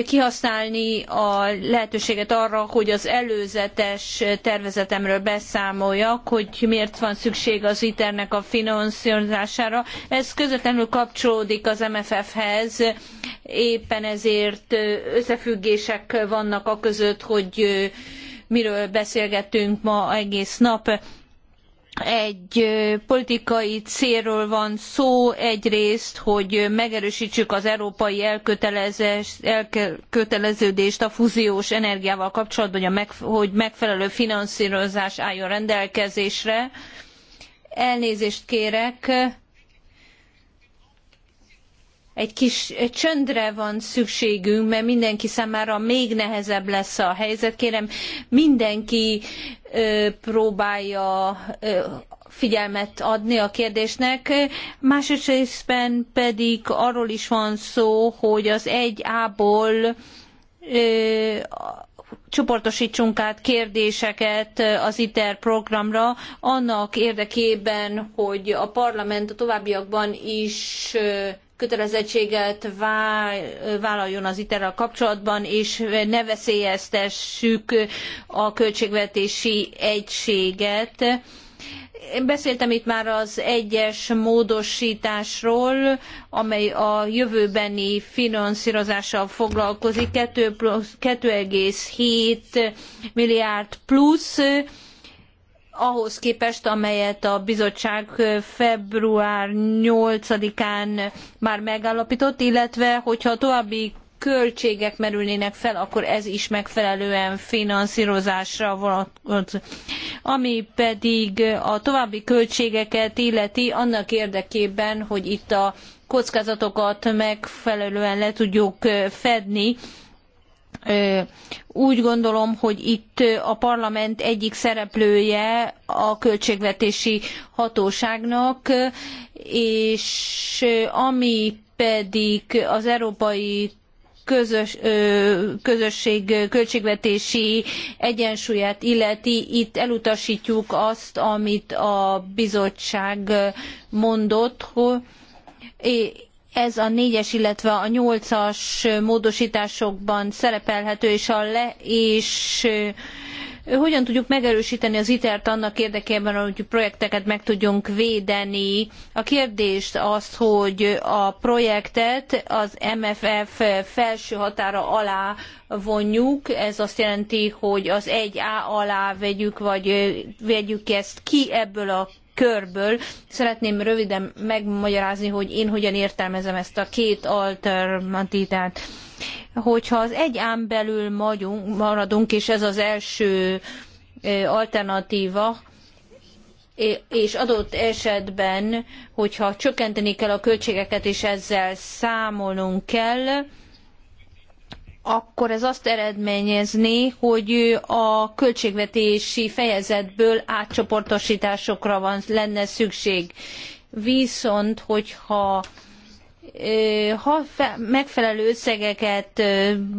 S3: kihasználni a lehetőséget arra, hogy az előzetes tervezetemről beszámoljak, hogy miért van szükség az ITER-nek a finanszírozására. Ez közvetlenül kapcsolódik az MFF-hez, éppen ezért összefüggések vannak a között, hogy miről beszélgettünk ma egész nap egy politikai célról van szó, egyrészt, hogy megerősítsük az európai elköteleződést a fúziós energiával kapcsolatban, hogy megfelelő finanszírozás álljon rendelkezésre. Elnézést kérek, egy kis egy csöndre van szükségünk, mert mindenki számára még nehezebb lesz a helyzet. Kérem, mindenki ö, próbálja ö, figyelmet adni a kérdésnek. Másrésztben pedig arról is van szó, hogy az egy a ból csoportosítsunk át kérdéseket az ITER programra, annak érdekében, hogy a parlament a továbbiakban is kötelezettséget vállaljon az iter kapcsolatban, és ne veszélyeztessük a költségvetési egységet. Én beszéltem itt már az egyes módosításról, amely a jövőbeni finanszírozással foglalkozik, 2,7 milliárd plusz, ahhoz képest, amelyet a bizottság február 8-án már megállapított, illetve hogyha további költségek merülnének fel, akkor ez is megfelelően finanszírozásra vonatkozik. Ami pedig a további költségeket illeti annak érdekében, hogy itt a kockázatokat megfelelően le tudjuk fedni, úgy gondolom, hogy itt a parlament egyik szereplője a költségvetési hatóságnak, és ami pedig az európai közös, közösség költségvetési egyensúlyát illeti, itt elutasítjuk azt, amit a bizottság mondott, ez a négyes, illetve a nyolcas módosításokban szerepelhető, és, a le, és hogyan tudjuk megerősíteni az ITER-t annak érdekében, hogy projekteket meg tudjunk védeni. A kérdés az, hogy a projektet az MFF felső határa alá vonjuk, ez azt jelenti, hogy az 1A alá vegyük, vagy vegyük ezt ki ebből a körből. Szeretném röviden megmagyarázni, hogy én hogyan értelmezem ezt a két alternatívát. Hogyha az egy ám belül maradunk, és ez az első alternatíva, és adott esetben, hogyha csökkenteni kell a költségeket, és ezzel számolnunk kell, akkor ez azt eredményezné, hogy a költségvetési fejezetből átcsoportosításokra van, lenne szükség. Viszont, hogyha ha megfelelő összegeket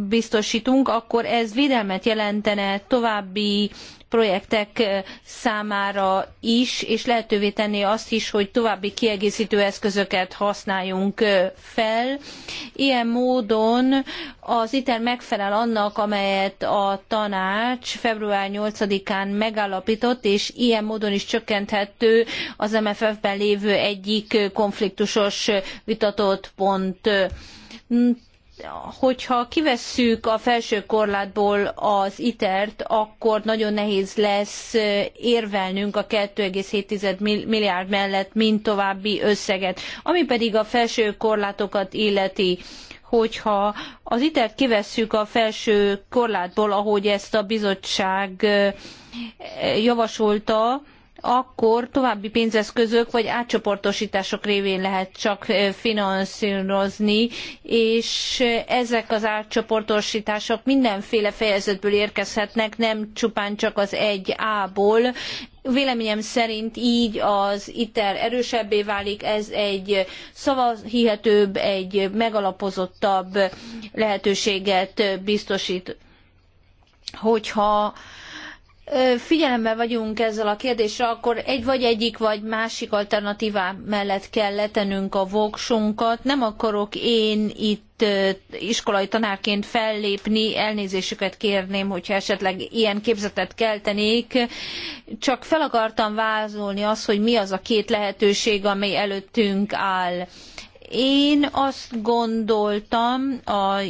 S3: biztosítunk, akkor ez védelmet jelentene további projektek számára is, és lehetővé tenni azt is, hogy további kiegészítő eszközöket használjunk fel. Ilyen módon az ITER megfelel annak, amelyet a tanács február 8-án megállapított, és ilyen módon is csökkenthető az MFF-ben lévő egyik konfliktusos vitatott pont hogyha kivesszük a felső korlátból az ITER-t, akkor nagyon nehéz lesz érvelnünk a 2,7 milliárd mellett, mint további összeget. Ami pedig a felső korlátokat illeti, hogyha az ITER-t kivesszük a felső korlátból, ahogy ezt a bizottság javasolta, akkor további pénzeszközök vagy átcsoportosítások révén lehet csak finanszírozni, és ezek az átcsoportosítások mindenféle fejezetből érkezhetnek, nem csupán csak az egy a ból véleményem szerint így az ITER erősebbé válik, ez egy szavahihetőbb, egy megalapozottabb lehetőséget biztosít, hogyha figyelemben vagyunk ezzel a kérdéssel, akkor egy vagy egyik, vagy másik alternatívá mellett kell letenünk a voksunkat. Nem akarok én itt iskolai tanárként fellépni, elnézésüket kérném, hogyha esetleg ilyen képzetet keltenék. Csak fel akartam vázolni azt, hogy mi az a két lehetőség, amely előttünk áll. Én azt gondoltam, a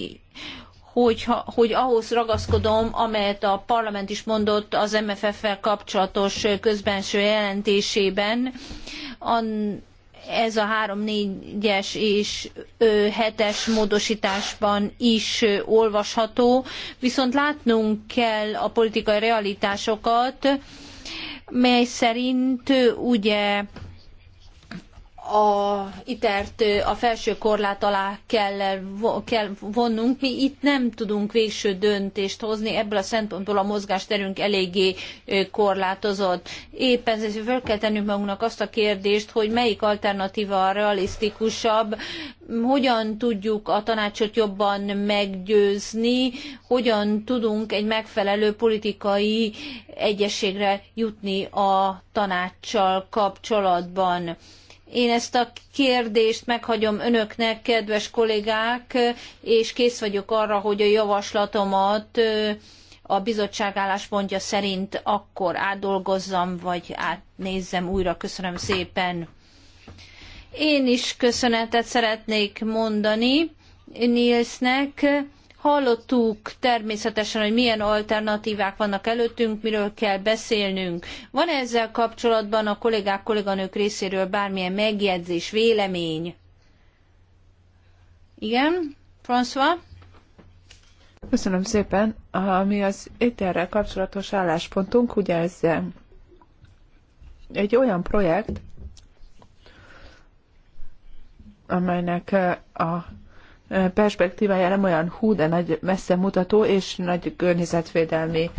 S3: hogy, hogy ahhoz ragaszkodom, amelyet a parlament is mondott az MFF-fel kapcsolatos közbenső jelentésében, an, ez a 3-4-es és 7-es módosításban is olvasható, viszont látnunk kell a politikai realitásokat, mely szerint ugye a itert a felső korlát alá kell, kell vonnunk. Mi itt nem tudunk végső döntést hozni, ebből a szempontból a mozgásterünk eléggé korlátozott. Éppen ezért fel kell tennünk magunknak azt a kérdést, hogy melyik alternatíva a realisztikusabb, hogyan tudjuk a tanácsot jobban meggyőzni, hogyan tudunk egy megfelelő politikai egyességre jutni a tanácssal kapcsolatban. Én ezt a kérdést meghagyom önöknek, kedves kollégák, és kész vagyok arra, hogy a javaslatomat a bizottság álláspontja szerint akkor átdolgozzam, vagy átnézzem újra. Köszönöm szépen. Én is köszönetet szeretnék mondani Nilsnek Hallottuk természetesen, hogy milyen alternatívák vannak előttünk, miről kell beszélnünk. Van -e ezzel kapcsolatban a kollégák, kolléganők részéről bármilyen megjegyzés, vélemény? Igen, François?
S1: Köszönöm szépen. Ami az ételrel kapcsolatos álláspontunk, ugye ez eh, egy olyan projekt, amelynek eh, a perspektívája nem olyan hú, de nagy messze mutató, és nagy környezetvédelmi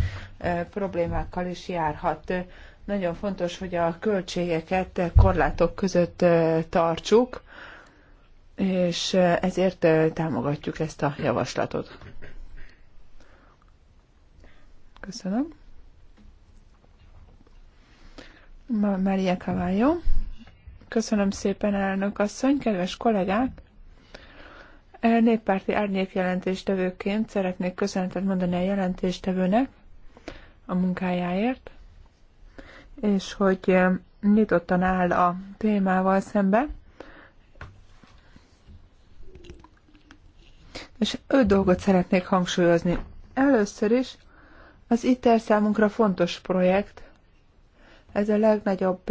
S1: problémákkal is járhat. Nagyon fontos, hogy a költségeket korlátok között tartsuk, és ezért támogatjuk ezt a javaslatot. Köszönöm. Maria Cavallo. Köszönöm szépen, elnök asszony, kedves kollégák! Néppárti árnyék jelentéstevőként szeretnék köszönetet mondani a jelentéstevőnek a munkájáért, és hogy nyitottan áll a témával szembe. És öt dolgot szeretnék hangsúlyozni. Először is az ITER számunkra fontos projekt. Ez a legnagyobb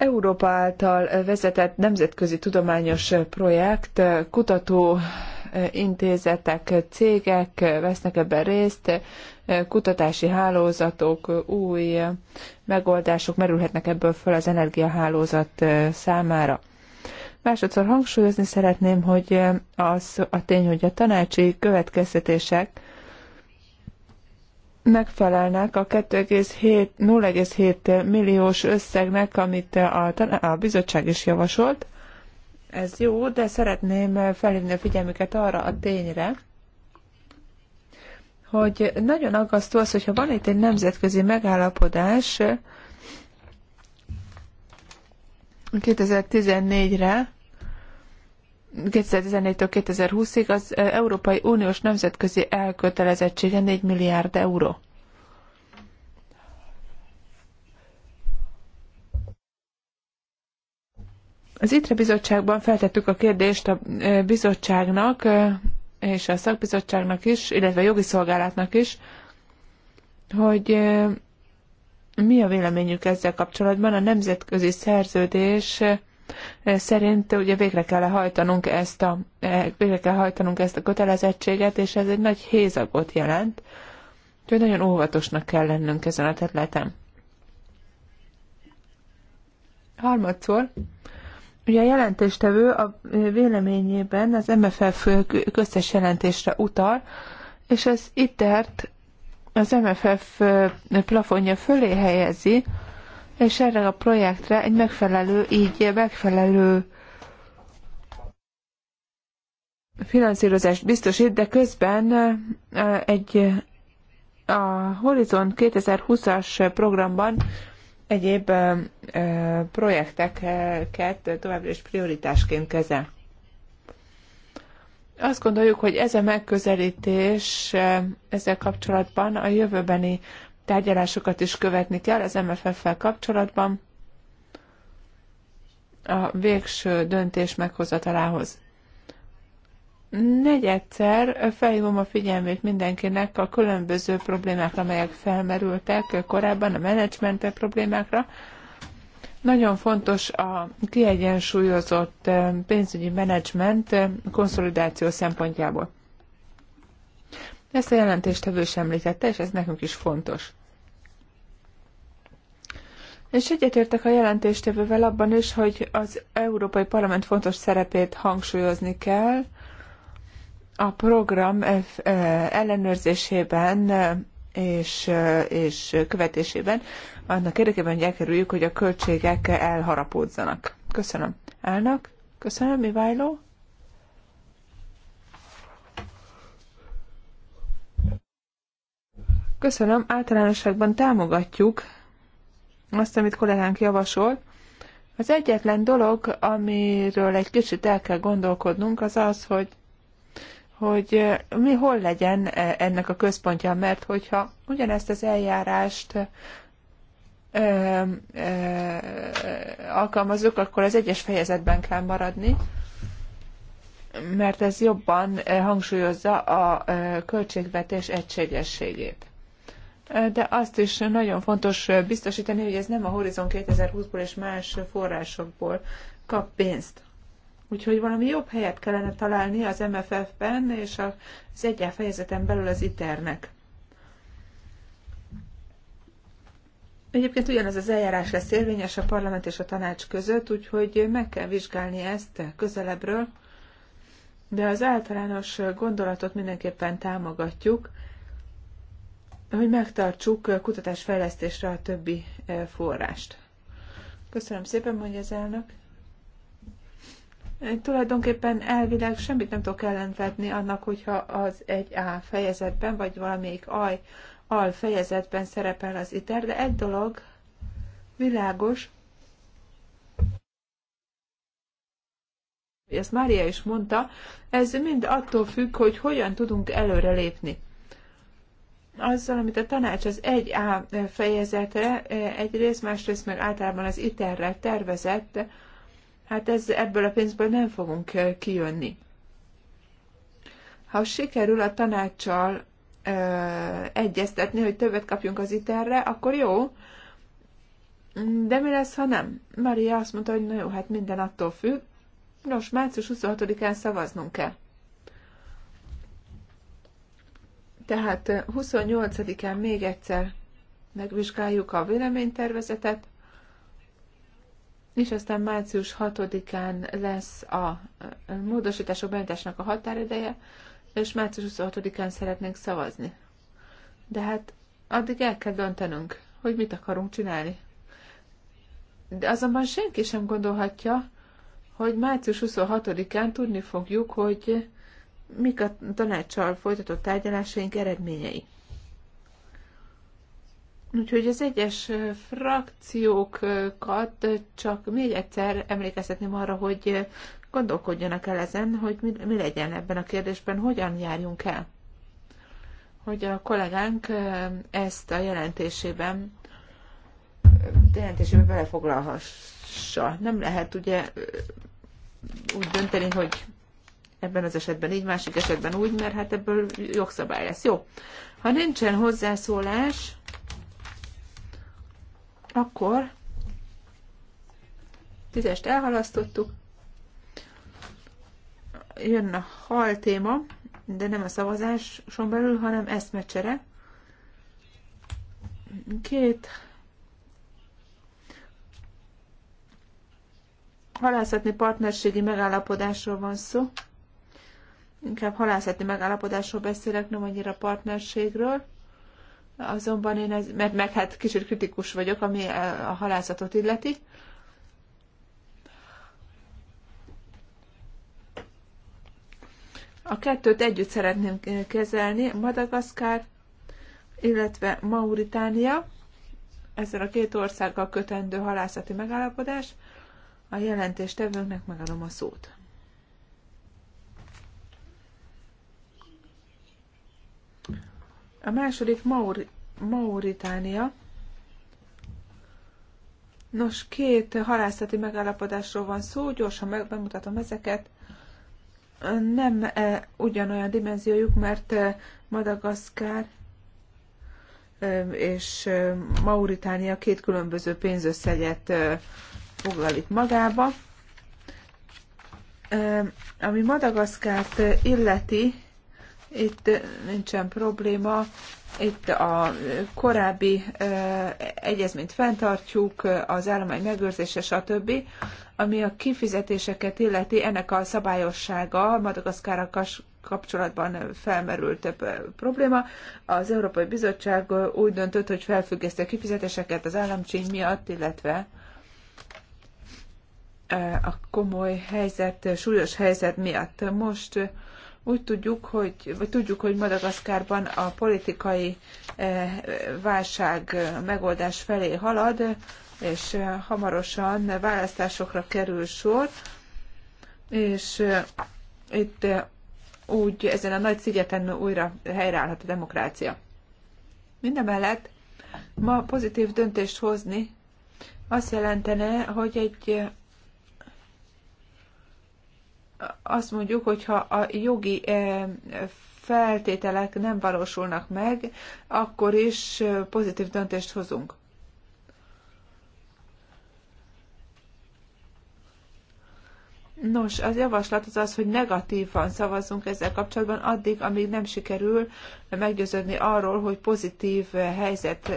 S1: Európa által vezetett nemzetközi tudományos projekt, kutató intézetek, cégek vesznek ebben részt, kutatási hálózatok, új megoldások merülhetnek ebből föl az energiahálózat számára. Másodszor hangsúlyozni szeretném, hogy az a tény, hogy a tanácsi következtetések megfelelnek a 0,7 milliós összegnek, amit a, a bizottság is javasolt. Ez jó, de szeretném felhívni a figyelmüket arra a tényre, hogy nagyon aggasztó az, hogyha van itt egy nemzetközi megállapodás 2014-re, 2014-től 2020-ig az Európai Uniós nemzetközi elkötelezettsége 4 milliárd euró. Az ITRE bizottságban feltettük a kérdést a bizottságnak és a szakbizottságnak is, illetve a jogi szolgálatnak is, hogy mi a véleményük ezzel kapcsolatban. A nemzetközi szerződés szerint ugye végre kell hajtanunk ezt a, végre kell hajtanunk ezt a kötelezettséget, és ez egy nagy hézagot jelent. Úgyhogy nagyon óvatosnak kell lennünk ezen a területen. Harmadszor, ugye a jelentéstevő a véleményében az MFF köztes jelentésre utal, és az ITERT az MFF plafonja fölé helyezi, és erre a projektre egy megfelelő, így megfelelő finanszírozást biztosít, de közben egy a Horizon 2020-as programban egyéb projekteket továbbra is prioritásként kezel. Azt gondoljuk, hogy ez a megközelítés ezzel kapcsolatban a jövőbeni tárgyalásokat is követni kell az MFF-fel kapcsolatban a végső döntés meghozatalához. Negyedszer felhívom a figyelmét mindenkinek a különböző problémákra, amelyek felmerültek korábban, a menedzsmente problémákra. Nagyon fontos a kiegyensúlyozott eh, pénzügyi menedzsment eh, konszolidáció szempontjából. Ezt a jelentéstevő is említette, és ez nekünk is fontos. És egyetértek a jelentéstevővel abban is, hogy az Európai Parlament fontos szerepét hangsúlyozni kell a program eh, ellenőrzésében eh, és, eh, és követésében, annak érdekében, hogy elkerüljük, hogy a költségek elharapódzanak. Köszönöm. Elnök, köszönöm, Iváló. Köszönöm, általánosságban támogatjuk azt, amit kollégánk javasol. Az egyetlen dolog, amiről egy kicsit el kell gondolkodnunk, az az, hogy hogy mi hol legyen e, ennek a központja, mert hogyha ugyanezt az eljárást ö, e, ö, e, alkalmazzuk, akkor az egyes fejezetben kell maradni, mert ez jobban hangsúlyozza a költségvetés egységességét de azt is nagyon fontos biztosítani, hogy ez nem a Horizon 2020-ból és más forrásokból kap pénzt. Úgyhogy valami jobb helyet kellene találni az MFF-ben és az egyá fejezeten belül az ITER-nek. Egyébként ugyanez az eljárás lesz érvényes a parlament és a tanács között, úgyhogy meg kell vizsgálni ezt közelebbről, de az általános gondolatot mindenképpen támogatjuk, hogy megtartsuk kutatásfejlesztésre a többi e, forrást. Köszönöm szépen, mondja az elnök. Én tulajdonképpen elvileg semmit nem tudok ellenvetni annak, hogyha az egy a fejezetben, vagy valamelyik aj, al fejezetben szerepel az ITER, de egy dolog világos, ezt Mária is mondta, ez mind attól függ, hogy hogyan tudunk előrelépni azzal, amit a tanács az 1A fejezetre e, egyrészt, másrészt meg általában az iterre tervezett, hát ez, ebből a pénzből nem fogunk e, kijönni. Ha sikerül a tanácssal ö, e, egyeztetni, hogy többet kapjunk az iterre, akkor jó, de mi lesz, ha nem? Maria azt mondta, hogy na jó, hát minden attól függ. Nos, március 26-án szavaznunk kell. Tehát 28-án még egyszer megvizsgáljuk a véleménytervezetet, és aztán március 6-án lesz a módosítások benyújtásnak a határideje, és március 26-án szeretnénk szavazni. De hát addig el kell döntenünk, hogy mit akarunk csinálni. De azonban senki sem gondolhatja, hogy március 26-án tudni fogjuk, hogy mik a tanácssal folytatott tárgyalásaink eredményei. Úgyhogy az egyes frakciókat csak még egyszer emlékeztetném arra, hogy gondolkodjanak el ezen, hogy mi, mi legyen ebben a kérdésben, hogyan járjunk el. Hogy a kollégánk ezt a jelentésében jelentésében belefoglalhassa. Nem lehet ugye úgy dönteni, hogy ebben az esetben így, másik esetben úgy, mert hát ebből jogszabály lesz. Jó. Ha nincsen hozzászólás, akkor tízest elhalasztottuk. Jön a hal téma, de nem a szavazáson belül, hanem eszmecsere. Két halászatni partnerségi megállapodásról van szó inkább halászati megállapodásról beszélek, nem annyira partnerségről. Azonban én ez, mert meg hát kicsit kritikus vagyok, ami a halászatot illeti. A kettőt együtt szeretném kezelni, Madagaszkár, illetve Mauritánia, ezzel a két országgal kötendő halászati megállapodás. A jelentéstevőnknek megadom a szót. A második Maur- Mauritánia. Nos, két halászati megállapodásról van szó, gyorsan meg, bemutatom ezeket. Nem e, ugyanolyan dimenziójuk, mert e, Madagaszkár e, és e, Mauritánia két különböző pénzösszeget e, foglal itt magába. E, ami Madagaszkárt e, illeti, itt nincsen probléma, itt a korábbi egyezményt fenntartjuk, az állomány megőrzése, stb. Ami a kifizetéseket illeti, ennek a szabályossága Madagaszkára kapcsolatban felmerült több probléma. Az Európai Bizottság úgy döntött, hogy felfüggeszti a kifizetéseket az államcsíny miatt, illetve a komoly helyzet, súlyos helyzet miatt. Most úgy tudjuk, hogy, vagy tudjuk, hogy Madagaszkárban a politikai eh, válság eh, megoldás felé halad, és eh, hamarosan választásokra kerül sor, és itt úgy ezen a nagy szigeten újra helyreállhat a demokrácia. Mindemellett ma pozitív döntést hozni azt jelentene, hogy egy azt mondjuk, hogyha a jogi eh, feltételek nem valósulnak meg, akkor is eh, pozitív döntést hozunk. Nos, az javaslat az az, hogy negatívan szavazzunk ezzel kapcsolatban addig, amíg nem sikerül meggyőződni arról, hogy pozitív eh, helyzet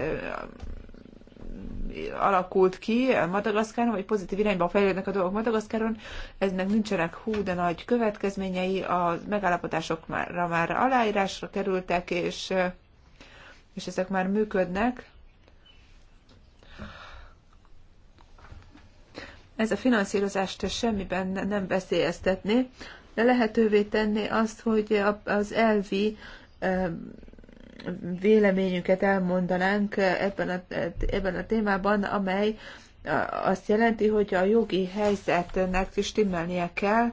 S1: alakult ki Madagaszkáron, vagy pozitív irányba fejlődnek a dolgok Madagaszkáron, eznek nincsenek hú, de nagy következményei, a megállapodások már, már aláírásra kerültek, és, és ezek már működnek. Ez a finanszírozást semmiben nem veszélyeztetné, de lehetővé tenni azt, hogy az elvi véleményünket elmondanánk ebben a, ebben a témában, amely azt jelenti, hogy a jogi helyzetnek is stimmelnie kell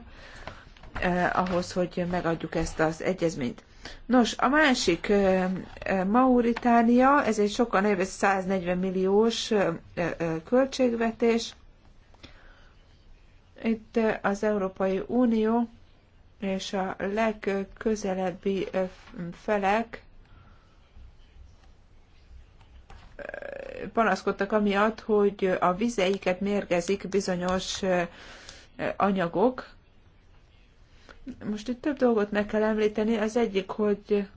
S1: eh, ahhoz, hogy megadjuk ezt az egyezményt. Nos, a másik eh, Mauritánia, ez egy sokkal nagyobb, 140 milliós eh, eh, költségvetés. Itt eh, az Európai Unió és a legközelebbi eh, felek panaszkodtak amiatt, hogy a vizeiket mérgezik bizonyos anyagok. Most itt több dolgot meg kell említeni. Az egyik, hogy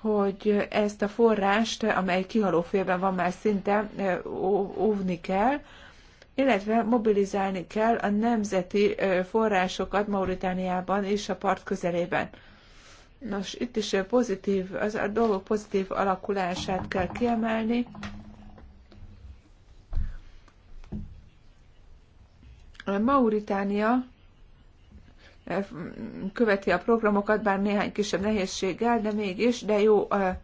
S1: hogy ezt a forrást, amely kihalófélben van már szinte, óvni kell, illetve mobilizálni kell a nemzeti forrásokat Mauritániában és a part közelében. Nos, itt is pozitív, az a dolgok pozitív alakulását kell kiemelni. A Mauritánia eh, követi a programokat, bár néhány kisebb nehézséggel, de mégis, de jó, eh,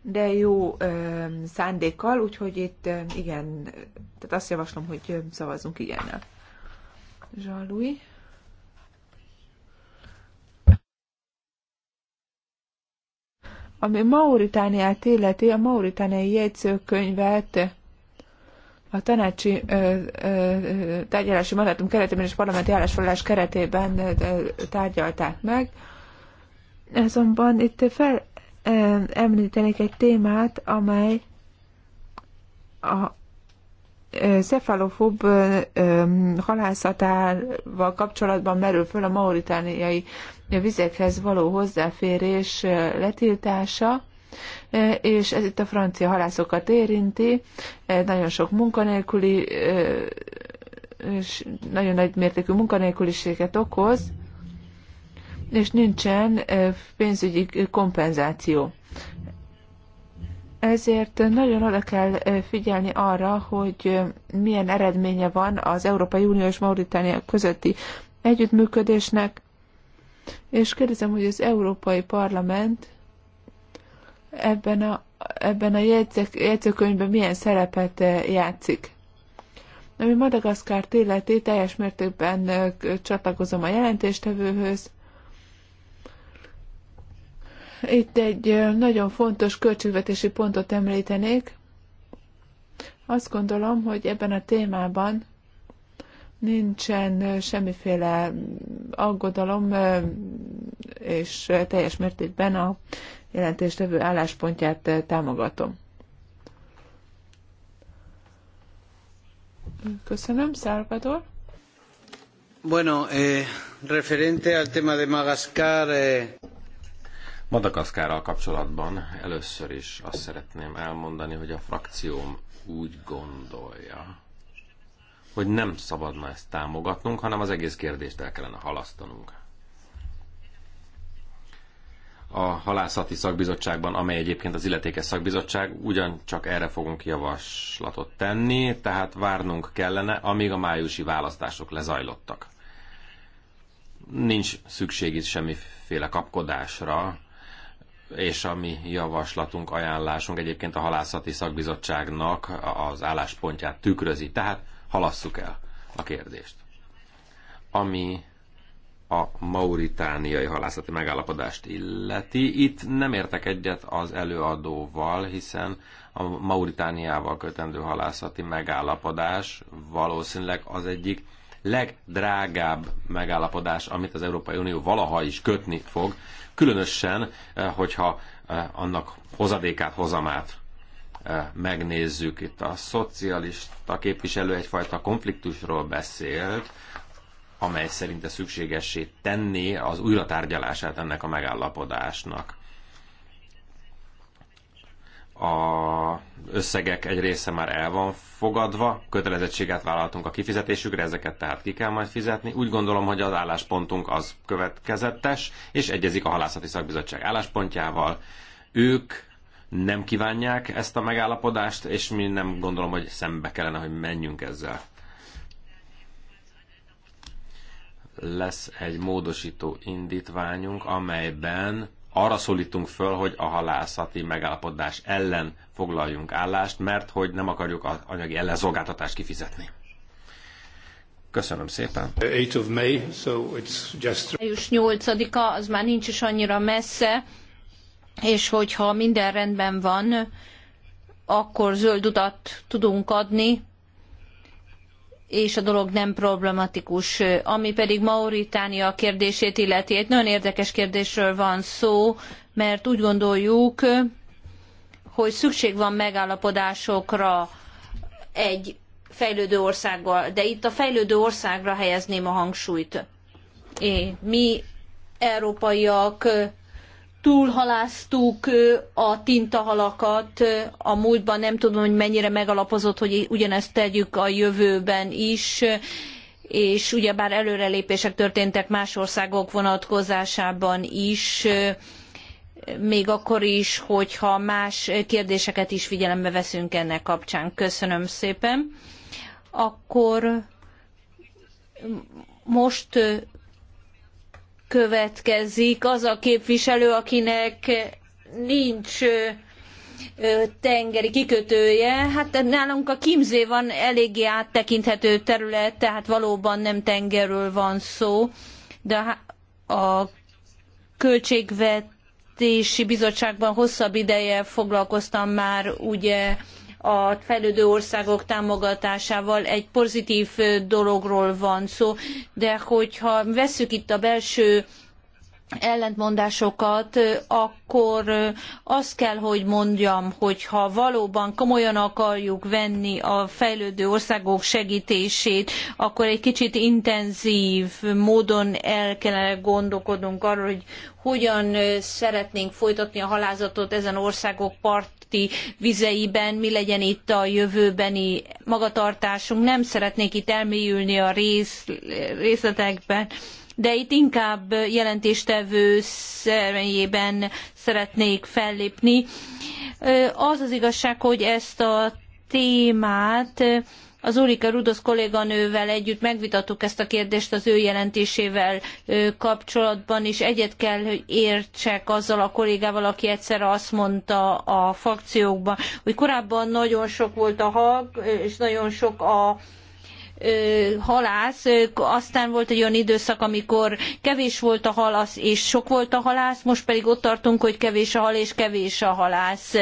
S1: de jó eh, szándékkal, úgyhogy itt igen, tehát azt javaslom, hogy szavazzunk igennel. Jean-Louis. Ami Mauritániát életi, a Mauritániai jegyzőkönyvet a tanácsi tárgyalási mandátum keretében és parlamenti állásfoglalás keretében tárgyalták meg. Azonban itt fel említenék egy témát, amely a szefalofób halászatával kapcsolatban merül föl a mauritániai a vizekhez való hozzáférés letiltása, és ez itt a francia halászokat érinti, nagyon sok munkanélküli, és nagyon nagy mértékű munkanélküliséget okoz, és nincsen pénzügyi kompenzáció. Ezért nagyon oda kell figyelni arra, hogy milyen eredménye van az Európai Unió és Mauritánia közötti együttműködésnek, és kérdezem, hogy az Európai Parlament ebben a, ebben a jegyzek, jegyzőkönyvben milyen szerepet eh, játszik. Ami Madagaszkár illeti, teljes mértékben eh, csatlakozom a jelentéstevőhöz. Itt egy eh, nagyon fontos költségvetési pontot említenék. Azt gondolom, hogy ebben a témában nincsen semmiféle mm, aggodalom, és teljes mértékben a jelentéstevő álláspontját támogatom.
S2: Köszönöm, Salvador.
S3: Bueno, eh, referente al tema de Madagascar. Eh...
S2: Madagaszkárral kapcsolatban először is azt szeretném elmondani, hogy a frakcióm úgy gondolja, hogy nem szabadna ezt támogatnunk, hanem az egész kérdést el kellene halasztanunk. A halászati szakbizottságban, amely egyébként az illetékes szakbizottság, ugyancsak erre fogunk javaslatot tenni, tehát várnunk kellene, amíg a májusi választások lezajlottak. Nincs szükség itt semmiféle kapkodásra, és a mi javaslatunk, ajánlásunk egyébként a halászati szakbizottságnak az álláspontját tükrözi. Tehát halasszuk el a kérdést. Ami a mauritániai halászati megállapodást illeti. Itt nem értek egyet az előadóval, hiszen a Mauritániával kötendő halászati megállapodás valószínűleg az egyik legdrágább megállapodás, amit az Európai Unió valaha is kötni fog, különösen, eh, hogyha eh, annak hozadékát, hozamát megnézzük. Itt a szocialista képviselő egyfajta konfliktusról beszélt, amely szerinte szükségessé tenni az újratárgyalását ennek a megállapodásnak. A összegek egy része már el van fogadva, kötelezettséget vállaltunk a kifizetésükre, ezeket tehát ki kell majd fizetni. Úgy gondolom, hogy az álláspontunk az következetes, és egyezik a halászati szakbizottság álláspontjával. Ők nem kívánják ezt a megállapodást, és mi nem gondolom, hogy szembe kellene, hogy menjünk ezzel. Lesz egy módosító indítványunk, amelyben arra szólítunk föl, hogy a halászati megállapodás ellen foglaljunk állást, mert hogy nem akarjuk az anyagi ellenszolgáltatást kifizetni. Köszönöm szépen. 8 of May, so it's just...
S3: Május 8-a, az már nincs is annyira messze, és hogyha minden rendben van, akkor zöld utat tudunk adni, és a dolog nem problematikus. Ami pedig Mauritánia kérdését illeti, egy nagyon érdekes kérdésről van szó, mert úgy gondoljuk, hogy szükség van megállapodásokra egy fejlődő országgal, de itt a fejlődő országra helyezném a hangsúlyt. É, mi európaiak túlhaláztuk a tintahalakat, a múltban nem tudom, hogy mennyire megalapozott, hogy ugyanezt tegyük a jövőben is, és ugyebár előrelépések történtek más országok vonatkozásában is, még akkor is, hogyha más kérdéseket is figyelembe veszünk ennek kapcsán. Köszönöm szépen. Akkor most következik az a képviselő, akinek nincs tengeri kikötője. Hát nálunk a Kimzé van eléggé áttekinthető terület, tehát valóban nem tengerről van szó, de a költségvetési bizottságban hosszabb ideje foglalkoztam már ugye a fejlődő országok támogatásával egy pozitív dologról van szó, de hogyha vesszük itt a belső ellentmondásokat, akkor azt kell, hogy mondjam, hogy ha valóban komolyan akarjuk venni a fejlődő országok segítését, akkor egy kicsit intenzív módon el kellene gondolkodnunk arról, hogy hogyan szeretnénk folytatni a halázatot ezen országok part Egyipti vizeiben, mi legyen itt a jövőbeni magatartásunk. Nem szeretnék itt elmélyülni a rész, részletekben, de itt inkább jelentéstevő személyében szeretnék fellépni. Az az igazság, hogy ezt a témát az Ulrike Rudosz kolléganővel együtt megvitattuk ezt a kérdést az ő jelentésével kapcsolatban, és egyet kell, hogy értsek azzal a kollégával, aki egyszer azt mondta a frakciókban, hogy korábban nagyon sok volt a hag, és nagyon sok a halász, aztán volt egy olyan időszak, amikor kevés volt a halász és sok volt a halász, most pedig ott tartunk, hogy kevés a hal és kevés a halász.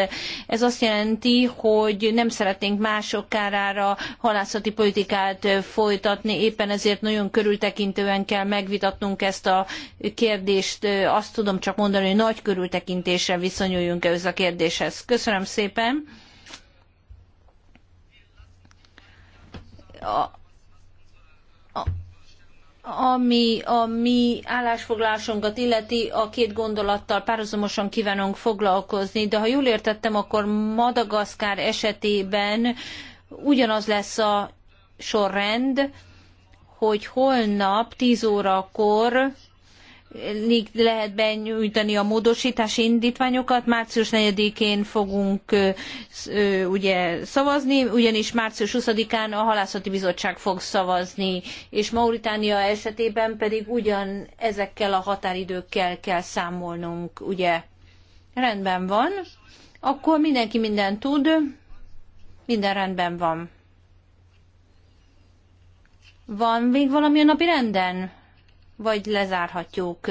S3: Ez azt jelenti, hogy nem szeretnénk mások kárára halászati politikát folytatni, éppen ezért nagyon körültekintően kell megvitatnunk ezt a kérdést. Azt tudom csak mondani, hogy nagy körültekintéssel viszonyuljunk ehhez a kérdéshez. Köszönöm szépen! A ami a mi állásfoglalásunkat illeti, a két gondolattal párhuzamosan kívánunk foglalkozni, de ha jól értettem, akkor Madagaszkár esetében ugyanaz lesz a sorrend, hogy holnap 10 órakor lehet benyújtani a módosítási indítványokat. Március 4-én fogunk ugye szavazni, ugyanis március 20-án a halászati bizottság fog szavazni, és Mauritánia esetében pedig ugyan ezekkel a határidőkkel kell számolnunk, ugye? Rendben van. Akkor mindenki mindent tud, minden rendben van. Van még valami a napi renden? vagy lezárhatjuk.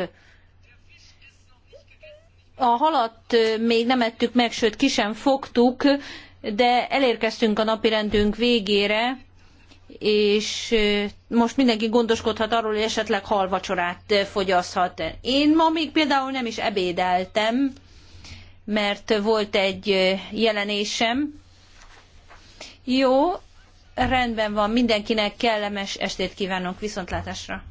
S3: A halat még nem ettük meg, sőt ki sem fogtuk, de elérkeztünk a napirendünk végére, és most mindenki gondoskodhat arról, hogy esetleg halvacsorát fogyaszhat. Én ma még például nem is ebédeltem, mert volt egy jelenésem. Jó, rendben van, mindenkinek kellemes estét kívánok, viszontlátásra!